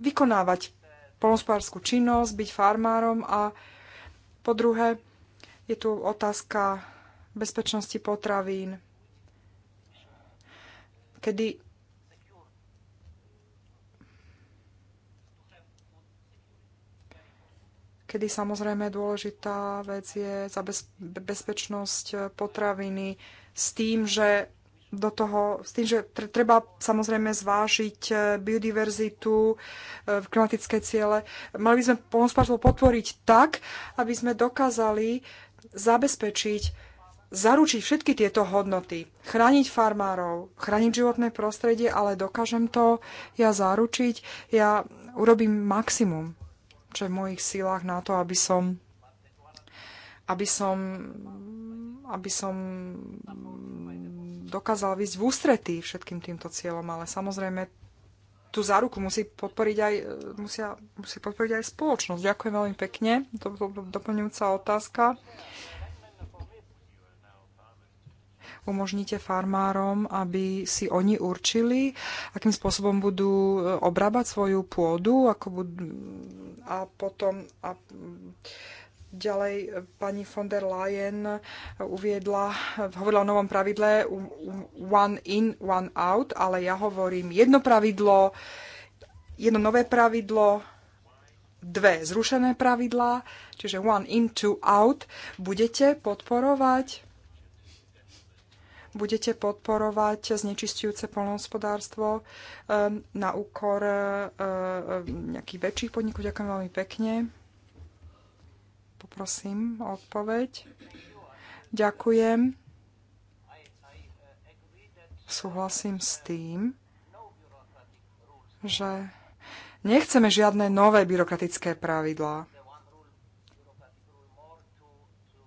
vykonávať polnospárskú činnosť, byť farmárom a po druhé, je tu otázka bezpečnosti potravín, kedy kedy samozrejme dôležitá vec je za bezpečnosť potraviny s tým, že do toho, s tým, že treba samozrejme zvážiť eh, biodiverzitu, eh, klimatické ciele. Mali by sme polnospodárstvo potvoriť tak, aby sme dokázali zabezpečiť, zaručiť všetky tieto hodnoty. Chrániť farmárov, chrániť životné prostredie, ale dokážem to ja zaručiť. Ja urobím maximum, čo je v mojich silách na to, aby som aby som, aby som dokázala vysť v ústretí všetkým týmto cieľom, ale samozrejme tú záruku musí podporiť aj, musia, musí podporiť aj spoločnosť. Ďakujem veľmi pekne. To bola doplňujúca otázka. Umožnite farmárom, aby si oni určili, akým spôsobom budú e, obrábať svoju pôdu, ako budú, a potom a, Ďalej e, pani von der Leyen e, uviedla, e, hovorila o novom pravidle one in, one out, ale ja hovorím jedno pravidlo, jedno nové pravidlo, dve zrušené pravidlá, čiže one in, two out, budete podporovať budete podporovať znečistujúce polnohospodárstvo na úkor nejakých väčších podnikov. Ďakujem veľmi pekne. Poprosím o odpoveď. Ďakujem. Súhlasím s tým, že nechceme žiadne nové byrokratické pravidlá.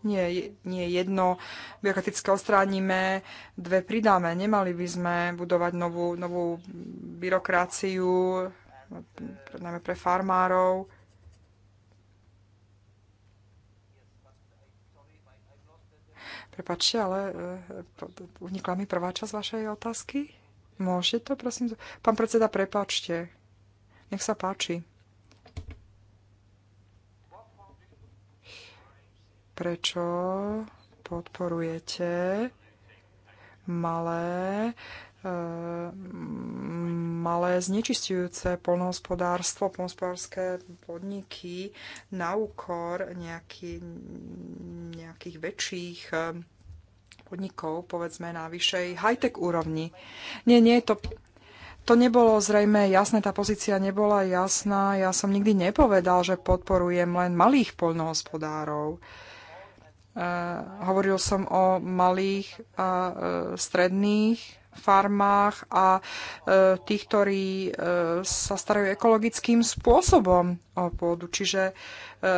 Nie, nie jedno byrokratické ostránime, dve pridáme. Nemali by sme budovať novú, novú byrokraciu, najmä pre farmárov. Prepačte, ale e, unikla mi prvá časť vašej otázky. Môže to, prosím? Pán predseda, prepačte. Nech sa páči. Prečo podporujete malé e, malé znečistujúce polnohospodárstvo, polnohospodárske podniky na úkor nejaký, nejakých väčších eh, podnikov, povedzme na vyššej high-tech úrovni. Nie, nie to... To nebolo zrejme jasné, tá pozícia nebola jasná. Ja som nikdy nepovedal, že podporujem len malých poľnohospodárov. Uh, hovoril som o malých a uh, stredných farmách a e, tých, ktorí e, sa starajú ekologickým spôsobom o pôdu. Čiže e,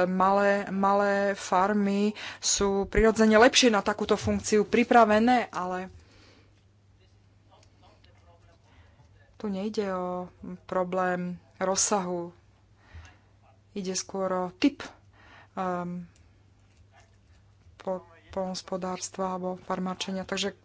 malé, malé farmy sú prirodzene lepšie na takúto funkciu pripravené, ale tu nejde o problém rozsahu. Ide skôr o typ um, po, pohospodárstva alebo farmáčenia. Takže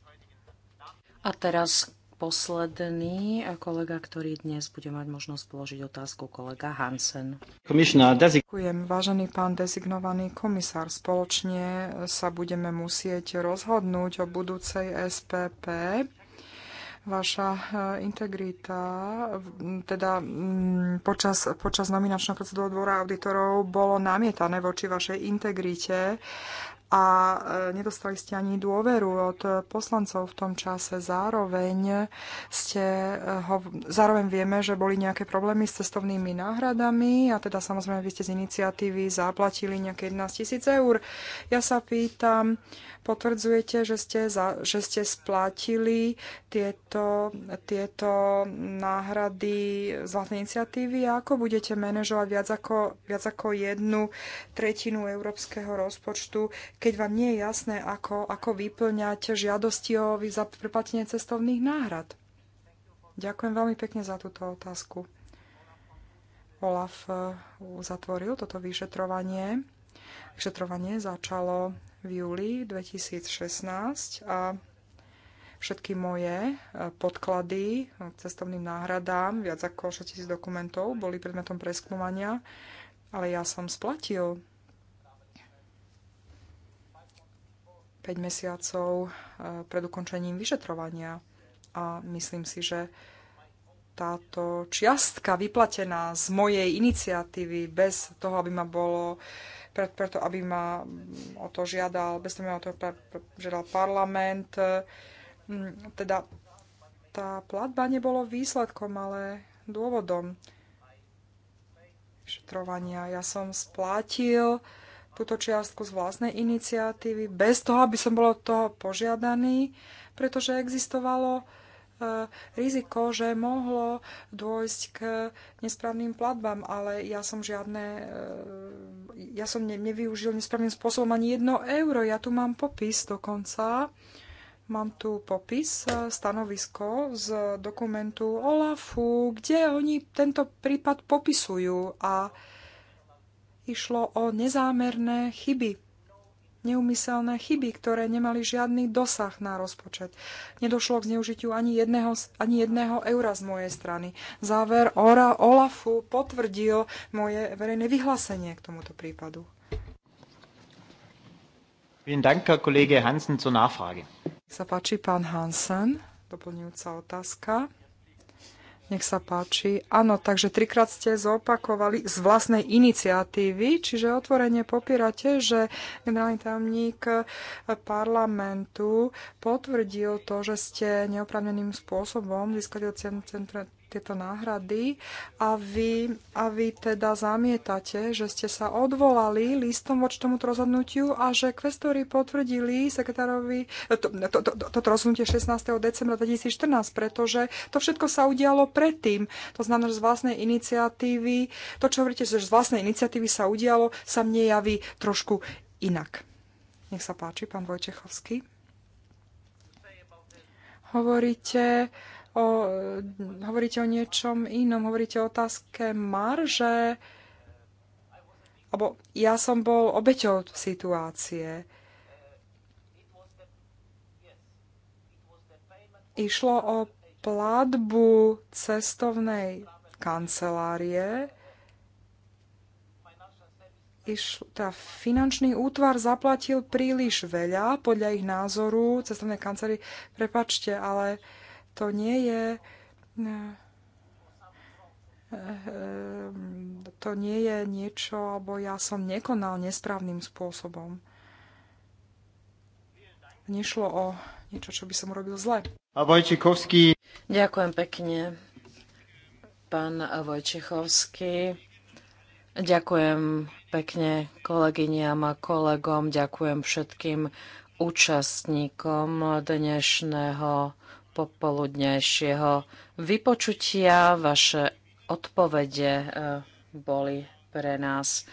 a teraz posledný eh, kolega, ktorý dnes bude mať možnosť položiť otázku, kolega Hansen. Ďakujem, vážený pán dezignovaný komisár. Spoločne eh, sa budeme musieť rozhodnúť o budúcej SPP. Vaša eh, integrita, teda počas, počas nominačného procedúru dvora auditorov bolo namietané voči vašej integrite a e, nedostali ste ani dôveru od poslancov v tom čase. Zároveň, ste, e, ho, zároveň vieme, že boli nejaké problémy s cestovnými náhradami a teda samozrejme vy ste z iniciatívy zaplatili nejaké 11 tisíc eur. Ja sa pýtam, potvrdzujete, že ste, za, že ste splatili tieto, tieto náhrady zlatnej iniciatívy a ako budete manažovať viac ako, viac ako jednu tretinu európskeho rozpočtu, keď vám nie je jasné, ako, ako vyplňať žiadosti o preplatenie cestovných náhrad. Ďakujem veľmi pekne za túto otázku. Olaf e, uzatvoril toto vyšetrovanie. Vyšetrovanie začalo v júli 2016 a všetky moje e, podklady k cestovným náhradám, viac ako 6000 dokumentov, boli predmetom preskúmania, ale ja som splatil 5 mesiacov eh, pred ukončením vyšetrovania. A myslím si, že táto čiastka vyplatená z mojej iniciatívy bez toho, aby ma bolo preto, aby ma o to žiadal, bez toho, aby ma o to žiadal parlament. Eh, teda tá platba nebolo výsledkom, ale dôvodom vyšetrovania Ja som splátil túto čiastku z vlastnej iniciatívy, bez toho, aby som bol od toho požiadaný, pretože existovalo e, riziko, že mohlo dôjsť k nesprávnym platbám, ale ja som žiadne, e, ja som ne, nevyužil nesprávnym spôsobom ani jedno euro. Ja tu mám popis dokonca, mám tu popis, e, stanovisko z dokumentu OLAFu, kde oni tento prípad popisujú a išlo o nezámerné chyby, neumyselné chyby, ktoré nemali žiadny dosah na rozpočet. Nedošlo k zneužitiu ani jedného, ani jedného eura z mojej strany. Záver Ora Olafu potvrdil moje verejné vyhlásenie k tomuto prípadu. Vielen Dank, Herr Kollege Hansen, zur Nachfrage. pán Hansen, doplňujúca otázka. Nech sa páči. Áno, takže trikrát ste zopakovali z vlastnej iniciatívy, čiže otvorene popierate, že generálny tajomník parlamentu potvrdil to, že ste neoprávneným spôsobom získali od centra tieto náhrady a vy, a vy teda zamietate, že ste sa odvolali listom voči tomuto rozhodnutiu a že kvestori potvrdili sekretárovi e, to, to, to, toto rozhodnutie 16. decembra 2014, pretože to všetko sa udialo predtým. To znamená, že z vlastnej iniciatívy, to, čo hovoríte, že z vlastnej iniciatívy sa udialo, sa mne javí trošku inak. Nech sa páči, pán Vojčechovský. Hovoríte, o, hm, hovoríte o niečom inom, hovoríte o otázke marže, alebo ja som bol obeťou situácie. Išlo o platbu cestovnej kancelárie, iš, teda finančný útvar zaplatil príliš veľa, podľa ich názoru, cestovnej kancelárie, prepačte, ale uh, to nie je to nie je niečo, alebo ja som nekonal nesprávnym spôsobom. Nešlo o niečo, čo by som urobil zle. A Vojčichovský. Ďakujem pekne, pán Vojčichovský. Ďakujem pekne kolegyniam a kolegom, ďakujem všetkým účastníkom dnešného popoludnejšieho vypočutia. Vaše odpovede e, boli pre nás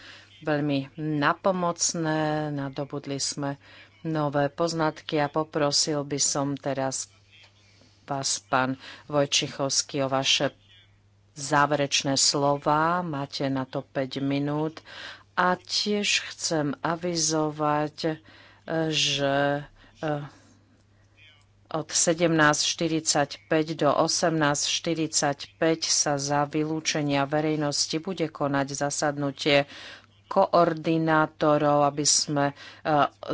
veľmi napomocné. Nadobudli sme nové poznatky a poprosil by som teraz vás, pán Vojčichovský, o vaše záverečné slova. Máte na to 5 minút. A tiež chcem avizovať, e, že e, od 17.45 do 18.45 sa za vylúčenia verejnosti bude konať zasadnutie koordinátorov, aby sme e,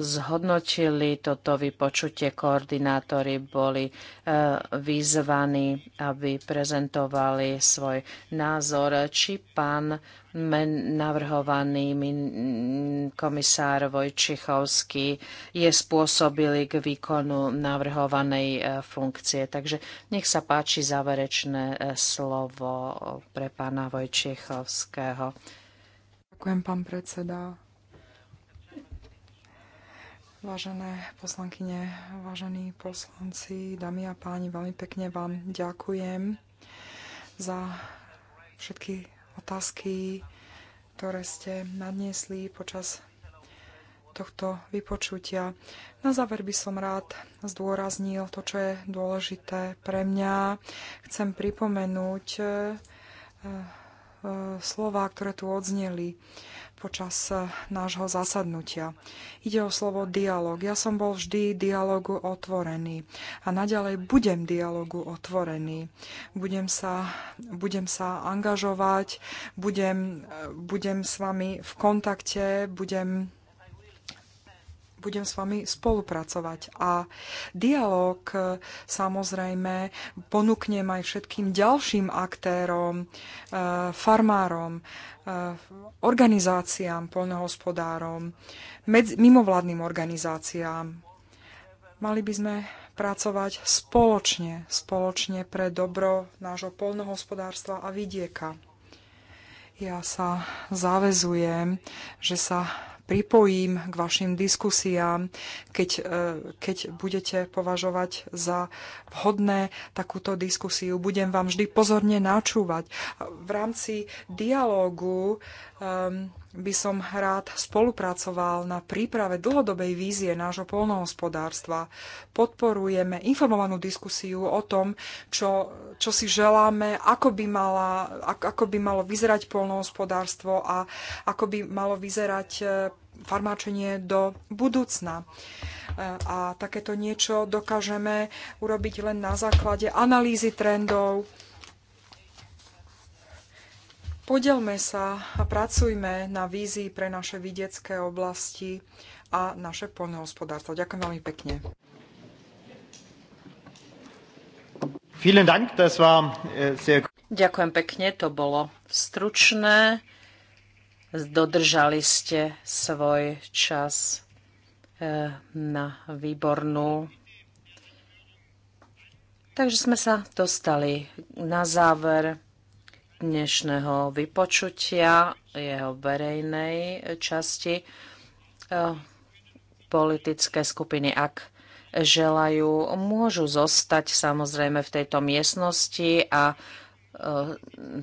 zhodnotili toto vypočutie. Koordinátori boli e, vyzvaní, aby prezentovali svoj názor, či pán navrhovaný komisár Vojčichovský je spôsobili k výkonu navrhovanej e, funkcie. Takže nech sa páči záverečné slovo pre pána Vojčichovského. Ďakujem, pán predseda. Vážené poslankyne, vážení poslanci, dámy a páni, veľmi pekne vám ďakujem za všetky otázky, ktoré ste nadniesli počas tohto vypočutia. Na záver by som rád zdôraznil to, čo je dôležité pre mňa. Chcem pripomenúť eh, E, slova, ktoré tu odzneli počas e, nášho zasadnutia. Ide o slovo dialog. Ja som bol vždy dialogu otvorený a naďalej budem dialogu otvorený. Budem sa, budem sa angažovať, budem, e, budem s vami v kontakte, budem budem s vami spolupracovať. A dialog e, samozrejme ponúknem aj všetkým ďalším aktérom, e, farmárom, e, organizáciám, poľnohospodárom, mimovládnym organizáciám. Mali by sme pracovať spoločne, spoločne pre dobro nášho poľnohospodárstva a vidieka. Ja sa záväzujem, že sa pripojím k vašim diskusiám, keď, e, keď budete považovať za vhodné takúto diskusiu. Budem vám vždy pozorne načúvať. V rámci dialógu um, by som rád spolupracoval na príprave dlhodobej vízie nášho polnohospodárstva. Podporujeme informovanú diskusiu o tom, čo, čo si želáme, ako by, mala, ako by malo vyzerať polnohospodárstvo a ako by malo vyzerať e, farmáčenie do budúcna. E, a takéto niečo dokážeme urobiť len na základe analýzy trendov, Podelme sa a pracujme na vízii pre naše vidiecké oblasti a naše poľnohospodárstvo. Ďakujem veľmi pekne. Äh, Ďakujem pekne, to bolo stručné. Dodržali ste svoj čas äh, na výbornú. Takže sme sa dostali na záver dnešného vypočutia, jeho verejnej časti. E, politické skupiny, ak želajú, môžu zostať samozrejme v tejto miestnosti a e,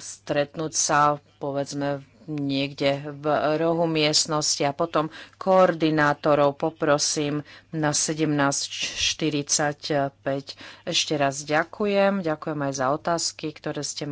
stretnúť sa povedzme niekde v rohu miestnosti a potom koordinátorov poprosím na 17.45. Ešte raz ďakujem. Ďakujem aj za otázky, ktoré ste